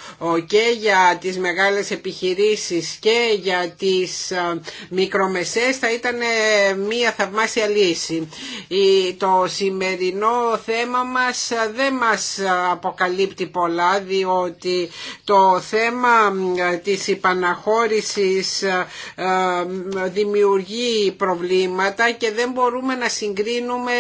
και για τις μεγάλες επιχειρήσεις και για τις ε, μικρομεσές θα ήταν ε, μια θαυμάσια λύση. Το σημερινό θέμα μας ε, δεν μας αποκαλύπτει πολλά διότι το θέμα της υπαναχώρησης δημιουργεί προβλήματα και δεν μπορούμε να συγκρίνουμε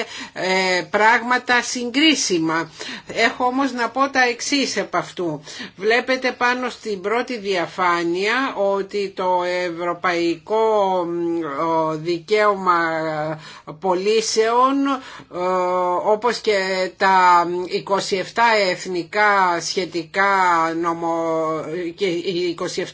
πράγματα συγκρίσιμα. Έχω όμως να πω τα εξής επ' αυτού. Βλέπετε πάνω στην πρώτη διαφάνεια ότι το ευρωπαϊκό δικαίωμα πολίσεων όπως και τα 27 εθνικά σχετικά νομο... και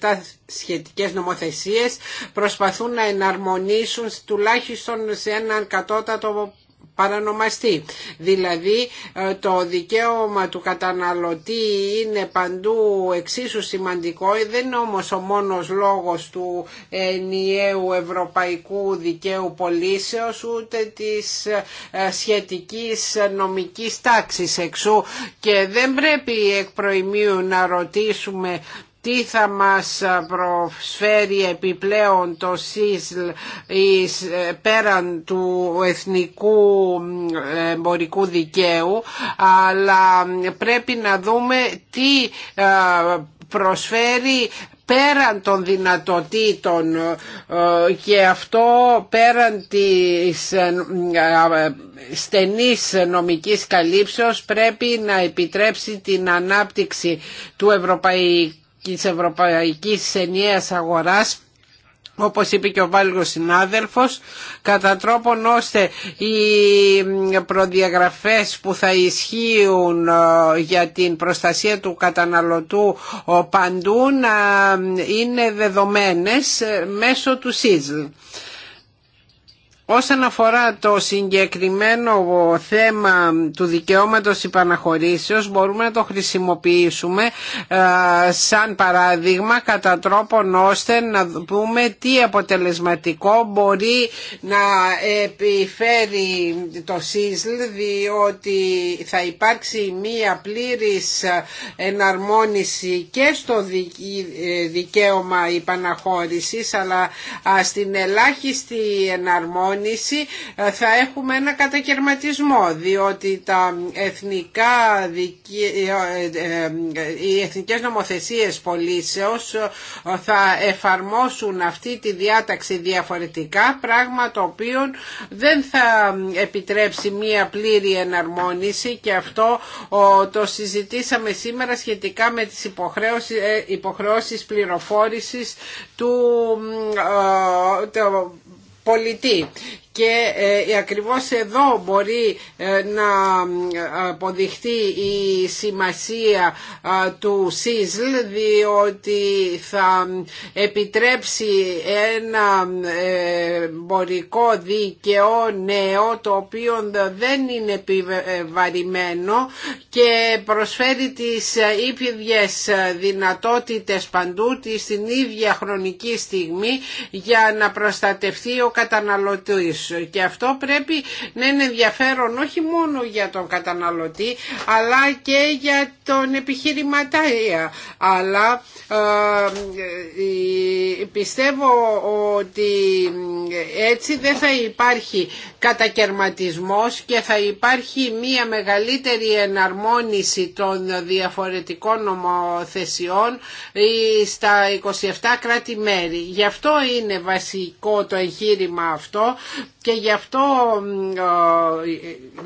27 σχετικές νομοθεσίες προσπαθούν να εναρμονίσουν τουλάχιστον σε έναν κατώτατο παρανομαστεί. Δηλαδή ε, το δικαίωμα του καταναλωτή είναι παντού εξίσου σημαντικό, ε, δεν είναι όμως ο μόνος λόγος του ενιαίου ευρωπαϊκού δικαίου πολίσεως ούτε της ε, σχετικής νομικής τάξης εξού και δεν πρέπει εκ προημίου να ρωτήσουμε τι θα μας προσφέρει επιπλέον το ΣΥΣΛ ε, πέραν του εθνικού εμπορικού δικαίου αλλά πρέπει να δούμε τι ε, προσφέρει πέραν των δυνατοτήτων ε, και αυτό πέραν της στενής νομικής καλύψεως πρέπει να επιτρέψει την ανάπτυξη του ευρωπαϊκού της Ευρωπαϊκής Ενιαίας Αγοράς όπως είπε και ο Βάλγος συνάδελφος, κατά τρόπον ώστε οι προδιαγραφές που θα ισχύουν ε, για την προστασία του καταναλωτού ε, παντού να ε, είναι δεδομένες μέσω του ΣΥΖΛ. Όσον αφορά το συγκεκριμένο θέμα του δικαιώματος υπαναχωρήσεως μπορούμε να το χρησιμοποιήσουμε ε, σαν παράδειγμα κατά τρόπον ώστε να δούμε τι αποτελεσματικό μπορεί να επιφέρει το ΣΥΣΛ διότι θα υπάρξει μία πλήρης εναρμόνιση και στο ε, δικαίωμα υπαναχώρησης αλλά στην ελάχιστη εναρμόνιση ε, θα έχουμε ένα κατακαιρματισμό διότι τα εθνικά ε, ε, οι εθνικές νομοθεσίες πολίσεως θα εφαρμόσουν αυτή τη διάταξη διαφορετικά πράγμα το οποίο δεν θα επιτρέψει μία πλήρη εναρμόνιση και αυτό το συζητήσαμε σήμερα σχετικά με τις υποχρεώσεις πληροφόρησης του πολιτή και ε, ε, ακριβώς εδώ μπορεί ε, να αποδειχτεί η σημασία του ΣΥΖΛ διότι θα επιτρέψει ένα μπορικό δίκαιο νέο το οποίο δεν είναι επιβαρημένο και προσφέρει τις ίδιες δυνατότητες παντού στην ίδια χρονική στιγμή για να προστατευτεί ο καταναλωτής και αυτό πρέπει να είναι ενδιαφέρον όχι μόνο για τον καταναλωτή αλλά και για τον επιχειρηματία. Αλλά ε, ε, πιστεύω ότι έτσι δεν θα υπάρχει κατακαιρματισμός και θα υπάρχει μία μεγαλύτερη εναρμόνιση των διαφορετικών νομοθεσιών στα 27 κράτη-μέρη. Γι' αυτό είναι βασικό το εγχείρημα αυτό και γι' αυτό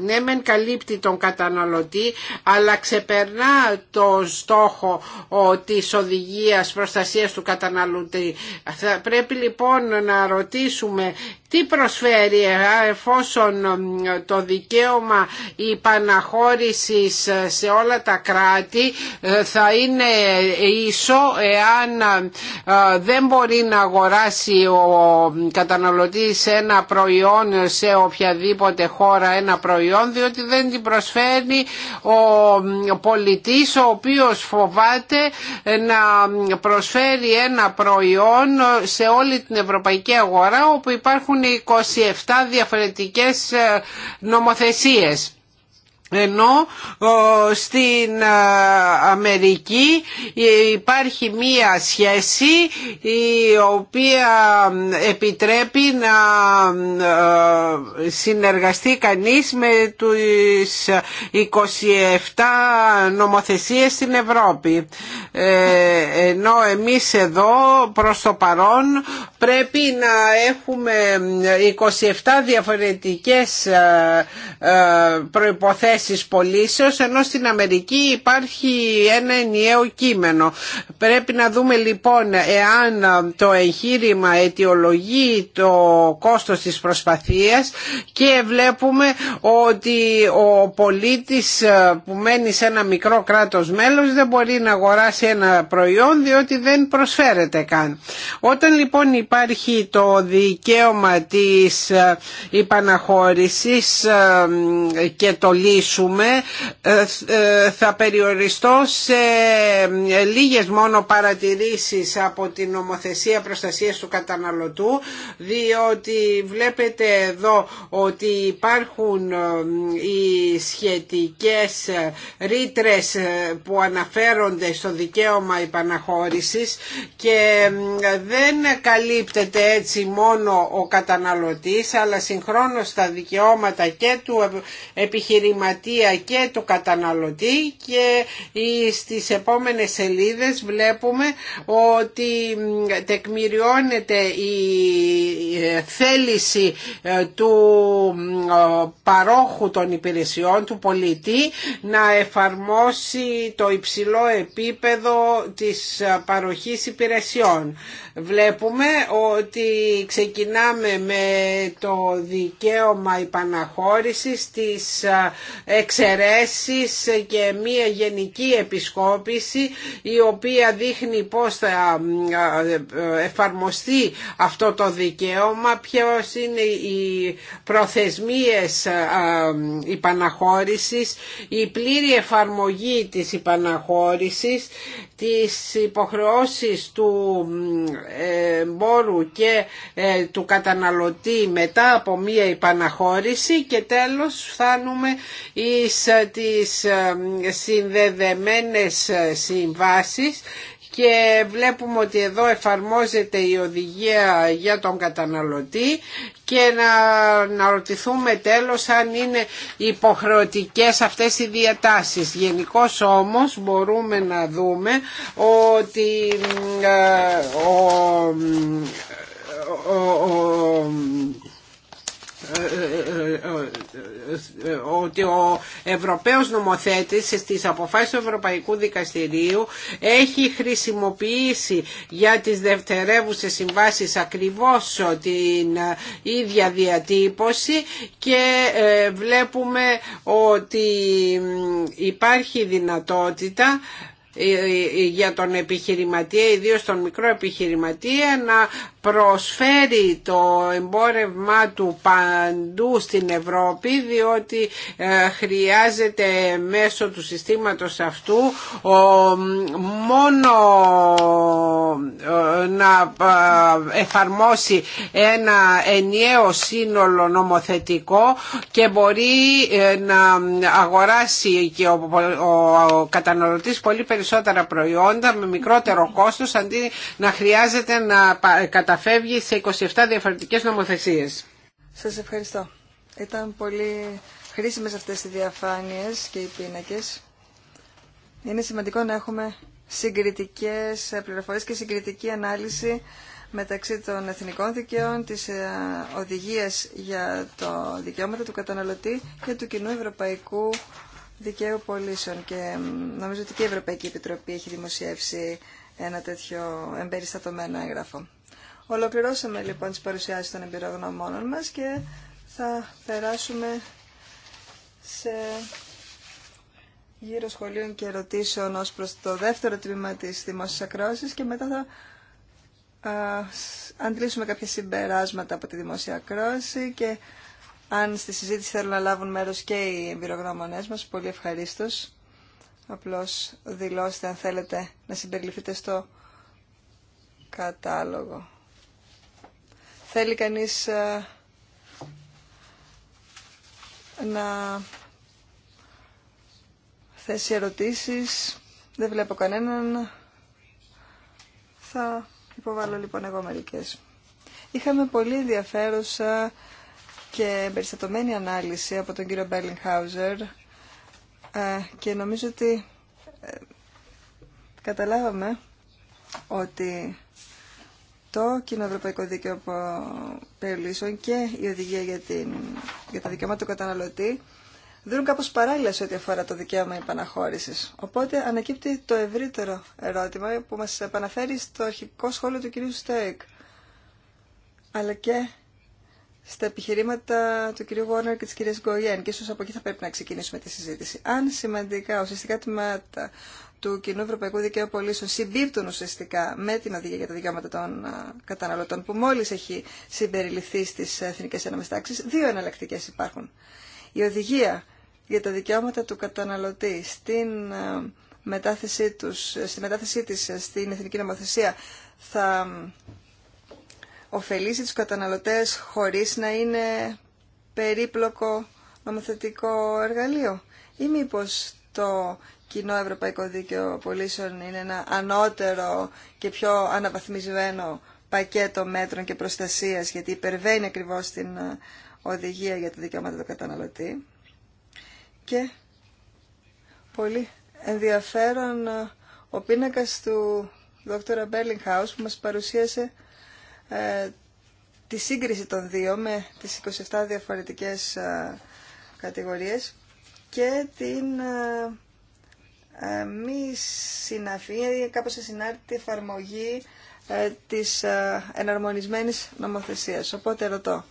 ναι μεν καλύπτει τον καταναλωτή αλλά ξεπερνά το στόχο της οδηγίας προστασίας του καταναλωτή. Θα πρέπει λοιπόν να ρωτήσουμε τι προσφέρει ε, εφόσον το δικαίωμα υπαναχώρησης ε, σε όλα τα κράτη ε, θα είναι ίσο εάν δεν μπορεί να αγοράσει ο καταναλωτής ένα προϊόν σε οποιαδήποτε χώρα ένα προϊόν διότι δεν την προσφέρει ο πολιτής ο οποίος φοβάται να προσφέρει ένα προϊόν σε όλη την ευρωπαϊκή αγορά όπου υπάρχουν 27 διαφορετικές ε, νομοθεσίες ενώ στην Αμερική υπάρχει μία σχέση η οποία επιτρέπει να συνεργαστεί κανείς με τις 27 νομοθεσίες στην Ευρώπη ε, ενώ εμείς εδώ προς το παρόν πρέπει να έχουμε 27 διαφορετικές προϋποθέσεις θέσεις πωλήσεως ενώ στην Αμερική υπάρχει ένα ενιαίο κείμενο. Πρέπει να δούμε λοιπόν εάν το εγχείρημα αιτιολογεί το κόστος της προσπαθίας και βλέπουμε ότι ο πολίτης που μένει σε ένα μικρό κράτος μέλος δεν μπορεί να αγοράσει ένα προϊόν διότι δεν προσφέρεται καν. Όταν λοιπόν υπάρχει το δικαίωμα της υπαναχώρησης ε, και το ε, ε, θα περιοριστώ σε ε, λίγες μόνο παρατηρήσεις από την νομοθεσία προστασίας του καταναλωτού διότι βλέπετε εδώ ότι υπάρχουν οι σχετικές ρήτρε που αναφέρονται στο δικαίωμα υπαναχώρησης και δεν καλύπτεται έτσι μόνο ο καταναλωτής αλλά συγχρόνως τα δικαιώματα και του επιχειρηματικού και το καταναλωτή και στις επόμενες σελίδες βλέπουμε ότι τεκμηριώνεται η ε, θέληση ε, του παρόχου των υπηρεσιών του πολιτή να εφαρμόσει το υψηλό επίπεδο της ε, παροχής υπηρεσιών βλέπουμε ότι ξεκινάμε με το δικαίωμα υπαναχώρησης, της εξαιρέσεις και μία γενική επισκόπηση η οποία δείχνει πώς θα εφαρμοστεί αυτό το δικαίωμα, ποιος είναι οι προθεσμίες υπαναχώρησης, η πλήρη εφαρμογή της υπαναχώρησης, τις υποχρεώσεις του εμπόρου και ε, του καταναλωτή μετά από μία υπαναχώρηση και τέλος φτάνουμε εις ε, τις ε, συνδεδεμένες συμβάσεις και βλέπουμε ότι εδώ εφαρμόζεται η οδηγία για τον καταναλωτή και να, να ρωτηθούμε τέλος αν είναι υποχρεωτικές αυτές οι διατάσεις. Γενικώ όμως μπορούμε να δούμε ότι ε, ο ότι ο Ευρωπαίος νομοθέτης στις αποφάσεις του Ευρωπαϊκού Δικαστηρίου έχει χρησιμοποιήσει για τις δευτερεύουσες συμβάσεις ακριβώς την ίδια διατύπωση και ε, βλέπουμε ότι υπάρχει δυνατότητα ε, ε, για τον επιχειρηματία, ιδίως τον μικρό επιχειρηματία, να προσφέρει το εμπόρευμά του παντού στην Ευρώπη διότι ε, χρειάζεται μέσω του συστήματος αυτού μόνο ε, να ε, εφαρμόσει ένα ενιαίο σύνολο νομοθετικό και μπορεί να αγοράσει και ο καταναλωτής πολύ περισσότερα προϊόντα με μικρότερο κόστος αντί να χρειάζεται να θα σε 27 διαφορετικές νομοθεσίες. Σας ευχαριστώ. Ήταν πολύ χρήσιμες αυτές οι διαφάνειες και οι πίνακες. Είναι σημαντικό να έχουμε συγκριτικές πληροφορίες και συγκριτική ανάλυση μεταξύ των εθνικών δικαίων, της ε, οδηγίας για το δικαιώματα του καταναλωτή και του κοινού ευρωπαϊκού δικαίου πωλήσεων. Και νομίζω ότι και η Ευρωπαϊκή Επιτροπή έχει δημοσιεύσει ένα τέτοιο εμπεριστατωμένο έγγραφο. Ολοκληρώσαμε λοιπόν τις παρουσιάσεις των εμπειρογνωμόνων μας και θα περάσουμε σε γύρω σχολείων και ερωτήσεων ως προς το δεύτερο τμήμα της δημόσιας ακρόασης και μετά θα αντλήσουμε κάποια συμπεράσματα από τη δημόσια ακρόαση και αν στη συζήτηση θέλουν να λάβουν μέρος και οι εμπειρογνώμονές μας, πολύ ευχαρίστως. Απλώς δηλώστε αν θέλετε να συμπεριληφθείτε στο κατάλογο θέλει κανείς ε, να θέσει ερωτήσεις. Δεν βλέπω κανέναν. Θα υποβάλω λοιπόν εγώ μερικές. Είχαμε πολύ ενδιαφέρουσα και περιστατωμένη ανάλυση από τον κύριο Μπέλιγχάουζερ ε, και νομίζω ότι ε, καταλάβαμε ότι το κοινό ευρωπαϊκό δίκαιο Περιλύσεων και η οδηγία για, την, για τα δικαιώματα του καταναλωτή δίνουν κάπως παράλληλα σε ό,τι αφορά το δικαίωμα υπαναχώρησης. Οπότε ανακύπτει το ευρύτερο ερώτημα που μας επαναφέρει στο αρχικό σχόλιο του κ. Στέικ, αλλά και στα επιχειρήματα του κ. Γόρνερ και της κ. Γκοϊέν και ίσως από εκεί θα πρέπει να ξεκινήσουμε τη συζήτηση. Αν σημαντικά ουσιαστικά τμήματα του Κοινού Ευρωπαϊκού Δικαίου Πολίσεων συμπίπτουν ουσιαστικά με την οδηγία για τα δικαιώματα των ε, καταναλωτών που μόλις έχει συμπεριληφθεί στις εθνικές ένωμες δύο εναλλακτικέ υπάρχουν. Η οδηγία για τα δικαιώματα του καταναλωτή στην ε, μετάθεσή τους, στη μετάθεσή της στην Εθνική Νομοθεσία θα ωφελήσει τους καταναλωτές χωρίς να είναι περίπλοκο νομοθετικό εργαλείο ή μήπως το κοινό ευρωπαϊκό δίκαιο πωλήσεων είναι ένα ανώτερο και πιο αναβαθμισμένο πακέτο μέτρων και προστασίας, γιατί υπερβαίνει ακριβώς την ε, οδηγία για τα δικαιώματα του καταναλωτή. Και πολύ ενδιαφέρον ε, ο πίνακας του δόκτωρα Berlinhaus που μας παρουσίασε ε, τη σύγκριση των δύο με τις 27 διαφορετικές ε, κατηγορίες και την ε, μη συναφή ή κάπως συνάρτητη εφαρμογή ε, της ε, εναρμονισμένης νομοθεσίας. Οπότε ρωτώ,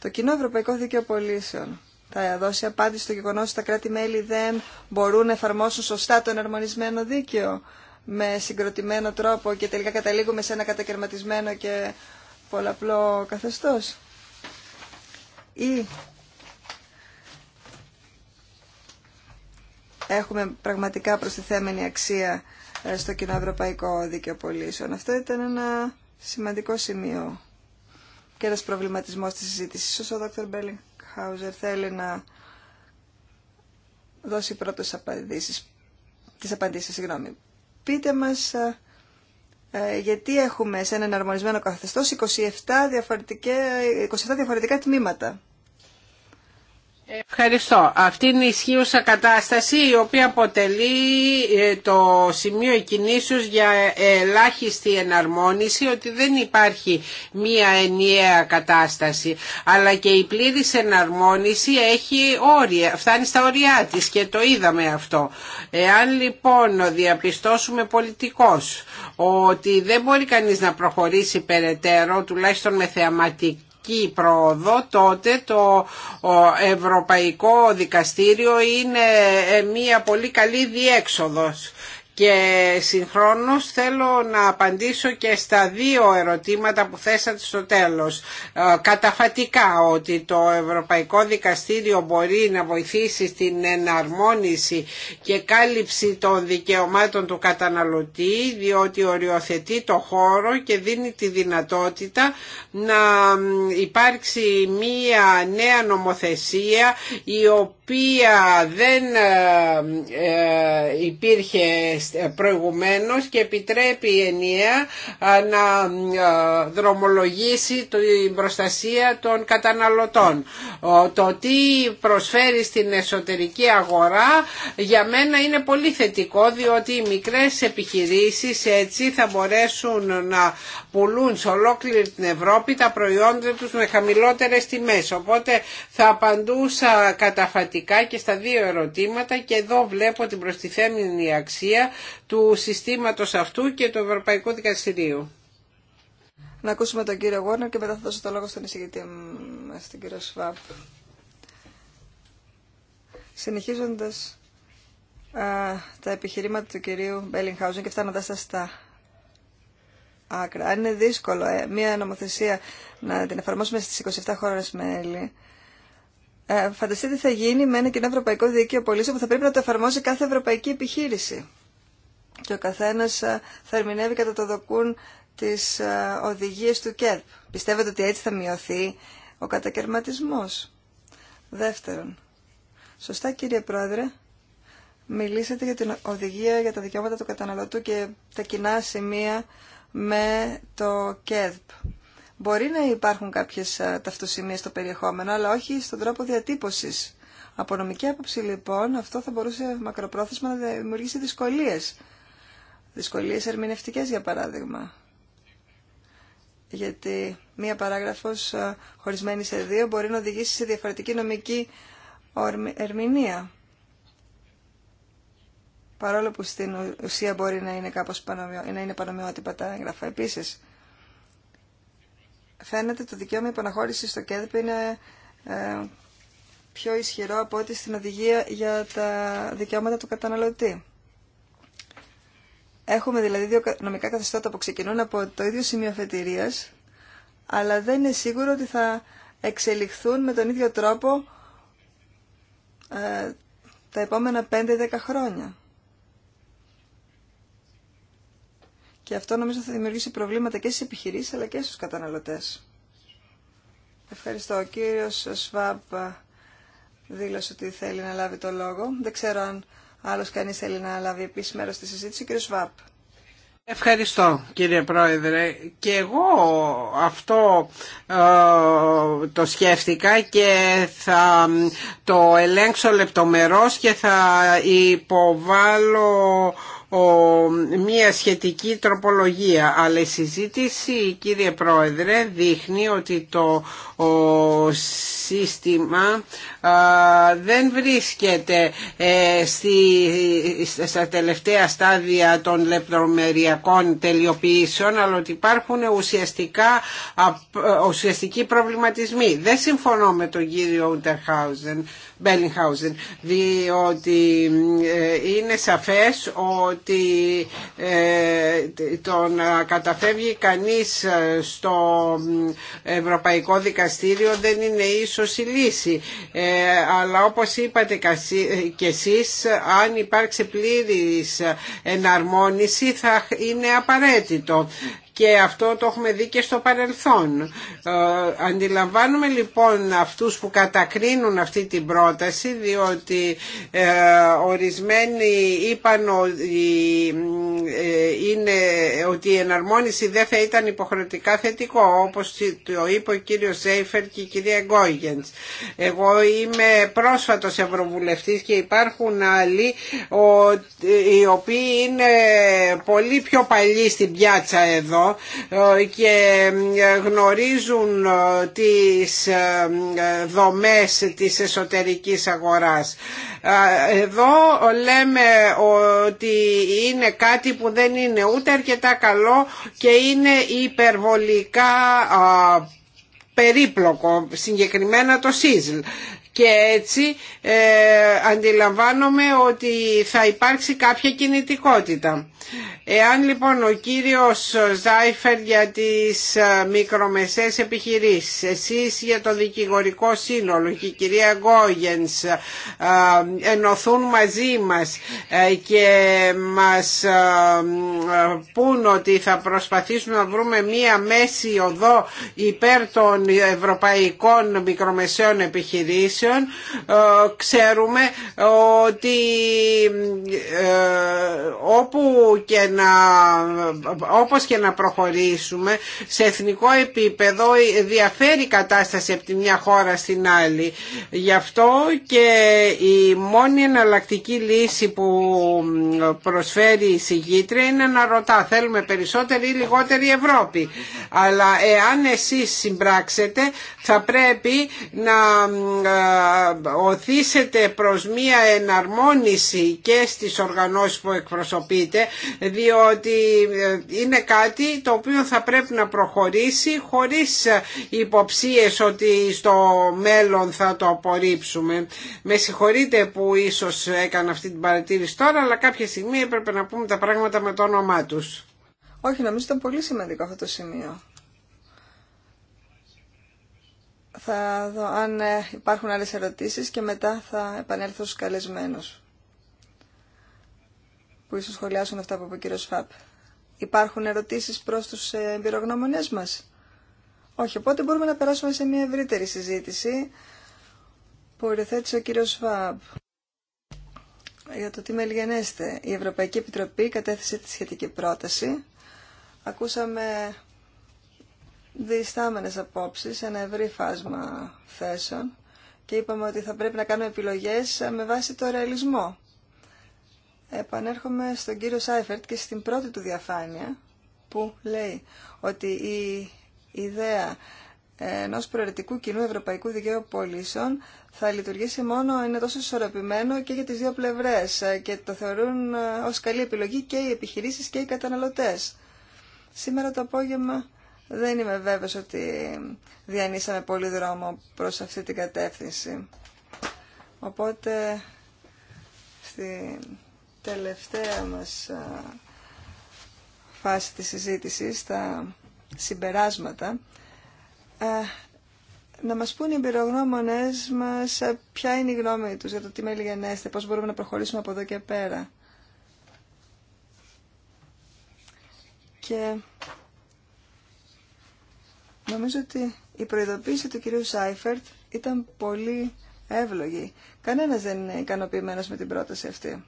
το κοινό ευρωπαϊκό δίκαιο πολίσεων θα δώσει απάντηση στο γεγονός ότι τα κράτη-μέλη δεν μπορούν να εφαρμόσουν σωστά το εναρμονισμένο δίκαιο με συγκροτημένο τρόπο και τελικά καταλήγουμε σε ένα κατακαιρματισμένο και πολλαπλό καθεστώς. Ή έχουμε πραγματικά προστιθέμενη αξία ε, στο κοινό ευρωπαϊκό δίκαιο πολίσεων. Αυτό ήταν ένα σημαντικό σημείο και ένας προβληματισμός της συζήτησης. Όσο ο Δ. Μπέλιγχάουζερ θέλει να δώσει πρώτος απαντήσεις, τις απαντήσεις, συγγνώμη. Πείτε μας ε, ε, γιατί έχουμε σε έναν αρμονισμένο καθεστώς 27 27 διαφορετικά τμήματα. Ευχαριστώ. Αυτή είναι η ισχύουσα κατάσταση η οποία αποτελεί ε, το σημείο εκκινήσεως για ελάχιστη εναρμόνιση ότι δεν υπάρχει μία ενιαία κατάσταση αλλά και η πλήρης εναρμόνιση έχει όρια, φτάνει στα όρια της και το είδαμε αυτό. Εάν λοιπόν διαπιστώσουμε πολιτικός ότι δεν μπορεί κανείς να προχωρήσει περαιτέρω τουλάχιστον με θεαματική πρόοδο, τότε το Ευρωπαϊκό Δικαστήριο είναι ε, μια πολύ καλή διέξοδος και συγχρόνως θέλω να απαντήσω και στα δύο ερωτήματα που θέσατε στο τέλος. Ε, καταφατικά ότι το Ευρωπαϊκό Δικαστήριο μπορεί να βοηθήσει στην εναρμόνιση και κάλυψη των δικαιωμάτων του καταναλωτή διότι οριοθετεί το χώρο και δίνει τη δυνατότητα να υπάρξει μία νέα νομοθεσία η οποία οποία δεν ε, ε, υπήρχε ε, προηγουμένως και επιτρέπει ενιαία να δρομολογήσει την προστασία των καταναλωτών. Το τι προσφέρει στην εσωτερική αγορά για μένα είναι πολύ θετικό διότι οι μικρές επιχειρήσεις έτσι θα μπορέσουν να πουλούν σε ολόκληρη την Ευρώπη τα προϊόντα τους με χαμηλότερες τιμές. Οπότε θα απαντούσα καταφατικά και στα δύο ερωτήματα και εδώ βλέπω την προστιθέμενη αξία του συστήματος αυτού και του Ευρωπαϊκού Δικαστηρίου. Να ακούσουμε τον κύριο Γόρνερ και μετά θα δώσω το λόγο στον εισηγητή μας, τον κύριο Σβάπ. Συνεχίζοντας α, τα επιχειρήματα του κυρίου Μπελινχάουζεν και φτάνοντας στα άκρα. Αν είναι δύσκολο ε, μια νομοθεσία να την εφαρμόσουμε στις 27 χώρες μέλη, ε, φανταστείτε τι θα γίνει με ένα κοινό ευρωπαϊκό δίκαιο πολίσεων που θα πρέπει να το εφαρμόσει κάθε ευρωπαϊκή επιχείρηση. Και ο καθένας ε, θα ερμηνεύει κατά το δοκούν τις ε, οδηγίες του ΚΕΔ. Πιστεύετε ότι έτσι θα μειωθεί ο κατακαιρματισμός. Δεύτερον, σωστά κύριε Πρόεδρε, μιλήσατε για την οδηγία για τα δικαιώματα του καταναλωτού και τα κοινά σημεία με το ΚΕΔΠ. Μπορεί να υπάρχουν κάποιες ε, ταυτοσημείες στο περιεχόμενο, αλλά όχι στον τρόπο διατύπωσης. Από νομική άποψη λοιπόν αυτό θα μπορούσε μακροπρόθεσμα να δημιουργήσει δυσκολίες. Δυσκολίες ερμηνευτικές για παράδειγμα. Γιατί μία παράγραφος ε, χωρισμένη σε δύο μπορεί να οδηγήσει σε διαφορετική νομική ερμηνεία παρόλο που στην ουσία μπορεί να είναι κάπως πανομοιό, να είναι πανομοιότυπα τα έγγραφα. Επίσης, φαίνεται το δικαίωμα υποναχώρηση στο ΚΕΔΠ είναι ε, πιο ισχυρό από ό,τι στην οδηγία για τα δικαιώματα του καταναλωτή. Έχουμε δηλαδή δύο νομικά καθεστώτα που ξεκινούν από το ίδιο σημείο αφετηρίας, αλλά δεν είναι σίγουρο ότι θα εξελιχθούν με τον ίδιο τρόπο ε, τα επόμενα 5-10 χρόνια. Και αυτό νομίζω θα δημιουργήσει προβλήματα και στις επιχειρήσεις αλλά και στους καταναλωτές. Ευχαριστώ. Ο κύριος ΣΒΑΠ δήλωσε ότι θέλει να λάβει το λόγο. Δεν ξέρω αν άλλος κανείς θέλει να λάβει επίσης μέρος στη συζήτηση. Ο κύριος Ευχαριστώ κύριε Πρόεδρε και εγώ αυτό ε, το σκέφτηκα και θα το ελέγξω λεπτομερώς και θα υποβάλω μια σχετική τροπολογία αλλά η συζήτηση κύριε Πρόεδρε δείχνει ότι το σύστημα δεν βρίσκεται ε, στη, στα τελευταία στάδια των λεπτομεριακών τελειοποιήσεων αλλά ότι υπάρχουν ουσιαστικά, ουσιαστικοί προβληματισμοί. Δεν συμφωνώ με τον κύριο Ουντερχάουζεν Μπέλιγχάουζεν, διότι ε, είναι σαφές ότι ε, το να καταφεύγει κανείς στο Ευρωπαϊκό Δικαστήριο δεν είναι ίσως η λύση αλλά όπως είπατε και εσείς αν υπάρξει πλήρης εναρμόνιση θα είναι απαραίτητο και αυτό το έχουμε δει και στο παρελθόν. Ε, αντιλαμβάνουμε λοιπόν αυτούς που κατακρίνουν αυτή την πρόταση διότι ε, ορισμένοι είπαν ότι, ε, είναι, ότι η εναρμόνιση δεν θα ήταν υποχρεωτικά θετικό όπως το είπε ο κύριος Σέιφερ και η κυρία Γκόγεντς. Εγώ είμαι πρόσφατος ευρωβουλευτής και υπάρχουν άλλοι οι οποίοι είναι πολύ πιο παλιοί στην πιάτσα εδώ και γνωρίζουν τις δομές της εσωτερικής αγοράς. Εδώ λέμε ότι είναι κάτι που δεν είναι ούτε αρκετά καλό και είναι υπερβολικά περίπλοκο, συγκεκριμένα το ΣΥΖΛ και έτσι ε, αντιλαμβάνομαι ότι θα υπάρξει κάποια κινητικότητα. Εάν λοιπόν ο κύριος Ζάιφερ για τις ε, μικρομεσαίες επιχειρήσεις, εσείς για το δικηγορικό σύνολο και η κυρία Γκόγενς ε, ενωθούν μαζί μας και μας πούν ότι θα προσπαθήσουμε να βρούμε μία μέση οδό υπέρ των ευρωπαϊκών μικρομεσαίων επιχειρήσεων ε, ξέρουμε ότι ε, όπου και να, όπως και να προχωρήσουμε σε εθνικό επίπεδο διαφέρει η κατάσταση από τη μια χώρα στην άλλη. Γι' αυτό και η μόνη εναλλακτική λύση που προσφέρει η συγκήτρια είναι να ρωτά θέλουμε περισσότερη ή λιγότερη Ευρώπη. Αλλά εάν εσείς συμπράξετε θα πρέπει να ε, οθήσετε προς μία εναρμόνιση και στις οργανώσεις που εκπροσωπείτε διότι ε, είναι κάτι το οποίο θα πρέπει να προχωρήσει χωρίς υποψίες ότι στο μέλλον θα το απορρίψουμε. Με συγχωρείτε που ίσως έκανα αυτή την παρατήρηση τώρα αλλά κάποια στιγμή έπρεπε να πούμε τα πράγματα με το όνομά τους. Όχι, νομίζω ήταν πολύ σημαντικό αυτό το σημείο θα δω αν ε, υπάρχουν άλλες ερωτήσεις και μετά θα επανέλθω στους καλεσμένους που ίσως σχολιάσουν αυτά που είπε ο κύριος Φαπ. Υπάρχουν ερωτήσεις προς τους ε, εμπειρογνώμονές μας. Όχι, οπότε μπορούμε να περάσουμε σε μια ευρύτερη συζήτηση που οριοθέτησε ο κύριος Φαπ. Για το τι μελγενέστε. Η Ευρωπαϊκή Επιτροπή κατέθεσε τη σχετική πρόταση. Ακούσαμε διστάμενες απόψεις, ένα ευρύ φάσμα θέσεων και είπαμε ότι θα πρέπει να κάνουμε επιλογές με βάση το ρεαλισμό. Επανέρχομαι στον κύριο Σάιφερτ και στην πρώτη του διαφάνεια που λέει ότι η ιδέα ενό προαιρετικού κοινού ευρωπαϊκού δικαίου πωλήσεων θα λειτουργήσει μόνο, είναι τόσο ισορροπημένο και για τις δύο πλευρές και το θεωρούν ως καλή επιλογή και οι επιχειρήσεις και οι καταναλωτές. Σήμερα το απόγευμα δεν είμαι βέβαιος ότι διανύσαμε πολύ δρόμο προς αυτή την κατεύθυνση. Οπότε, στη τελευταία μας φάση της συζήτησης, τα συμπεράσματα, να μας πούν οι εμπειρογνώμονες μας ποια είναι η γνώμη τους για το τι μελιγενέστε, πώς μπορούμε να προχωρήσουμε από εδώ και πέρα. Και Νομίζω ότι η προειδοποίηση του κυρίου Σάιφερτ ήταν πολύ εύλογη. Κανένα δεν είναι ικανοποιημένο με την πρόταση αυτή.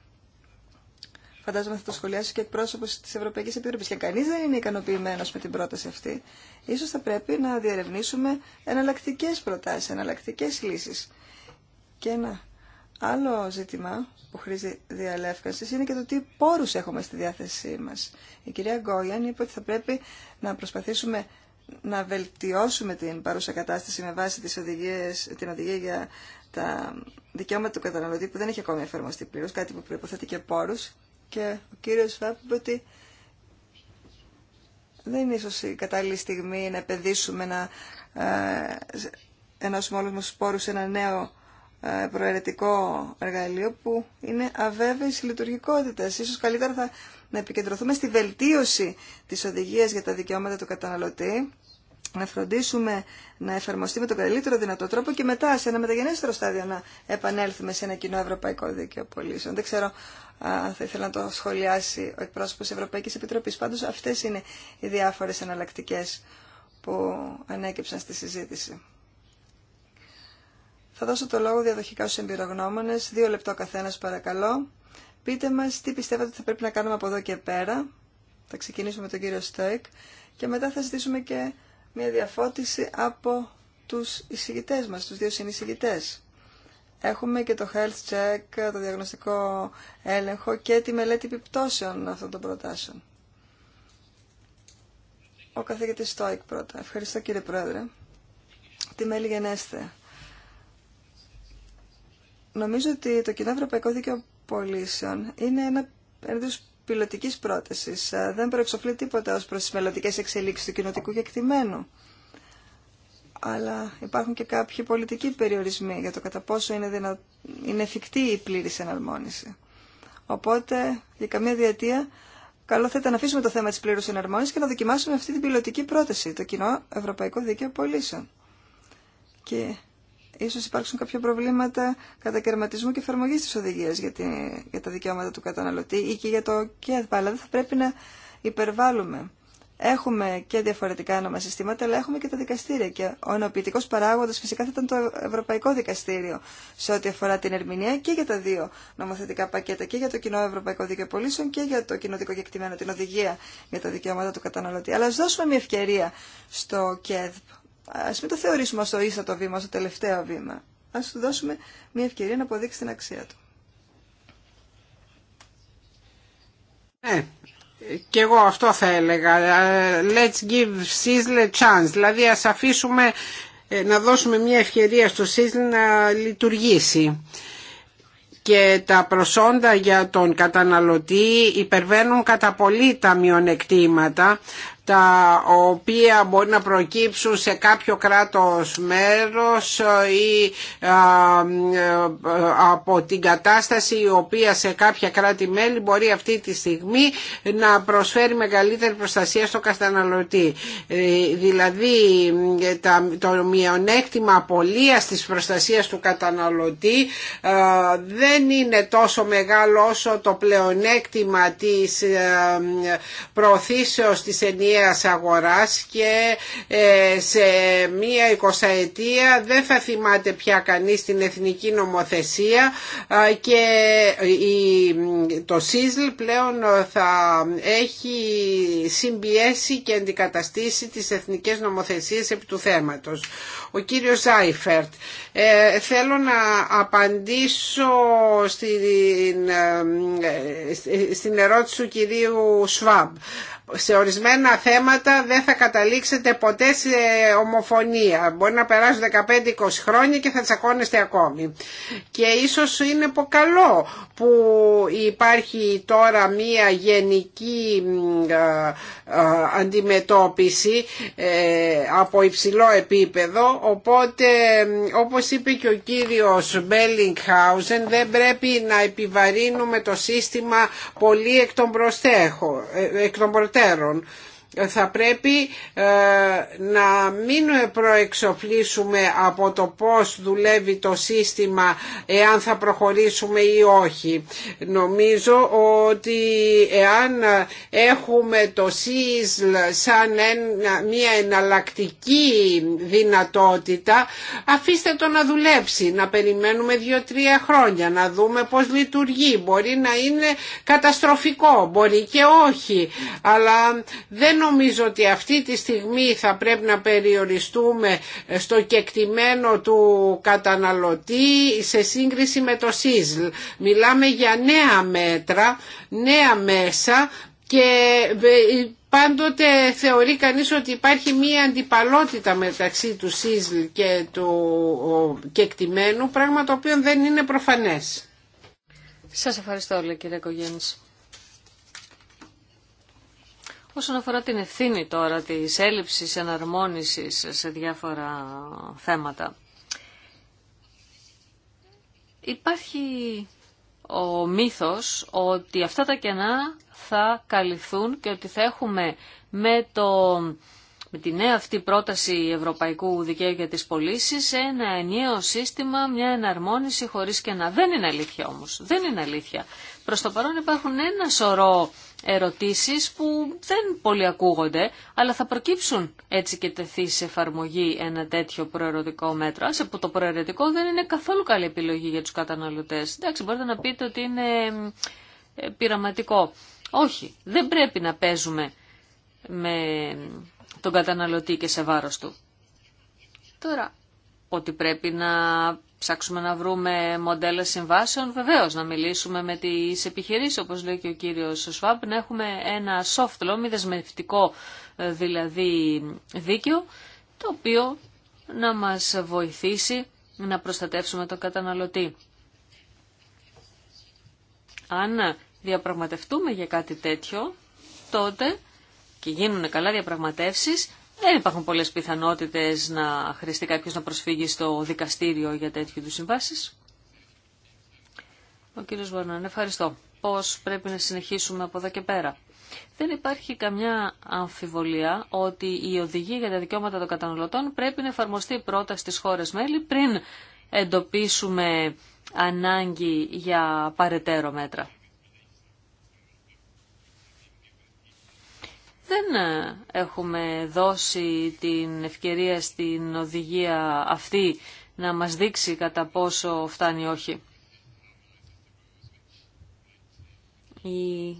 Φαντάζομαι θα το σχολιάσει και εκπρόσωπο τη Ευρωπαϊκή Επιτροπή. Και κανεί δεν είναι ικανοποιημένο με την πρόταση αυτή. ίσως θα πρέπει να διαρευνήσουμε εναλλακτικέ προτάσει, εναλλακτικέ λύσει. Και ένα άλλο ζήτημα που χρήζει διαλεύκανση είναι και το τι πόρου έχουμε στη διάθεσή μα. Η κυρία Γκόγιαν είπε ότι θα πρέπει να προσπαθήσουμε να βελτιώσουμε την παρούσα κατάσταση με βάση τις οδηγίες, την οδηγία για τα δικαιώματα του καταναλωτή που δεν έχει ακόμη εφαρμοστεί πλήρω, κάτι που προποθέτει και πόρου. Και ο κύριο Φαπ είπε ότι δεν είναι ίσω η κατάλληλη στιγμή να επενδύσουμε, να ε, ενώσουμε όλου μα του πόρου σε ένα νέο ε, προαιρετικό εργαλείο που είναι αβέβαιη λειτουργικότητα. Ίσως καλύτερα θα να επικεντρωθούμε στη βελτίωση της οδηγίας για τα δικαιώματα του καταναλωτή, να φροντίσουμε να εφαρμοστεί με τον καλύτερο δυνατό τρόπο και μετά σε ένα μεταγενέστερο στάδιο να επανέλθουμε σε ένα κοινό ευρωπαϊκό δίκαιο πολίσεων. Δεν ξέρω αν θα ήθελα να το σχολιάσει ο εκπρόσωπος Ευρωπαϊκής Επιτροπής. Πάντως αυτές είναι οι διάφορες εναλλακτικέ που ανέκυψαν στη συζήτηση. Θα δώσω το λόγο διαδοχικά στους εμπειρογνώμονες. Δύο λεπτό καθένας παρακαλώ Πείτε μας τι πιστεύετε ότι θα πρέπει να κάνουμε από εδώ και πέρα. Θα ξεκινήσουμε με τον κύριο Στόικ και μετά θα ζητήσουμε και μια διαφώτιση από τους εισηγητές μας, τους δύο συνεισηγητές. Έχουμε και το health check, το διαγνωστικό έλεγχο και τη μελέτη επιπτώσεων αυτών των προτάσεων. Ο καθηγητής Στόικ πρώτα. Ευχαριστώ κύριε Πρόεδρε. Τι μέλη γενέστε. Νομίζω ότι το κοινό ευρωπαϊκό δίκαιο πωλήσεων είναι ένα είδο πιλωτική πρόταση. Ε, δεν προεξοφλεί τίποτα ω προ τι μελλοντικέ εξελίξει του κοινοτικού κεκτημένου. Αλλά υπάρχουν και κάποιοι πολιτικοί περιορισμοί για το κατά πόσο είναι, δυνα... είναι εφικτή η πλήρη εναρμόνιση. Οπότε, για καμία διετία, καλό θα ήταν να αφήσουμε το θέμα τη πλήρου εναρμόνιση και να δοκιμάσουμε αυτή την πιλωτική πρόταση, το κοινό Ευρωπαϊκό Δίκαιο Πολίσεων. Και ίσως υπάρξουν κάποια προβλήματα κατακαιρματισμού και εφαρμογή τη οδηγία για, για τα δικαιώματα του καταναλωτή ή και για το ΚΕΔΠΑ, αλλά δεν θα πρέπει να υπερβάλλουμε. Έχουμε και διαφορετικά νομοσυστήματα, συστήματα, αλλά έχουμε και τα δικαστήρια. Και ο ενοποιητικό παράγοντα φυσικά θα ήταν το Ευρωπαϊκό Δικαστήριο σε ό,τι αφορά την ερμηνεία και για τα δύο νομοθετικά πακέτα, και για το κοινό Ευρωπαϊκό Δίκαιο Πολίσεων και για το κοινό κεκτημένο, την οδηγία για τα δικαιώματα του καταναλωτή. Αλλά α δώσουμε μια ευκαιρία στο ΚΕΔΠ ας μην το θεωρήσουμε ως το ίστατο βήμα, στο το τελευταίο βήμα. Ας του δώσουμε μια ευκαιρία να αποδείξει την αξία του. Ναι, και εγώ αυτό θα έλεγα. Let's give Sizzle a chance. Δηλαδή ας αφήσουμε ε, να δώσουμε μια ευκαιρία στο Sizzle να λειτουργήσει και τα προσόντα για τον καταναλωτή υπερβαίνουν κατά πολύ τα μειονεκτήματα τα οποία μπορεί να προκύψουν σε κάποιο κράτος μέρος ή από την κατάσταση η οποία σε κάποια κράτη-μέλη μπορεί αυτή τη στιγμή να προσφέρει μεγαλύτερη προστασία στο καταναλωτή. Ε, δηλαδή το μειονέκτημα απολίας της προστασίας του καταναλωτή ε, δεν είναι τόσο μεγάλο όσο το πλεονέκτημα της ε, προωθήσεως της ενιαίας αγοράς και ε, σε μία εικοσαετία δεν θα θυμάται πια κανείς την εθνική νομοθεσία και ε, το ΣΥΖΛ πλέον ε, θα έχει συμπιέσει και αντικαταστήσει τις εθνικές νομοθεσίες επί του θέματος. Ο κύριος Ζάιφερτ, θέλω να απαντήσω στην, στην ερώτηση του κυρίου Σβάμπ σε ορισμένα θέματα δεν θα καταλήξετε ποτέ σε ομοφωνία. Μπορεί να περάσουν 15-20 χρόνια και θα τσακώνεστε ακόμη. Και ίσως είναι καλό που υπάρχει τώρα μία γενική αντιμετώπιση ε, από υψηλό επίπεδο οπότε όπως είπε και ο κύριος Μπέλιγχάουζεν δεν πρέπει να επιβαρύνουμε το σύστημα πολύ εκ των, ε, εκ εταίρων θα πρέπει ε, να μην προεξοφλήσουμε από το πώς δουλεύει το σύστημα εάν θα προχωρήσουμε ή όχι. Νομίζω ότι εάν έχουμε το ΣΥΣΛ σαν μια εναλλακτική δυνατότητα αφήστε το να δουλέψει, να περιμένουμε δύο-τρία χρόνια, να δούμε πώς λειτουργεί. Μπορεί να είναι καταστροφικό, μπορεί και όχι, αλλά δεν νομίζω ότι αυτή τη στιγμή θα πρέπει να περιοριστούμε στο κεκτημένο του καταναλωτή σε σύγκριση με το ΣΥΖΛ. Μιλάμε για νέα μέτρα, νέα μέσα και ε, πάντοτε θεωρεί κανείς ότι υπάρχει μία αντιπαλότητα μεταξύ του ΣΥΖΛ και του κεκτημένου, πράγμα το οποίο δεν είναι προφανές. Σας ευχαριστώ όλα κύριε Κογέννης. Όσον αφορά την ευθύνη τώρα της έλλειψης εναρμόνισης σε διάφορα θέματα, υπάρχει ο μύθος ότι αυτά τα κενά θα καλυφθούν και ότι θα έχουμε με, το, με τη νέα αυτή πρόταση Ευρωπαϊκού Δικαίου για τις πωλήσει ένα ενιαίο σύστημα, μια εναρμόνιση χωρίς κενά. Δεν είναι αλήθεια όμως. Δεν είναι αλήθεια. Προς το παρόν υπάρχουν ένα σωρό ερωτήσεις που δεν πολύ ακούγονται, αλλά θα προκύψουν έτσι και τεθεί σε εφαρμογή ένα τέτοιο προαιρετικό μέτρο. Άσε που το προαιρετικό δεν είναι καθόλου καλή επιλογή για τους καταναλωτές. Εντάξει, μπορείτε να πείτε ότι είναι ε, πειραματικό. Όχι, δεν πρέπει να παίζουμε με τον καταναλωτή και σε βάρος του. Τώρα, ότι πρέπει να ψάξουμε να βρούμε μοντέλα συμβάσεων, βεβαίω να μιλήσουμε με τι επιχειρήσει, όπως λέει και ο κύριος Σουάμπ, να έχουμε ένα soft law, μη δεσμευτικό ε, δηλαδή δίκαιο, το οποίο να μας βοηθήσει να προστατεύσουμε τον καταναλωτή. Αν διαπραγματευτούμε για κάτι τέτοιο, τότε και γίνουν καλά διαπραγματεύσεις, δεν υπάρχουν πολλές πιθανότητες να χρειαστεί κάποιος να προσφύγει στο δικαστήριο για τέτοιου του συμβάσεις. Ο κύριος Βορνάν, ευχαριστώ. Πώς πρέπει να συνεχίσουμε από εδώ και πέρα. Δεν υπάρχει καμιά αμφιβολία ότι η οδηγία για τα δικαιώματα των καταναλωτών πρέπει να εφαρμοστεί πρώτα στις χώρες μέλη πριν εντοπίσουμε ανάγκη για παρετέρω μέτρα. δεν ε, έχουμε δώσει την ευκαιρία στην οδηγία αυτή να μας δείξει κατά πόσο φτάνει όχι. Η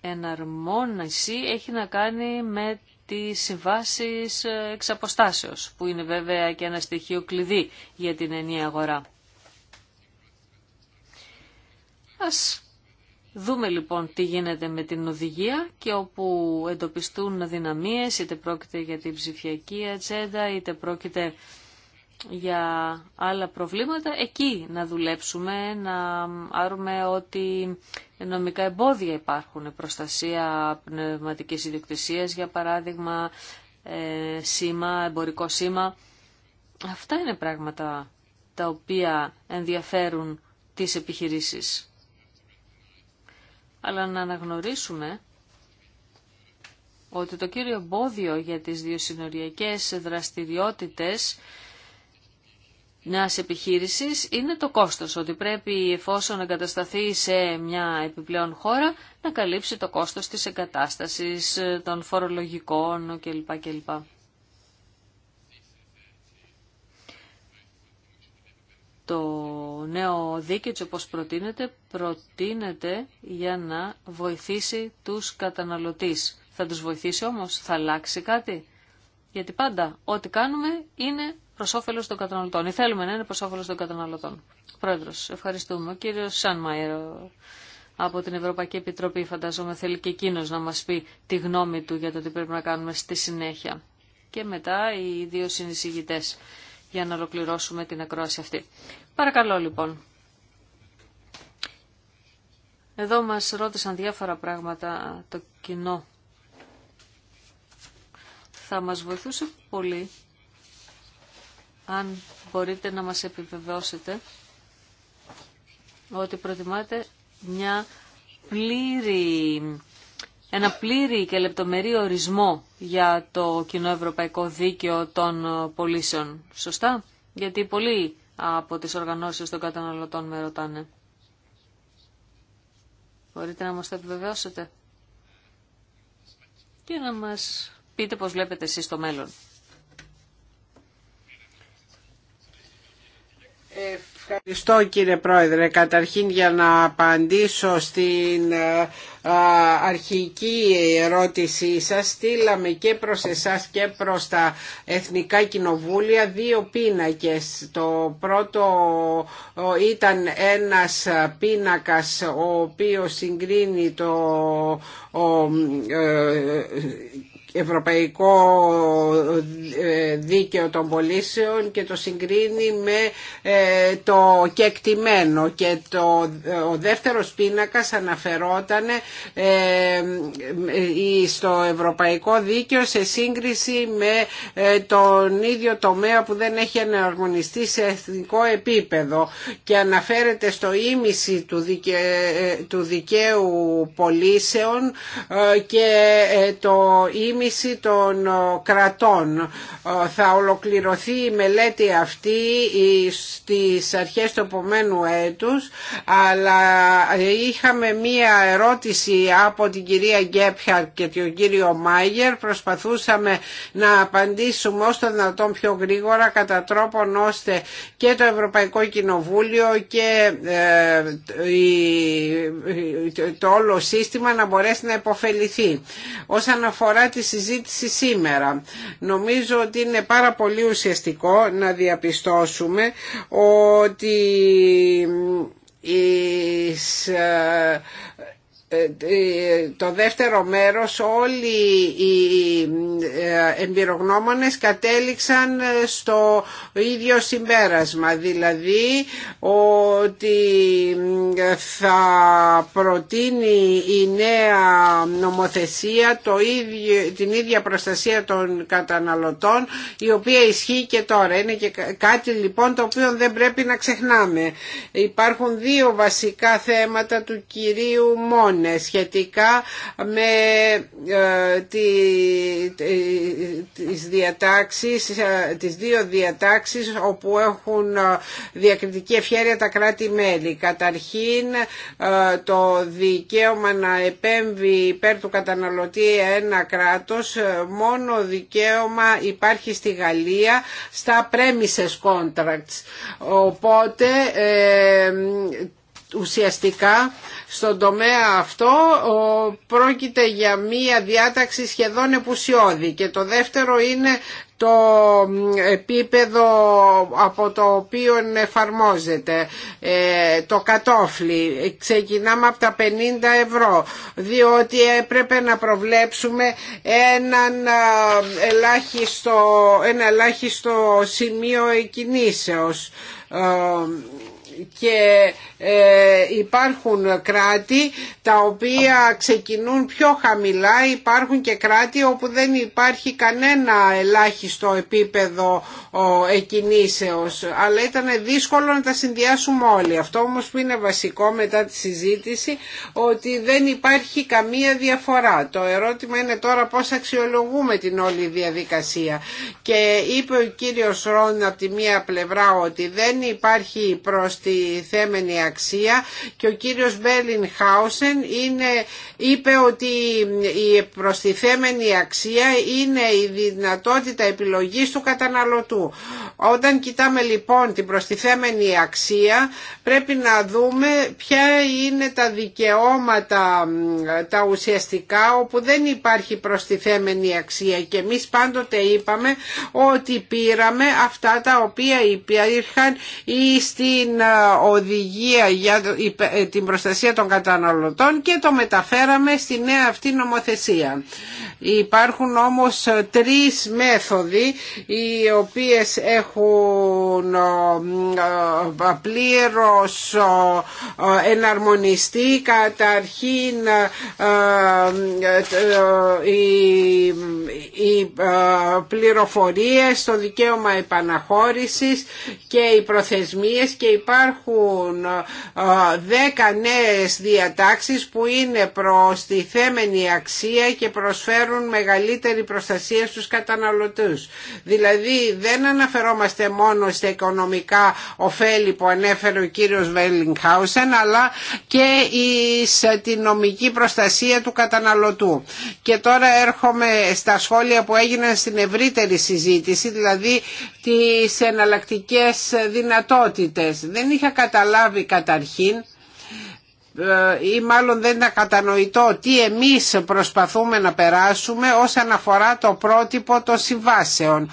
εναρμόνιση έχει να κάνει με τις συμβάσεις ε, εξ που είναι βέβαια και ένα στοιχείο κλειδί για την ενία αγορά. Ας Δούμε λοιπόν τι γίνεται με την οδηγία και όπου εντοπιστούν δυναμίες, είτε πρόκειται για την ψηφιακή ατζέντα, είτε πρόκειται για άλλα προβλήματα, εκεί να δουλέψουμε, να άρουμε ότι νομικά εμπόδια υπάρχουν, προστασία πνευματικής ιδιοκτησίας για παράδειγμα, ε, σήμα, εμπορικό σήμα. Αυτά είναι πράγματα τα οποία ενδιαφέρουν τις επιχειρήσεις αλλά να αναγνωρίσουμε ότι το κύριο εμπόδιο για τις διοσυνοριακές δραστηριότητες μια επιχείρηση είναι το κόστος, ότι πρέπει εφόσον εγκατασταθεί σε μια επιπλέον χώρα να καλύψει το κόστος της εγκατάστασης, των φορολογικών κλπ. κλπ. Το νέο δίκαιο, πως όπως προτείνεται, προτείνεται για να βοηθήσει τους καταναλωτές Θα τους βοηθήσει όμως, θα αλλάξει κάτι. Γιατί πάντα ό,τι κάνουμε είναι προ όφελο των καταναλωτών. Ή θέλουμε να είναι προ όφελο των καταναλωτών. Πρόεδρο, ευχαριστούμε. Ο κύριο Σάνμαιρο από την Ευρωπαϊκή Επιτροπή, φαντάζομαι, θέλει και εκείνο να μα πει τη γνώμη του για το τι πρέπει να κάνουμε στη συνέχεια. Και μετά οι δύο συνεισηγητέ για να ολοκληρώσουμε την ακρόαση αυτή. Παρακαλώ λοιπόν. Εδώ μας ρώτησαν διάφορα πράγματα το κοινό. Θα μας βοηθούσε πολύ αν μπορείτε να μας επιβεβαιώσετε ότι προτιμάτε μια πλήρη ένα πλήρη και λεπτομερή ορισμό για το κοινό ευρωπαϊκό δίκαιο των ε, πωλήσεων. Σωστά, γιατί πολλοί από τις οργανώσεις των καταναλωτών με ρωτάνε. Μπορείτε να μας το επιβεβαιώσετε και να μας πείτε πώς βλέπετε εσείς το μέλλον. Ε, Ευχαριστώ κύριε Πρόεδρε. Καταρχήν για να απαντήσω στην ε, αρχική ερώτησή σας στείλαμε και προς εσάς και προς τα Εθνικά Κοινοβούλια δύο πίνακες. Το πρώτο ήταν ένας πίνακας ο οποίος συγκρίνει το ε, ευρωπαϊκό ε, δίκαιο των πολίσεων και το συγκρίνει με ε, το κεκτημένο και το, ο δεύτερος πίνακας αναφερόταν ε, στο ευρωπαϊκό δίκαιο σε σύγκριση με τον ίδιο τομέα που δεν έχει αναρμονιστεί σε εθνικό επίπεδο και αναφέρεται στο ίμιση του, δικαι... του δικαίου πολίσεων και το ίμιση των ε, κρατών. Ε, θα ολοκληρωθεί η μελέτη αυτή ε, στις αρχές του επομένου έτους, αλλά είχαμε μία ερώτηση από την κυρία Γκέπχαρ και τον κύριο Μάγερ. Προσπαθούσαμε να απαντήσουμε όσο δυνατόν πιο γρήγορα κατά τρόπον ώστε και το Ευρωπαϊκό Κοινοβούλιο και το όλο σύστημα να μπορέσει να υποφεληθεί. Όσον αφορά τις συζήτηση σήμερα. Νομίζω ότι είναι πάρα πολύ ουσιαστικό να διαπιστώσουμε ότι εις ε, ε, ε, το δεύτερο μέρος όλοι οι ε, εμπειρογνώμονες κατέληξαν στο ίδιο συμπέρασμα δηλαδή ότι θα προτείνει η νέα νομοθεσία το ίδιο, την ίδια προστασία των καταναλωτών η οποία ισχύει και τώρα είναι και κάτι λοιπόν το οποίο δεν πρέπει να ξεχνάμε υπάρχουν δύο βασικά θέματα του κυρίου Μόνη σχετικά με ε, τις διατάξεις, ε, τις δύο διατάξεις όπου έχουν ε, διακριτική ευχέρεια τα κράτη-μέλη. Καταρχήν το δικαίωμα να επέμβει υπέρ του καταναλωτή ένα κράτος μόνο δικαίωμα υπάρχει στη Γαλλία στα premises contracts. Οπότε ουσιαστικά στον τομέα αυτό πρόκειται για μία διάταξη σχεδόν επουσιώδη και το δεύτερο είναι το επίπεδο από το οποίο εφαρμόζεται ε, το κατόφλι. Ξεκινάμε από τα 50 ευρώ διότι έπρεπε να προβλέψουμε έναν ελάχιστο, ένα ελάχιστο σημείο εκκινήσεως ε, και ε, υπάρχουν κράτη τα οποία ξεκινούν πιο χαμηλά, υπάρχουν και κράτη όπου δεν υπάρχει κανένα ελάχιστο επίπεδο εκκινήσεως. Αλλά ήταν δύσκολο να τα συνδυάσουμε όλοι. Αυτό όμως που είναι βασικό μετά τη συζήτηση ότι δεν υπάρχει καμία διαφορά. Το ερώτημα είναι τώρα πώς αξιολογούμε την όλη διαδικασία. Και είπε ο κύριος Ρόν από τη μία πλευρά ότι δεν υπάρχει θέμενη αξία και ο κύριος Μπέλιν Χάουσεν είναι, είπε ότι η προστιθέμενη αξία είναι η δυνατότητα επιλογής του καταναλωτού. Όταν κοιτάμε λοιπόν την προστιθέμενη αξία πρέπει να δούμε ποια είναι τα δικαιώματα τα ουσιαστικά όπου δεν υπάρχει προστιθέμενη αξία και εμείς πάντοτε είπαμε ότι πήραμε αυτά τα οποία υπήρχαν ή στην ε, οδηγία για ε, την προστασία των καταναλωτών και το μεταφέραμε στη νέα αυτή νομοθεσία. Υπάρχουν όμως ε, τρεις μέθοδοι οι οποίες έχουν ε, πλήρως εναρμονιστεί καταρχήν οι πληροφορίες, το δικαίωμα επαναχώρησης και οι προθεσμίες και υπάρχουν 10 νέες διατάξεις που είναι θέμενη αξία και προσφέρουν μεγαλύτερη προστασία στους καταναλωτούς. Δηλαδή δεν αναφερόμαστε μόνο στα οικονομικά ωφέλη που ανέφερε ο κύριος Χάουσεν αλλά και σε την νομική προστασία του καταναλωτού. Και τώρα έρχομαι στα σχόλια που έγιναν στην ευρύτερη συζήτηση, δηλαδή τις εναλλακτικές δυνατότητες. Δεν είχα καταλάβει κατά καταρχήν ε, ή μάλλον δεν είναι κατανοητό τι εμείς προσπαθούμε να περάσουμε όσον αφορά το πρότυπο των συμβάσεων.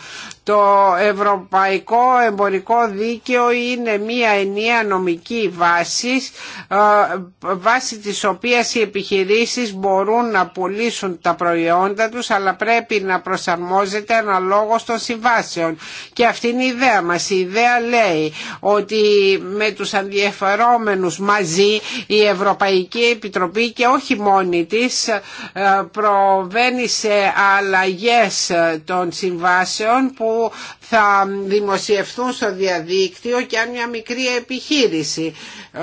Το Ευρωπαϊκό Εμπορικό Δίκαιο είναι μία ενία νομική βάση ε, βάση της οποίας οι επιχειρήσεις μπορούν να πουλήσουν τα προϊόντα τους αλλά πρέπει να προσαρμόζεται αναλόγως των συμβάσεων. Και αυτή είναι η ιδέα μας. Η ιδέα λέει ότι με τους ανδιαφερόμενους μαζί η Ευρωπαϊκή Επιτροπή και όχι μόνη της ε, προβαίνει σε αλλαγές των συμβάσεων που που θα δημοσιευθούν στο διαδίκτυο και αν μια μικρή επιχείρηση ε,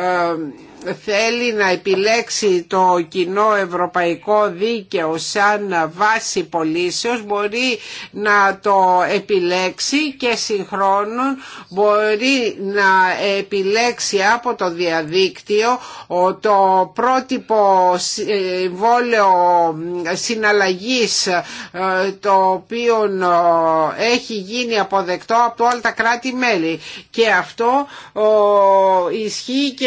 θέλει να επιλέξει το κοινό ευρωπαϊκό δίκαιο σαν βάση πολίσεως μπορεί να το επιλέξει και συγχρόνων μπορεί να επιλέξει από το διαδίκτυο το πρότυπο συμβόλαιο συναλλαγής ε, το οποίο ε, έχει γίνει αποδεκτό από όλα τα κράτη-μέλη και αυτό ε, ισχύει και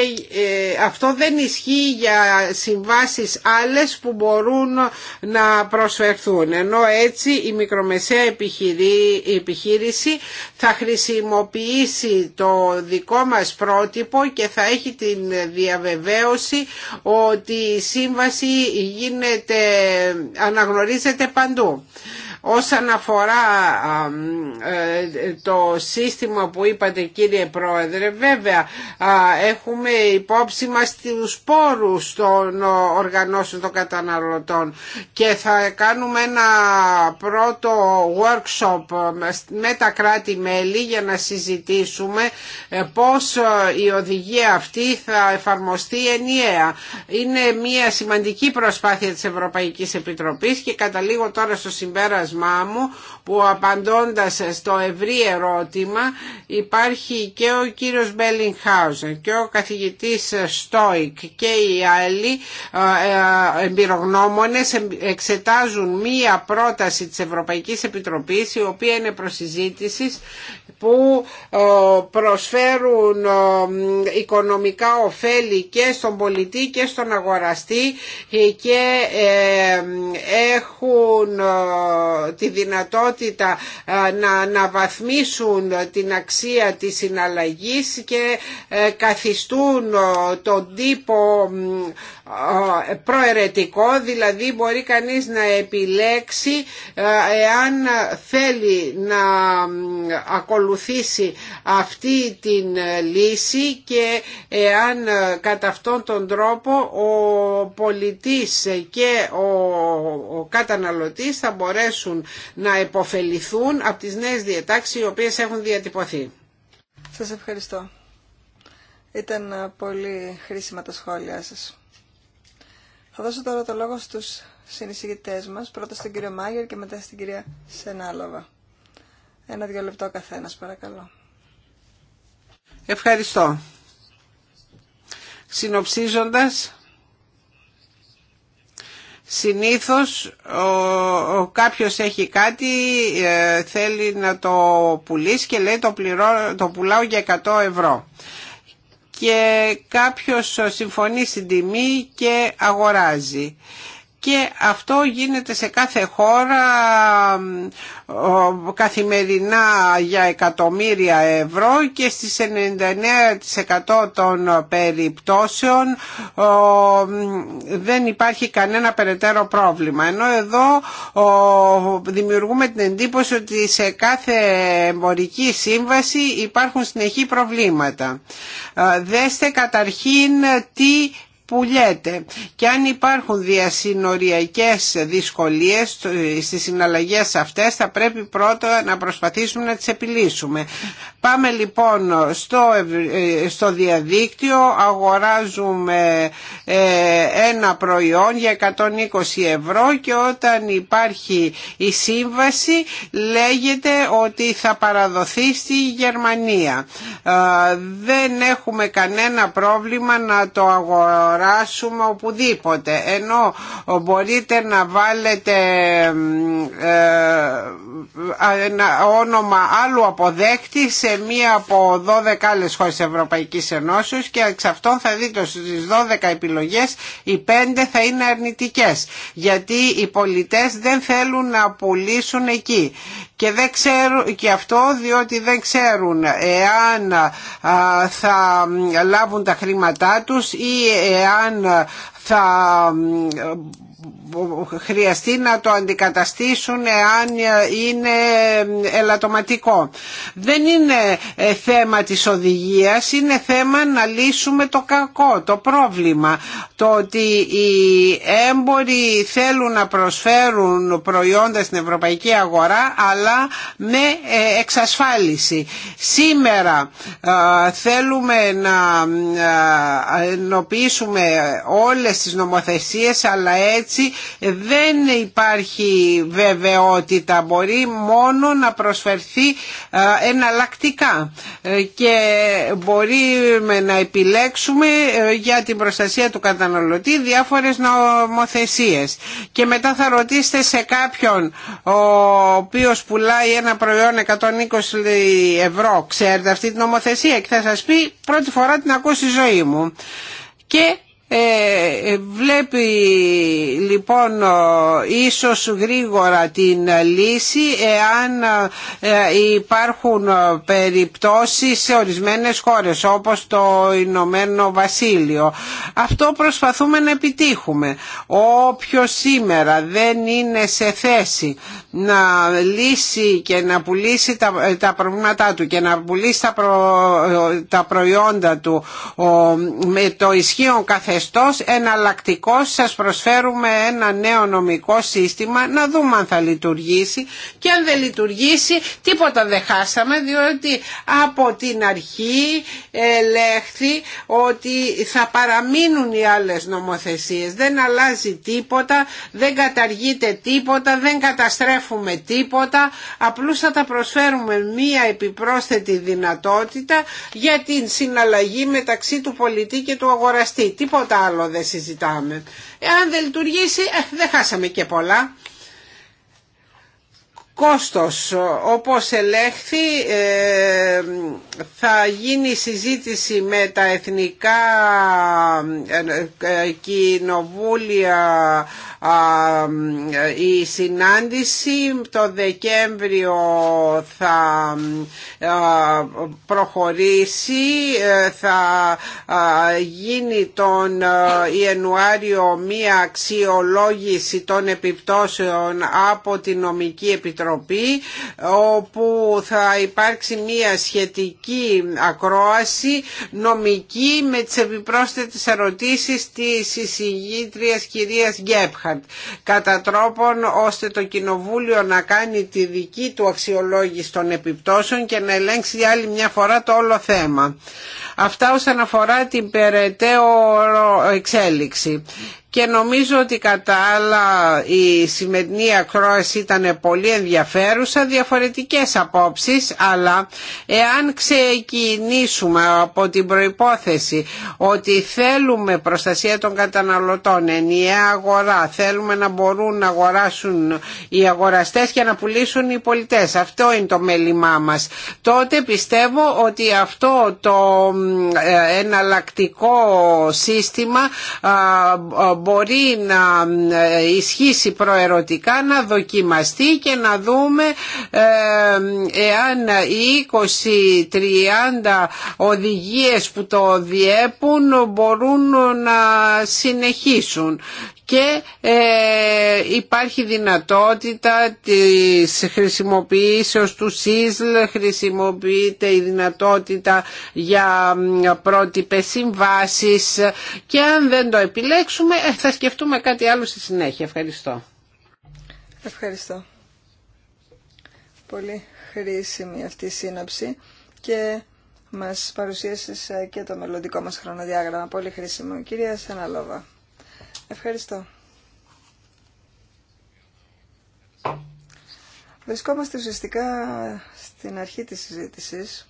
αυτό δεν ισχύει για συμβάσεις άλλες που μπορούν να προσφερθούν. Ενώ έτσι η μικρομεσαία επιχείρηση θα χρησιμοποιήσει το δικό μας πρότυπο και θα έχει την διαβεβαίωση ότι η σύμβαση γίνεται, αναγνωρίζεται παντού. Όσον αφορά ε, το σύστημα που είπατε κύριε Πρόεδρε, βέβαια έχουμε υπόψη μας τους πόρους των οργανώσεων των καταναλωτών και θα κάνουμε ένα πρώτο workshop με τα κράτη-μέλη για να συζητήσουμε ε, πώς ε, η οδηγία αυτή θα εφαρμοστεί ενιαία. Είναι μια σημαντική προσπάθεια της Ευρωπαϊκής Επιτροπής και καταλήγω τώρα στο συμπέρασμα που απαντώντας στο ευρύ ερώτημα υπάρχει και ο κύριος Μπελινχάουζεν και ο καθηγητής Στόικ και οι άλλοι ε, ε, εμπειρογνώμονες εξετάζουν μία πρόταση της Ευρωπαϊκής Επιτροπής η οποία είναι προσυζήτησης που ε, προσφέρουν οικονομικά ωφέλη και στον πολιτή και στον αγοραστή και έχουν τη δυνατότητα ε, να αναβαθμίσουν την αξία της συναλλαγής και ε, καθιστούν ε, τον τύπο ε, προαιρετικό, δηλαδή μπορεί κανείς να επιλέξει ε, εάν θέλει να ακολουθήσει αυτή την λύση και εάν ε, κατά αυτόν τον τρόπο ο πολιτής και ο καταναλωτής θα μπορέσουν να επωφεληθούν από τις νέες διατάξεις οι οποίες έχουν διατυπωθεί. Σας ευχαριστώ. Ήταν πολύ χρήσιμα τα σχόλια σας. Θα δώσω τώρα το λόγο στους συνεισηγητές μας, πρώτα στον κύριο Μάγερ και μετά στην κυρία Σενάλοβα. Ένα-δυο λεπτό καθένας, παρακαλώ. Ευχαριστώ. Συνοψίζοντας, Συνήθως ο, ο κάποιος έχει κάτι, ε, θέλει να το πουλήσει και λέει το, πληρώ, το πουλάω για 100 ευρώ και κάποιος συμφωνεί στην τιμή και αγοράζει και αυτό γίνεται σε κάθε χώρα καθημερινά για εκατομμύρια ευρώ και στις 99% των περιπτώσεων δεν υπάρχει κανένα περαιτέρω πρόβλημα. Ενώ εδώ δημιουργούμε την εντύπωση ότι σε κάθε εμπορική σύμβαση υπάρχουν συνεχή προβλήματα. Δέστε καταρχήν τι και αν υπάρχουν διασυνοριακές δυσκολίες στις συναλλαγές αυτές θα πρέπει πρώτα να προσπαθήσουμε να τις επιλύσουμε. Πάμε λοιπόν στο, ε, στο διαδίκτυο, αγοράζουμε ε, ένα προϊόν για 120 ευρώ και όταν υπάρχει η σύμβαση λέγεται ότι θα παραδοθεί στη Γερμανία. Δεν έχουμε κανένα πρόβλημα να το αγοράσουμε αγοράσουμε οπουδήποτε ενώ μπορείτε να βάλετε ε, ένα όνομα άλλου αποδέκτη σε μία από 12 άλλες χώρες Ευρωπαϊκής Ενώσεως και εξ αυτών θα δείτε στις 12 επιλογές οι 5 θα είναι αρνητικές γιατί οι πολιτές δεν θέλουν να πουλήσουν εκεί και, δεν ξέρουν, και αυτό διότι δεν ξέρουν εάν θα λάβουν τα χρήματά τους ή εάν θα χρειαστεί να το αντικαταστήσουν εάν είναι ελαττωματικό. Δεν είναι ε, θέμα της οδηγίας, είναι θέμα να λύσουμε το κακό, το πρόβλημα. Το ότι οι έμποροι θέλουν να προσφέρουν προϊόντα στην ευρωπαϊκή αγορά αλλά με ε, εξασφάλιση. Σήμερα ε, θέλουμε να ενοποιήσουμε όλες τις νομοθεσίες αλλά έτσι έτσι δεν υπάρχει βεβαιότητα. Μπορεί μόνο να προσφερθεί εναλλακτικά ε, και μπορούμε να επιλέξουμε ε, για την προστασία του καταναλωτή διάφορες νομοθεσίες. Και μετά θα ρωτήσετε σε κάποιον ο οποίος πουλάει ένα προϊόν 120 ευρώ, ξέρετε αυτή την νομοθεσία και θα σας πει πρώτη φορά την ακούω στη ζωή μου. Και ε, βλέπει λοιπόν ίσως γρήγορα την λύση εάν ε, υπάρχουν ε, περιπτώσεις σε ορισμένες χώρες όπως το Ηνωμένο Βασίλειο. Αυτό προσπαθούμε να επιτύχουμε. Όποιος σήμερα δεν είναι σε θέση να λύσει και να πουλήσει τα, τα προβλήματά του και να πουλήσει τα, τα προϊόντα του με το ισχύον καθεστώς καθεστώς εναλλακτικό σας προσφέρουμε ένα νέο νομικό σύστημα να δούμε αν θα λειτουργήσει και αν δεν λειτουργήσει τίποτα δεν χάσαμε διότι από την αρχή λέχθη ότι θα παραμείνουν οι άλλες νομοθεσίες δεν αλλάζει τίποτα δεν καταργείται τίποτα δεν καταστρέφουμε τίποτα απλώς θα τα προσφέρουμε μία επιπρόσθετη δυνατότητα για την συναλλαγή μεταξύ του πολιτή και του αγοραστή. Τίποτα τίποτα άλλο δεν συζητάμε. Εάν δεν λειτουργήσει ε, δεν χάσαμε και πολλά. Κόστος, όπως ελέγχθη, ε, θα γίνει συζήτηση με τα εθνικά ε, κοινοβούλια η συνάντηση το Δεκέμβριο θα προχωρήσει, ε, θα γίνει τον ε, Ιανουάριο μία αξιολόγηση των επιπτώσεων από την Νομική Επιτροπή όπου θα υπάρξει μία σχετική ακρόαση νομική με τις επιπρόσθετες ερωτήσεις της εισηγήτριας κυρίας Γκέπχα κατά τρόπον ώστε το Κοινοβούλιο να κάνει τη δική του αξιολόγηση των επιπτώσεων και να ελέγξει άλλη μια φορά το όλο θέμα. Αυτά όσον αφορά την περαιτέρω εξέλιξη και νομίζω ότι κατά άλλα η σημερινή ακρόαση ήταν πολύ ενδιαφέρουσα, διαφορετικές απόψεις, αλλά εάν ξεκινήσουμε από την προϋπόθεση ότι θέλουμε προστασία των καταναλωτών, ενιαία αγορά, θέλουμε να μπορούν να αγοράσουν οι αγοραστές και να πουλήσουν οι πολιτές, αυτό είναι το μέλημά μας, τότε πιστεύω ότι αυτό το ε, εναλλακτικό σύστημα μπορεί να ε, ισχύσει προερωτικά να δοκιμαστεί και να δούμε ε, εάν οι 20-30 οδηγίες που το διέπουν μπορούν να συνεχίσουν και ε, υπάρχει δυνατότητα της χρησιμοποιήσεως του ΣΥΣΛ, χρησιμοποιείται η δυνατότητα για πρότυπες συμβάσεις και αν δεν το επιλέξουμε ε, θα σκεφτούμε κάτι άλλο στη συνέχεια. Ευχαριστώ. Ευχαριστώ. Πολύ χρήσιμη αυτή η σύναψη και μας παρουσίασες ε, και το μελλοντικό μας χρονοδιάγραμμα. Πολύ χρήσιμο. Κυρία Σαναλόβα. Ευχαριστώ. Βρισκόμαστε ουσιαστικά στην αρχή της συζήτησης.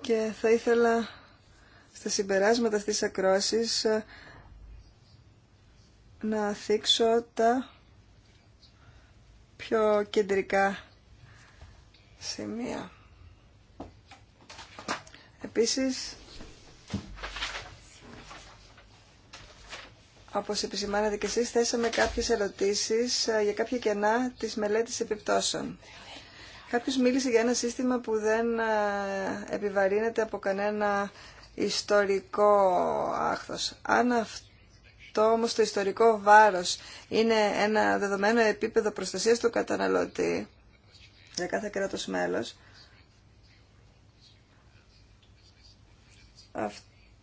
Και θα ήθελα στα συμπεράσματα αυτής της ακρόσης ε, να θίξω τα πιο κεντρικά σημεία. Επίσης, όπως επισημάνατε και εσείς, θέσαμε κάποιες ερωτήσεις ε, για κάποια κενά της μελέτης επιπτώσεων. Κάποιος μίλησε για ένα σύστημα που δεν ε, επιβαρύνεται από κανένα ιστορικό άχθος. Αν αυτό όμως το ιστορικό βάρος είναι ένα δεδομένο επίπεδο προστασίας του καταναλωτή για κάθε κράτος μέλος,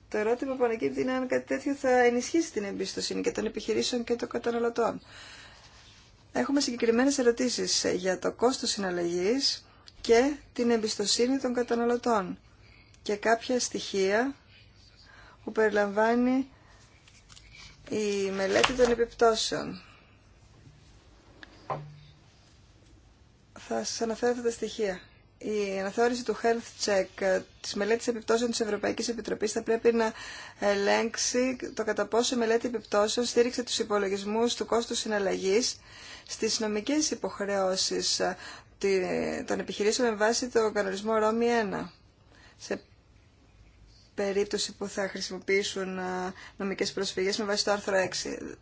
το ερώτημα που ανακύπτει είναι αν κάτι τέτοιο θα ενισχύσει την εμπιστοσύνη και των επιχειρήσεων και των καταναλωτών. Έχουμε συγκεκριμένες ερωτήσεις για το κόστος συναλλαγή και την εμπιστοσύνη των καταναλωτών και κάποια στοιχεία που περιλαμβάνει η μελέτη των επιπτώσεων. Θα σας αναφέρω αυτά τα στοιχεία η αναθεώρηση του health check ε, της μελέτης επιπτώσεων της Ευρωπαϊκής Επιτροπής θα πρέπει να ελέγξει το κατά πόσο η μελέτη επιπτώσεων στήριξε τους υπολογισμούς του κόστου συναλλαγής στις νομικές υποχρεώσεις ε, των επιχειρήσεων με βάση το κανονισμό Ρώμη 1 σε περίπτωση που θα χρησιμοποιήσουν ε, νομικές προσφυγές με βάση το άρθρο 6.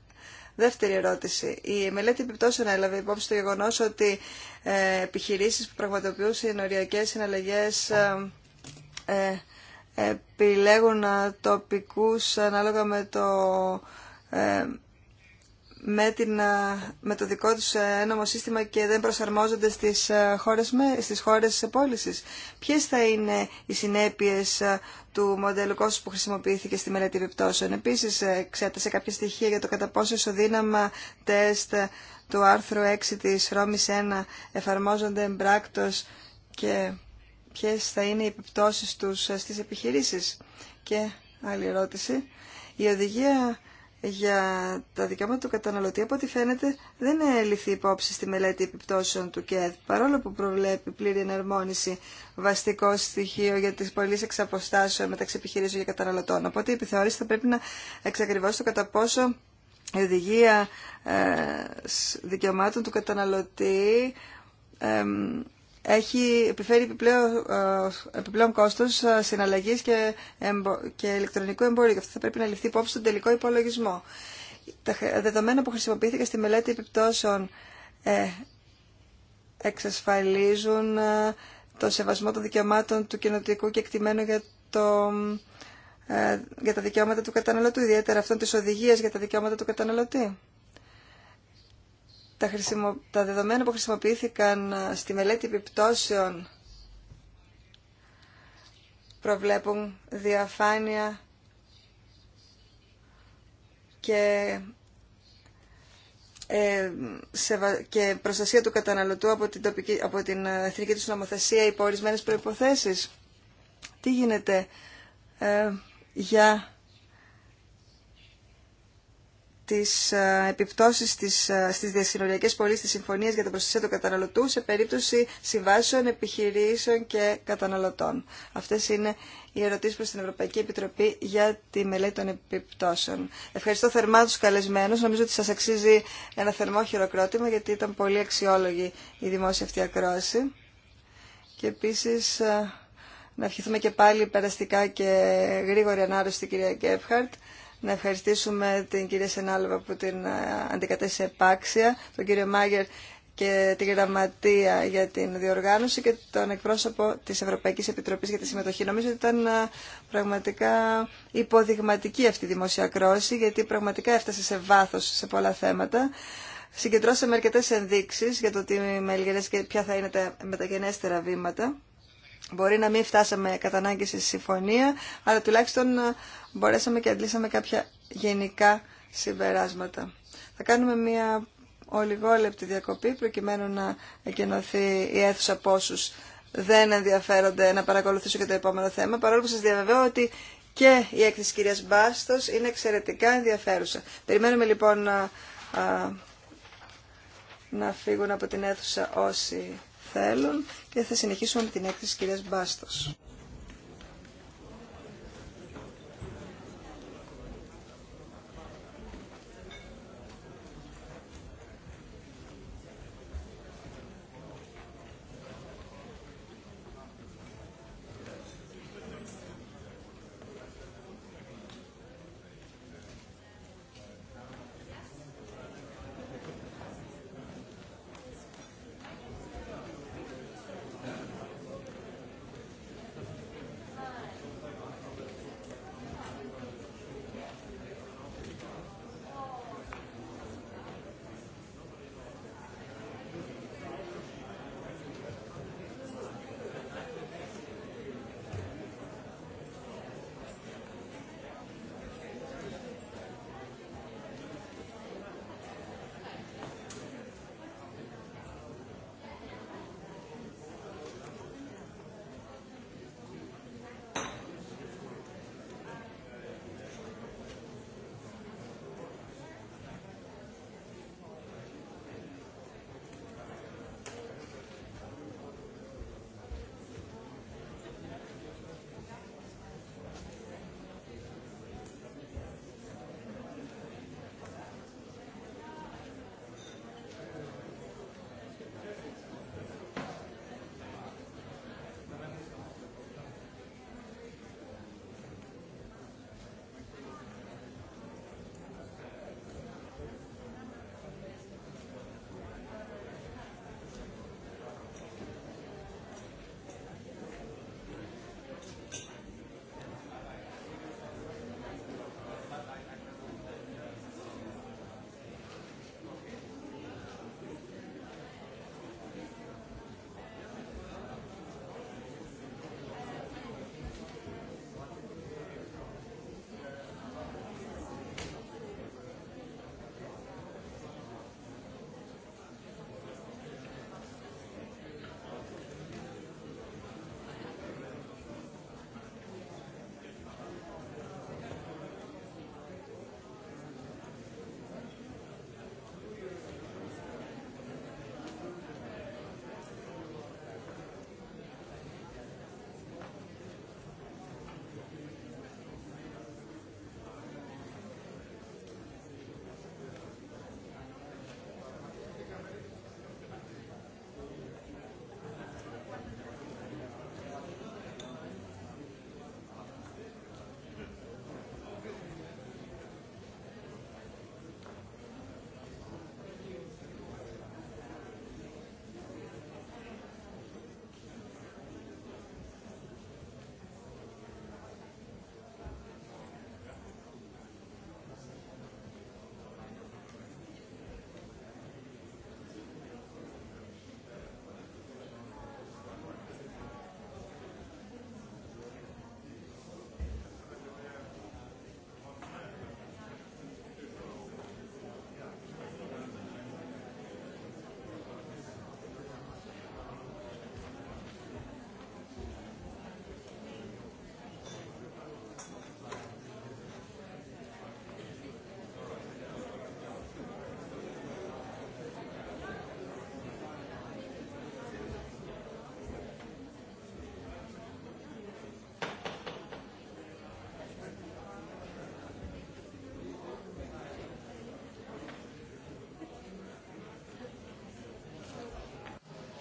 Δεύτερη ερώτηση. Η μελέτη επιπτώσεων έλαβε υπόψη το γεγονό ότι ε, επιχειρήσει που πραγματοποιούν συνοριακέ συναλλαγέ ε, ε, επιλέγουν ε, τοπικούς ανάλογα με το με, την, με το δικό τους ε, ένομο σύστημα και δεν προσαρμόζονται στις ε, χώρες, με, στις χώρες Ποιες θα είναι οι συνέπειες ε, του μοντέλου κόστου που χρησιμοποιήθηκε στη μελέτη επιπτώσεων. Επίσης, εξέτασε κάποια στοιχεία για το κατά πόσο ισοδύναμα τεστ του άρθρου 6 της Ρώμης 1 εφαρμόζονται εμπράκτος και ποιες θα είναι οι επιπτώσεις τους στις επιχειρήσεις. Και άλλη ερώτηση. Η οδηγία για τα δικαιώματα του καταναλωτή, από ό,τι φαίνεται, δεν έληφθη υπόψη στη μελέτη επιπτώσεων του ΚΕΔ, παρόλο που προβλέπει πλήρη εναρμόνιση βαστικό στοιχείο για τι πολλέ εξ μεταξύ επιχειρήσεων και καταναλωτών. Οπότε η επιθεώρηση θα πρέπει να εξακριβώσει το κατά πόσο η οδηγία ε, δικαιωμάτων του καταναλωτή έχει επιφέρει επιπλέον, ε, επιπλέον κόστος ε, συναλλαγής και, και ηλεκτρονικού εμπορίου. Αυτό θα πρέπει να ληφθεί υπόψη στον τελικό υπολογισμό. Τα δεδομένα που χρησιμοποιήθηκαν στη μελέτη επιπτώσεων ε, εξασφαλίζουν το σεβασμό των δικαιωμάτων του κοινοτικού και εκτιμένου για, το, για τα δικαιώματα του καταναλωτού, ιδιαίτερα αυτών της οδηγίας για τα δικαιώματα του καταναλωτή τα, χρησιμο... τα δεδομένα που χρησιμοποιήθηκαν ε, στη μελέτη επιπτώσεων προβλέπουν διαφάνεια και, ε, και προστασία του καταναλωτού από την, τοπική, από την εθνική του νομοθεσία υπό ορισμένε προϋποθέσεις. Τι γίνεται ε, για τις ε, επιπτώσεις στι ε, στις διασυνοριακές τη της Συμφωνίας για την προστασία του καταναλωτού σε περίπτωση συμβάσεων, επιχειρήσεων και καταναλωτών. Αυτές είναι οι ερωτήσεις προς την Ευρωπαϊκή Επιτροπή για τη μελέτη των επιπτώσεων. Ευχαριστώ θερμά τους καλεσμένους. Νομίζω ότι σας αξίζει ένα θερμό χειροκρότημα γιατί ήταν πολύ αξιόλογη η δημόσια αυτή ακρόαση. Και επίσης ε, να ευχηθούμε και πάλι περαστικά και γρήγορη στην κυρία Γκέφχαρτ να ευχαριστήσουμε την κυρία Σενάλβα που την ε, αντικατέστησε επάξια, τον κύριο Μάγερ και τη Γραμματεία για την διοργάνωση και τον εκπρόσωπο της Ευρωπαϊκής Επιτροπής για τη συμμετοχή. Νομίζω ότι ήταν ε, πραγματικά υποδειγματική αυτή η δημοσιακρόση, κρόση, γιατί πραγματικά έφτασε σε βάθος σε πολλά θέματα. Συγκεντρώσαμε αρκετέ ενδείξει για το τι με και ποια θα είναι τα μεταγενέστερα βήματα. Μπορεί να μην φτάσαμε κατά ανάγκη σε συμφωνία, αλλά τουλάχιστον ε, μπορέσαμε και αντλήσαμε κάποια γενικά συμπεράσματα. Θα κάνουμε μια ολιγόλεπτη διακοπή προκειμένου να εκενωθεί η αίθουσα από δεν ενδιαφέρονται να παρακολουθήσουν και το επόμενο θέμα, παρόλο που σας διαβεβαιώ ότι και η έκθεση κύρια Μπάστος είναι εξαιρετικά ενδιαφέρουσα. Περιμένουμε λοιπόν να, ε, ε, να φύγουν από την αίθουσα όσοι και θα συνεχίσουμε με την έκθεση της κυρίας Μπάστος.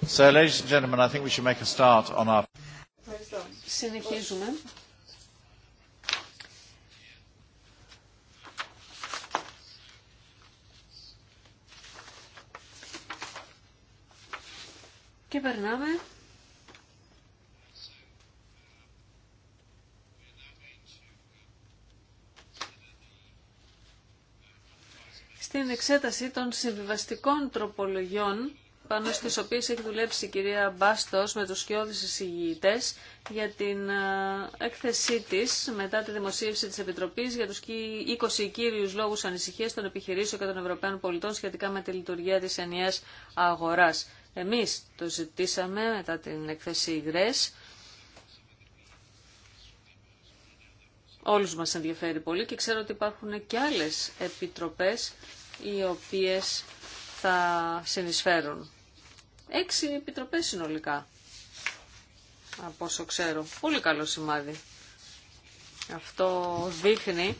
So, ladies and gentlemen, I think we should make a start on our... Συνεχίζουμε. Και περνάμε στην εξέταση των συμβιβαστικών τροπολογιών πάνω στις οποίες έχει δουλέψει η κυρία Μπάστος με τους σκιώδεις εισηγητές για την ε, έκθεσή της μετά τη δημοσίευση της Επιτροπής για τους 20 κύριους λόγους ανησυχίας των επιχειρήσεων και των Ευρωπαίων πολιτών σχετικά με τη λειτουργία της ενιαίας αγοράς. Εμείς το ζητήσαμε μετά την έκθεση υγρές. Όλους μας ενδιαφέρει πολύ και ξέρω ότι υπάρχουν και άλλες επιτροπές οι οποίες θα συνεισφέρουν. Έξι επιτροπές συνολικά, από όσο ξέρω. Πολύ καλό σημάδι. Αυτό δείχνει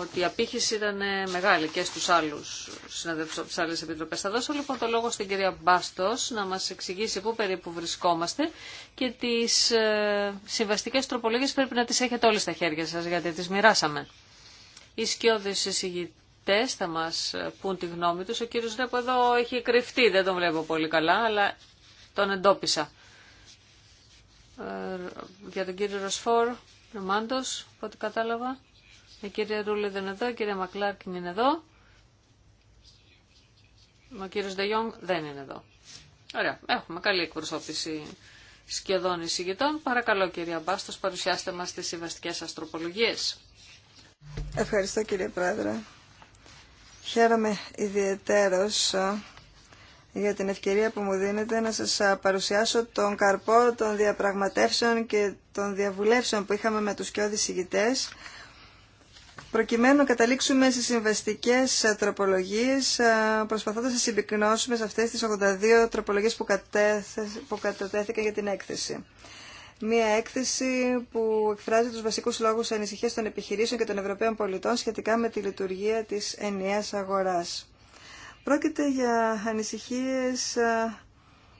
ότι η απήχηση ήταν μεγάλη και στους άλλους συναδέλφους από άλλες επιτροπές. Θα δώσω λοιπόν το λόγο στην κυρία Μπάστος να μας εξηγήσει πού περίπου βρισκόμαστε και τις ε, συμβαστικές τροπολογίες πρέπει να τις έχετε όλες στα χέρια σας γιατί τις μοιράσαμε. Οι ακροατές θα μας πούν τη γνώμη τους. Ο κύριος Ρέπο εδώ έχει κρυφτεί, δεν τον βλέπω πολύ καλά, αλλά τον εντόπισα. Ε, για τον κύριο Ροσφόρ, Ρωμάντος, από ό,τι κατάλαβα. Η κυρία Ρούλη δεν είναι εδώ, η κυρία Μακλάρκιν είναι εδώ. Ο κύριος Ντεγιόν δεν είναι εδώ. Ωραία, έχουμε καλή εκπροσώπηση σχεδόν εισηγητών. Παρακαλώ κυρία Μπάστος, παρουσιάστε μας τις συμβαστικές αστροπολογίες. Ευχαριστώ κύριε Πρόεδρε. Χαίρομαι ιδιαιτέρως ε, για την ευκαιρία που μου δίνετε να σας ε, παρουσιάσω τον καρπό των διαπραγματεύσεων και των διαβουλεύσεων που είχαμε με τους και ηγητές προκειμένου να καταλήξουμε σε συμβαστικές ε, τροπολογίες προσπαθώντας να συμπυκνώσουμε σε αυτές τις 82 τροπολογίες που, που κατατέθηκαν για την έκθεση. Μία έκθεση που εκφράζει τους βασικούς λόγους ανησυχίας των επιχειρήσεων και των Ευρωπαίων πολιτών σχετικά με τη λειτουργία της ενιαίας αγοράς. Πρόκειται για ανησυχίες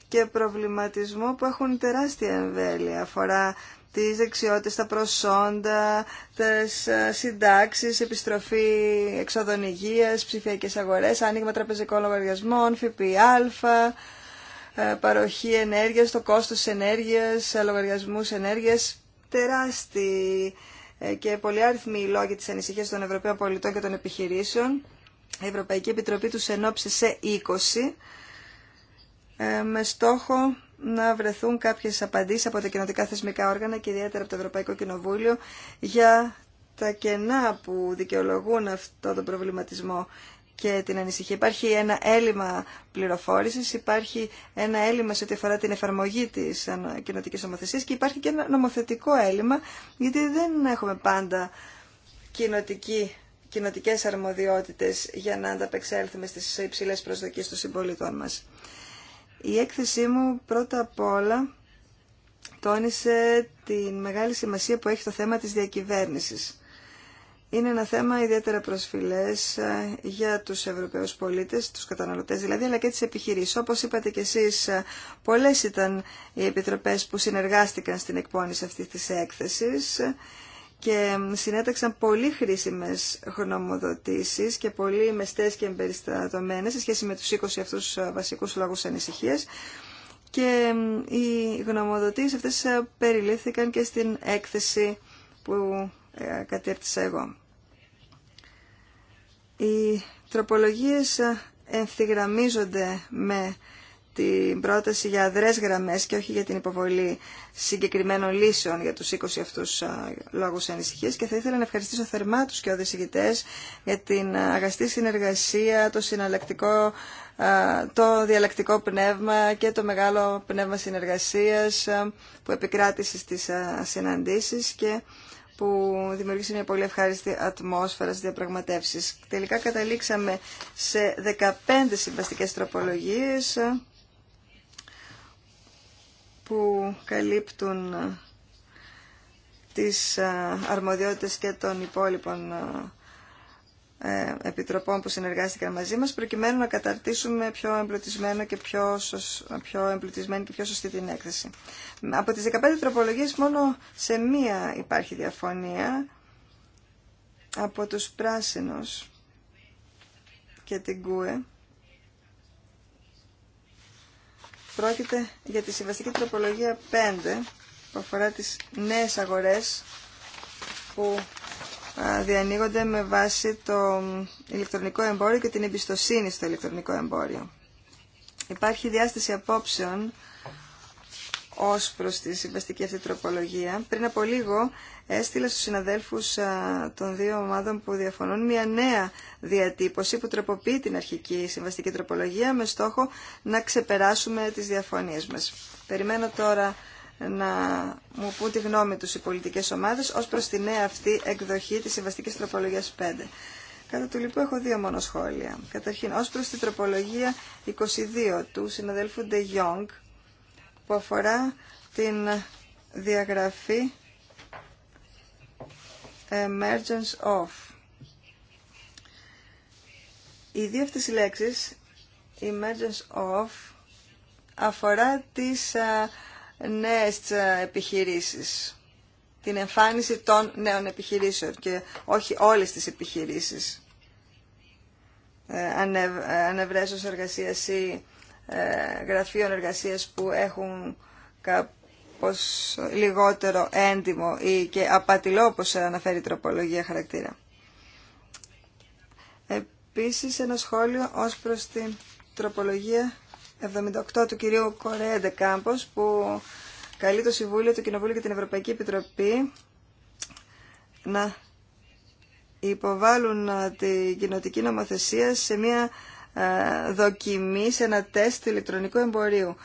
και προβληματισμό που έχουν τεράστια εμβέλεια. Αφορά τις δεξιότητες, τα προσόντα, τις συντάξεις, επιστροφή εξοδων υγείας, ψηφιακές αγορές, άνοιγμα τραπεζικών λογαριασμών, ΦΠΑ, ε, παροχή ενέργειας, το κόστος ενέργειας, ε, λογαριασμούς ενέργειας, τεράστιοι ε, και πολύ αριθμοί λόγοι της ανησυχίας των Ευρωπαίων πολιτών και των επιχειρήσεων. Η Ευρωπαϊκή Επιτροπή τους ενόψε σε 20 με στόχο να βρεθούν κάποιες απαντήσεις από τα κοινοτικά θεσμικά όργανα και ιδιαίτερα από το Ευρωπαϊκό Κοινοβούλιο για τα κενά που δικαιολογούν αυτό τον προβληματισμό και την ανησυχία. Υπάρχει ένα έλλειμμα πληροφόρησης, υπάρχει ένα έλλειμμα σε ό,τι αφορά την εφαρμογή της κοινοτικής νομοθεσίας και υπάρχει και ένα νομοθετικό έλλειμμα γιατί δεν έχουμε πάντα κοινοτική κοινοτικές αρμοδιότητες για να ανταπεξέλθουμε στις υψηλές προσδοκίες των συμπολιτών μας. Η έκθεσή μου πρώτα απ' όλα τόνισε τη μεγάλη σημασία που έχει το θέμα της διακυβέρνησης είναι ένα θέμα ιδιαίτερα προσφυλές ε, για τους Ευρωπαίους πολίτες, τους καταναλωτές δηλαδή, αλλά και τις επιχειρήσεις. Όπως είπατε και εσείς, ε, πολλές ήταν οι επιτροπές που συνεργάστηκαν στην εκπόνηση αυτής της έκθεσης και συνέταξαν πολύ χρήσιμες γνωμοδοτήσεις και πολύ μεστές και εμπεριστατωμένες σε σχέση με τους 20 αυτούς ε, βασικούς λόγους ανησυχία. Και οι γνωμοδοτήσεις αυτές περιλήφθηκαν και στην έκθεση που κατήρτισα εγώ. Οι τροπολογίες ενθυγραμμίζονται με την πρόταση για αδρές γραμμές και όχι για την υποβολή συγκεκριμένων λύσεων για τους 20 αυτούς λόγους ανησυχίας και θα ήθελα να ευχαριστήσω θερμά τους και οδησηγητές για την αγαστή συνεργασία, το συναλλακτικό το διαλλακτικό πνεύμα και το μεγάλο πνεύμα συνεργασίας που επικράτησε στις συναντήσεις και που δημιούργησε μια πολύ ευχάριστη ατμόσφαιρα στις διαπραγματεύσεις. Τελικά καταλήξαμε σε 15 συμβαστικές τροπολογίες που καλύπτουν τις αρμοδιότητες και των υπόλοιπων ε, επιτροπών που συνεργάστηκαν μαζί μας προκειμένου να καταρτήσουμε πιο εμπλουτισμένο και πιο, σωσ... πιο εμπλουτισμένη και πιο σωστή την έκθεση. Από τις 15 τροπολογίες μόνο σε μία υπάρχει διαφωνία από τους πράσινους και την ΚΟΕ. Πρόκειται για τη συμβαστική τροπολογία 5 που αφορά τις νέες αγορές που διανοίγονται με βάση το ηλεκτρονικό εμπόριο και την εμπιστοσύνη στο ηλεκτρονικό εμπόριο. Υπάρχει διάσταση απόψεων ως προς τη συμβαστική αυτή τροπολογία. Πριν από λίγο έστειλα στους συναδέλφους των δύο ομάδων που διαφωνούν μια νέα διατύπωση που τροποποιεί την αρχική συμβαστική τροπολογία με στόχο να ξεπεράσουμε τις διαφωνίες μας. Περιμένω τώρα να μου πούν τη γνώμη τους οι πολιτικές ομάδες ως προς τη νέα αυτή εκδοχή της συμβαστικής τροπολογίας 5. Κατά του λοιπόν έχω δύο μόνο σχόλια. Καταρχήν, ως προς την τροπολογία 22 του συναδέλφου De Jong, που αφορά την διαγραφή emergence of. Οι δύο αυτές οι λέξεις, emergence of, αφορά τις ε, νέες επιχειρήσεις, την εμφάνιση των νέων επιχειρήσεων και όχι όλες τις επιχειρήσεις ε, ανευρέσεως εργασίας ή ε, γραφείων εργασίας που έχουν κάπως λιγότερο έντιμο ή και απατηλό όπως αναφέρει η τροπολογία χαρακτήρα. Επίσης ένα σχόλιο ως προς την τροπολογία 78 του κυρίου Κορέντε Κάμπος που καλεί το Συμβούλιο, το Κοινοβούλιο και την Ευρωπαϊκή Επιτροπή να υποβάλουν την κοινοτική νομοθεσία σε μια δοκιμή, σε ένα τεστ ηλεκτρονικού εμπορίου.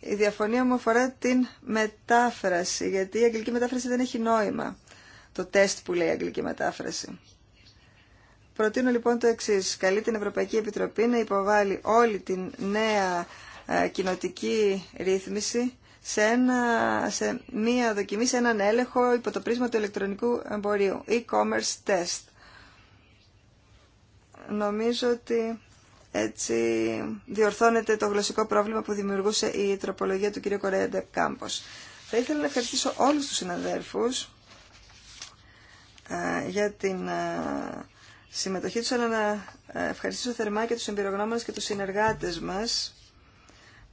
Η διαφωνία μου αφορά την μετάφραση, γιατί η αγγλική μετάφραση δεν έχει νόημα. Το τεστ που λέει η αγγλική μετάφραση. Προτείνω λοιπόν το εξή. Καλεί την Ευρωπαϊκή Επιτροπή να υποβάλει όλη την νέα ε, κοινοτική ρύθμιση σε, ένα, σε μία δοκιμή, σε έναν έλεγχο υπό το πρίσμα του ηλεκτρονικού εμπορίου, e-commerce test. Νομίζω ότι έτσι διορθώνεται το γλωσσικό πρόβλημα που δημιουργούσε η τροπολογία του κ. Κορέντε Κάμπος. Θα ήθελα να ευχαριστήσω όλους τους συναδέλφους ε, για την ε, συμμετοχή τους, αλλά να ε, ευχαριστήσω θερμά και τους εμπειρογνώμενους και τους συνεργάτες μας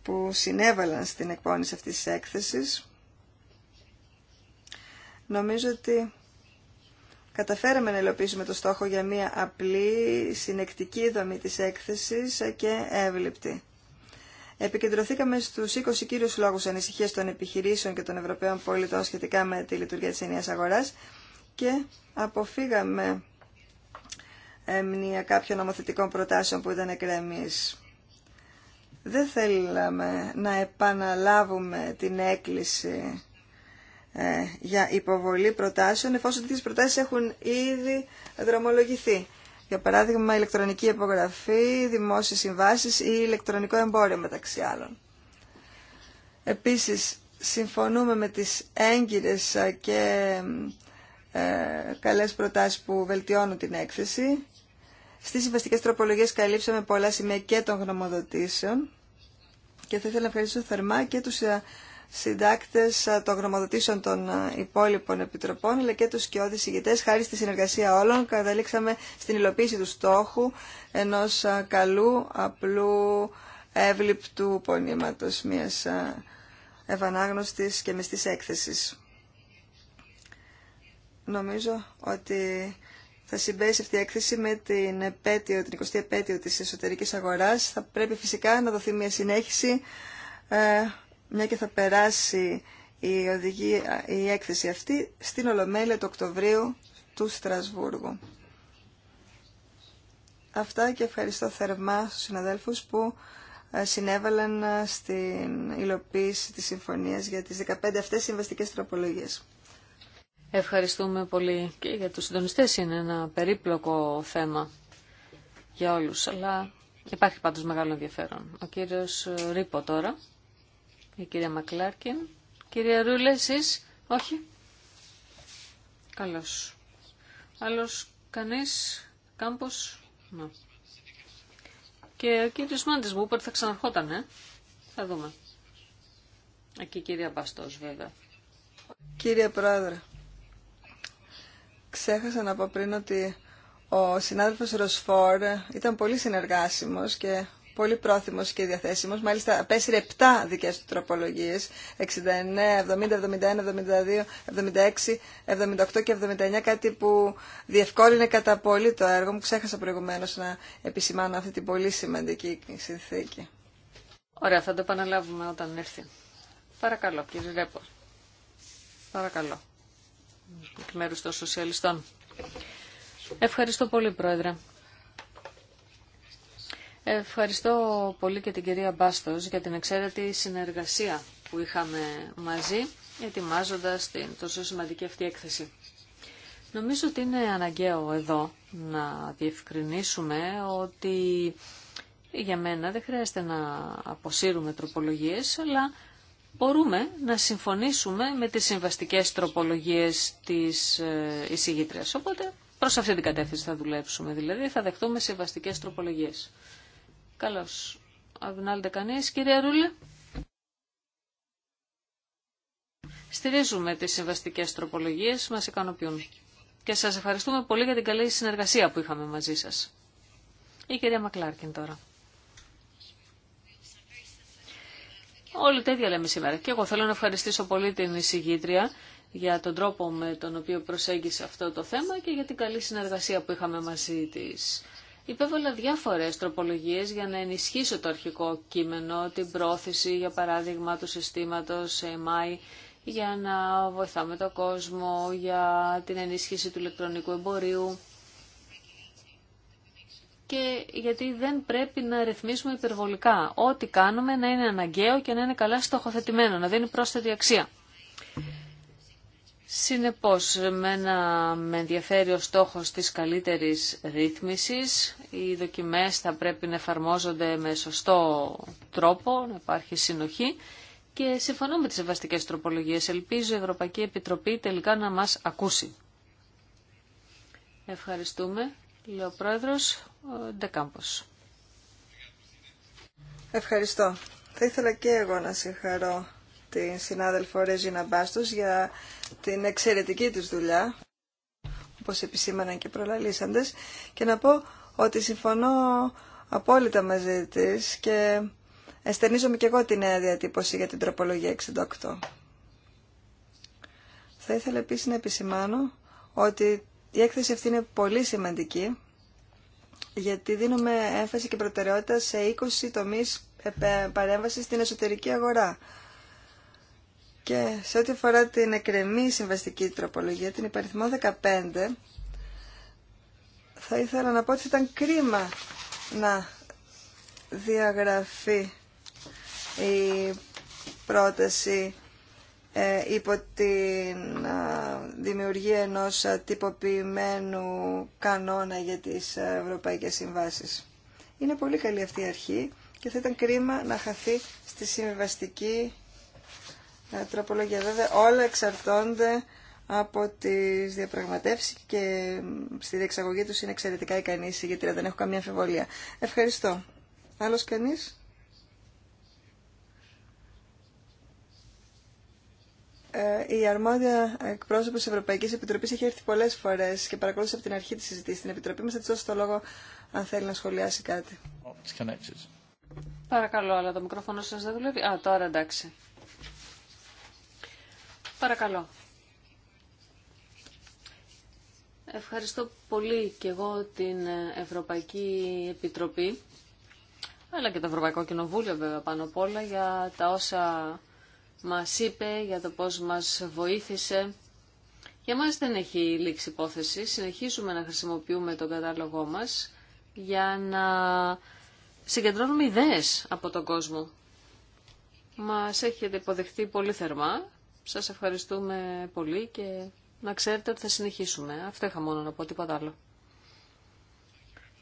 που συνέβαλαν στην εκπόνηση αυτής της έκθεσης. Νομίζω ότι καταφέραμε να υλοποιήσουμε το στόχο για μια απλή, συνεκτική δομή της έκθεσης και εύληπτη. Επικεντρωθήκαμε στους 20 κύριους λόγους ανησυχίας των επιχειρήσεων και των Ευρωπαίων πολιτών σχετικά με τη λειτουργία της ενιαίας αγοράς και αποφύγαμε έμνοια κάποιων νομοθετικών προτάσεων που ήταν εκρεμής. Δεν θέλαμε να επαναλάβουμε την έκκληση ε, για υποβολή προτάσεων εφόσον τις προτάσεις έχουν ήδη δρομολογηθεί. Για παράδειγμα, ηλεκτρονική υπογραφή, δημόσιες συμβάσεις ή ηλεκτρονικό εμπόριο μεταξύ άλλων. Επίσης, συμφωνούμε με τις έγκυρες και ε, καλές προτάσεις που βελτιώνουν την έκθεση στις συμβαστικές τροπολογίες καλύψαμε πολλά σημεία και των γνωμοδοτήσεων και θα ήθελα να ευχαριστήσω θερμά και τους ε, συντάκτες ε, των γνωμοδοτήσεων των ε, υπόλοιπων επιτροπών αλλά και τους σκιώδης ηγητές. Χάρη στη συνεργασία όλων καταλήξαμε στην υλοποίηση του στόχου ενός καλού, απλού, εύληπτου πονήματος μιας ευανάγνωστης και μεστής έκθεσης. Νομίζω ότι θα συμπέσει αυτή η έκθεση με την, επέτειο, την 20η επέτειο της εσωτερικής αγοράς. Θα πρέπει φυσικά να δοθεί μια συνέχιση, ε, μια και θα περάσει η, οδηγή, η έκθεση αυτή στην Ολομέλεια του Οκτωβρίου του Στρασβούργου. Αυτά και ευχαριστώ θερμά στους συναδέλφους που ε, συνέβαλαν στην υλοποίηση της συμφωνίας για τις 15 αυτές συμβαστικές τροπολογίες. Ευχαριστούμε πολύ και για τους συντονιστές. Είναι ένα περίπλοκο θέμα για όλους, αλλά υπάρχει πάντως μεγάλο ενδιαφέρον. Ο κύριος Ρίπο τώρα, η κυρία Μακλάρκιν, κυρία Ρούλε, εσείς, όχι. Καλώς. Άλλος κανείς, κάμπος, ναι. Και ο κύριος Μάντης μου είπε θα ξαναρχόταν, ε. Θα δούμε. Εκεί η κυρία Μπαστός βέβαια. Κύριε Πρόεδρε. Ξέχασα να πω πριν ότι ο συνάδελφος Ροσφόρ ήταν πολύ συνεργάσιμος και πολύ πρόθυμος και διαθέσιμος. Μάλιστα, πέσει 7 δικές του τροπολογίες, 69, 70, 71, 72, 76, 78 και 79, κάτι που διευκόλυνε κατά πολύ το έργο μου. Ξέχασα προηγουμένως να επισημάνω αυτή την πολύ σημαντική συνθήκη. Ωραία, θα το επαναλάβουμε όταν έρθει. Παρακαλώ, κύριε Ρέπο. Παρακαλώ εκ μέρους των σοσιαλιστών. Ευχαριστώ πολύ, Πρόεδρε. Ευχαριστώ πολύ και την κυρία Μπάστος για την εξαίρετη συνεργασία που είχαμε μαζί, ετοιμάζοντας την τόσο σημαντική αυτή έκθεση. Νομίζω ότι είναι αναγκαίο εδώ να διευκρινίσουμε ότι για μένα δεν χρειάζεται να αποσύρουμε τροπολογίες, αλλά μπορούμε να συμφωνήσουμε με τις συμβαστικές τροπολογίες της ε, εισηγήτριας. Οπότε προς αυτή την κατεύθυνση θα δουλέψουμε, δηλαδή θα δεχτούμε συμβαστικές τροπολογίες. Καλώς. Αδυνάλλεται κανείς, κυρία Ρούλε. Στηρίζουμε τις συμβαστικές τροπολογίες, μας ικανοποιούν. Και σας ευχαριστούμε πολύ για την καλή συνεργασία που είχαμε μαζί σας. Η κυρία Μακλάρκιν τώρα. Όλοι τέτοια λέμε σήμερα. Και εγώ θέλω να ευχαριστήσω πολύ την εισηγήτρια για τον τρόπο με τον οποίο προσέγγισε αυτό το θέμα και για την καλή συνεργασία που είχαμε μαζί της. Υπέβαλα διάφορες τροπολογίες για να ενισχύσω το αρχικό κείμενο, την πρόθεση, για παράδειγμα, του συστήματος MI, για να βοηθάμε τον κόσμο, για την ενίσχυση του ηλεκτρονικού εμπορίου και γιατί δεν πρέπει να ρυθμίσουμε υπερβολικά. Ό,τι κάνουμε να είναι αναγκαίο και να είναι καλά στοχοθετημένο, να δίνει πρόσθετη αξία. Συνεπώς, με, με ενδιαφέρει ο στόχος της καλύτερης ρύθμισης. Οι δοκιμές θα πρέπει να εφαρμόζονται με σωστό τρόπο, να υπάρχει συνοχή. Και συμφωνώ με τις ευαστικές τροπολογίες. Ελπίζω η Ευρωπαϊκή Επιτροπή τελικά να μας ακούσει. Ευχαριστούμε, Λέω Ευχαριστώ. Θα ήθελα και εγώ να συγχαρώ την συνάδελφο Ρέζινα Μπάστος για την εξαιρετική της δουλειά, όπως επισήμαναν και προλαλήσαντες, και να πω ότι συμφωνώ απόλυτα μαζί της και Εστενίζομαι και εγώ τη νέα διατύπωση για την τροπολογία 68. Θα ήθελα επίσης να επισημάνω ότι η έκθεση αυτή είναι πολύ σημαντική γιατί δίνουμε έμφαση και προτεραιότητα σε 20 τομείς ε, παρέμβαση στην εσωτερική αγορά. Και σε ό,τι αφορά την εκρεμή συμβαστική τροπολογία, την υπαριθμό 15, θα ήθελα να πω ότι ήταν κρίμα να διαγραφεί η πρόταση ε, υπό την δημιουργία ενός τυποποιημένου κανόνα για τις ε, ευρωπαϊκές συμβάσεις. Είναι πολύ καλή αυτή η αρχή και θα ήταν κρίμα να χαθεί στη σύμβαστική ε, τροπολογία. Βέβαια όλα εξαρτώνται από τις διαπραγματεύσεις και στη διεξαγωγή τους είναι εξαιρετικά ικανή γιατί δεν έχω καμία αμφιβολία. Ευχαριστώ. Άλλος κανείς? Ε, η αρμόδια εκπρόσωπο τη Ευρωπαϊκή Επιτροπή έχει έρθει πολλέ φορέ και παρακολούθησε από την αρχή τη συζήτηση στην Επιτροπή μα. Θα τη δώσω το λόγο αν θέλει να σχολιάσει κάτι. Oh, Παρακαλώ, αλλά το μικρόφωνο σα δεν δουλεύει. Α, τώρα εντάξει. Παρακαλώ. Ευχαριστώ πολύ και εγώ την Ευρωπαϊκή Επιτροπή αλλά και το Ευρωπαϊκό Κοινοβούλιο βέβαια πάνω απ' όλα για τα όσα μας είπε, για το πώς μας βοήθησε. Για μας δεν έχει λήξει υπόθεση. Συνεχίζουμε να χρησιμοποιούμε τον κατάλογό μας για να συγκεντρώνουμε ιδέες από τον κόσμο. Μας έχετε υποδεχτεί πολύ θερμά. Σας ευχαριστούμε πολύ και να ξέρετε ότι θα συνεχίσουμε. Αυτό είχα μόνο να πω, τίποτα άλλο.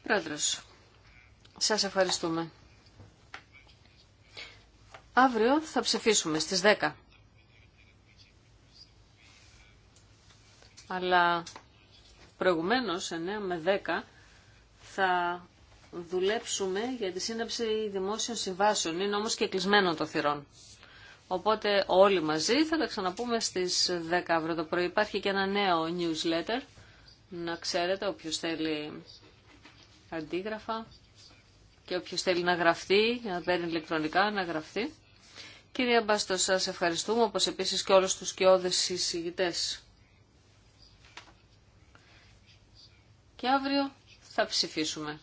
Πρόεδρος, σας ευχαριστούμε. Αύριο θα ψηφίσουμε στις 10. Αλλά προηγουμένως, 9 με 10, θα δουλέψουμε για τη σύναψη δημόσιων συμβάσεων. Είναι όμως και κλεισμένο το θυρών. Οπότε όλοι μαζί θα τα ξαναπούμε στις 10 αύριο το πρωί. Υπάρχει και ένα νέο newsletter. Να ξέρετε, όποιος θέλει αντίγραφα και όποιος θέλει να γραφτεί, να παίρνει ηλεκτρονικά, να γραφτεί. Κυρία Μπάστο, σας ευχαριστούμε, όπως επίσης και όλους τους κοιόδες συζητητές. Και αύριο θα ψηφίσουμε.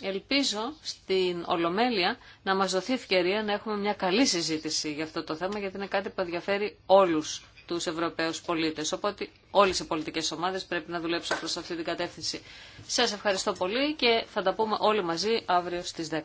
Ελπίζω στην Ολομέλεια να μας δοθεί ευκαιρία να έχουμε μια καλή συζήτηση για αυτό το θέμα, γιατί είναι κάτι που ενδιαφέρει όλους τους Ευρωπαίους πολίτες. Οπότε όλες οι πολιτικές ομάδες πρέπει να δουλέψουν προς αυτή την κατεύθυνση. Σας ευχαριστώ πολύ και θα τα πούμε όλοι μαζί αύριο στις 10.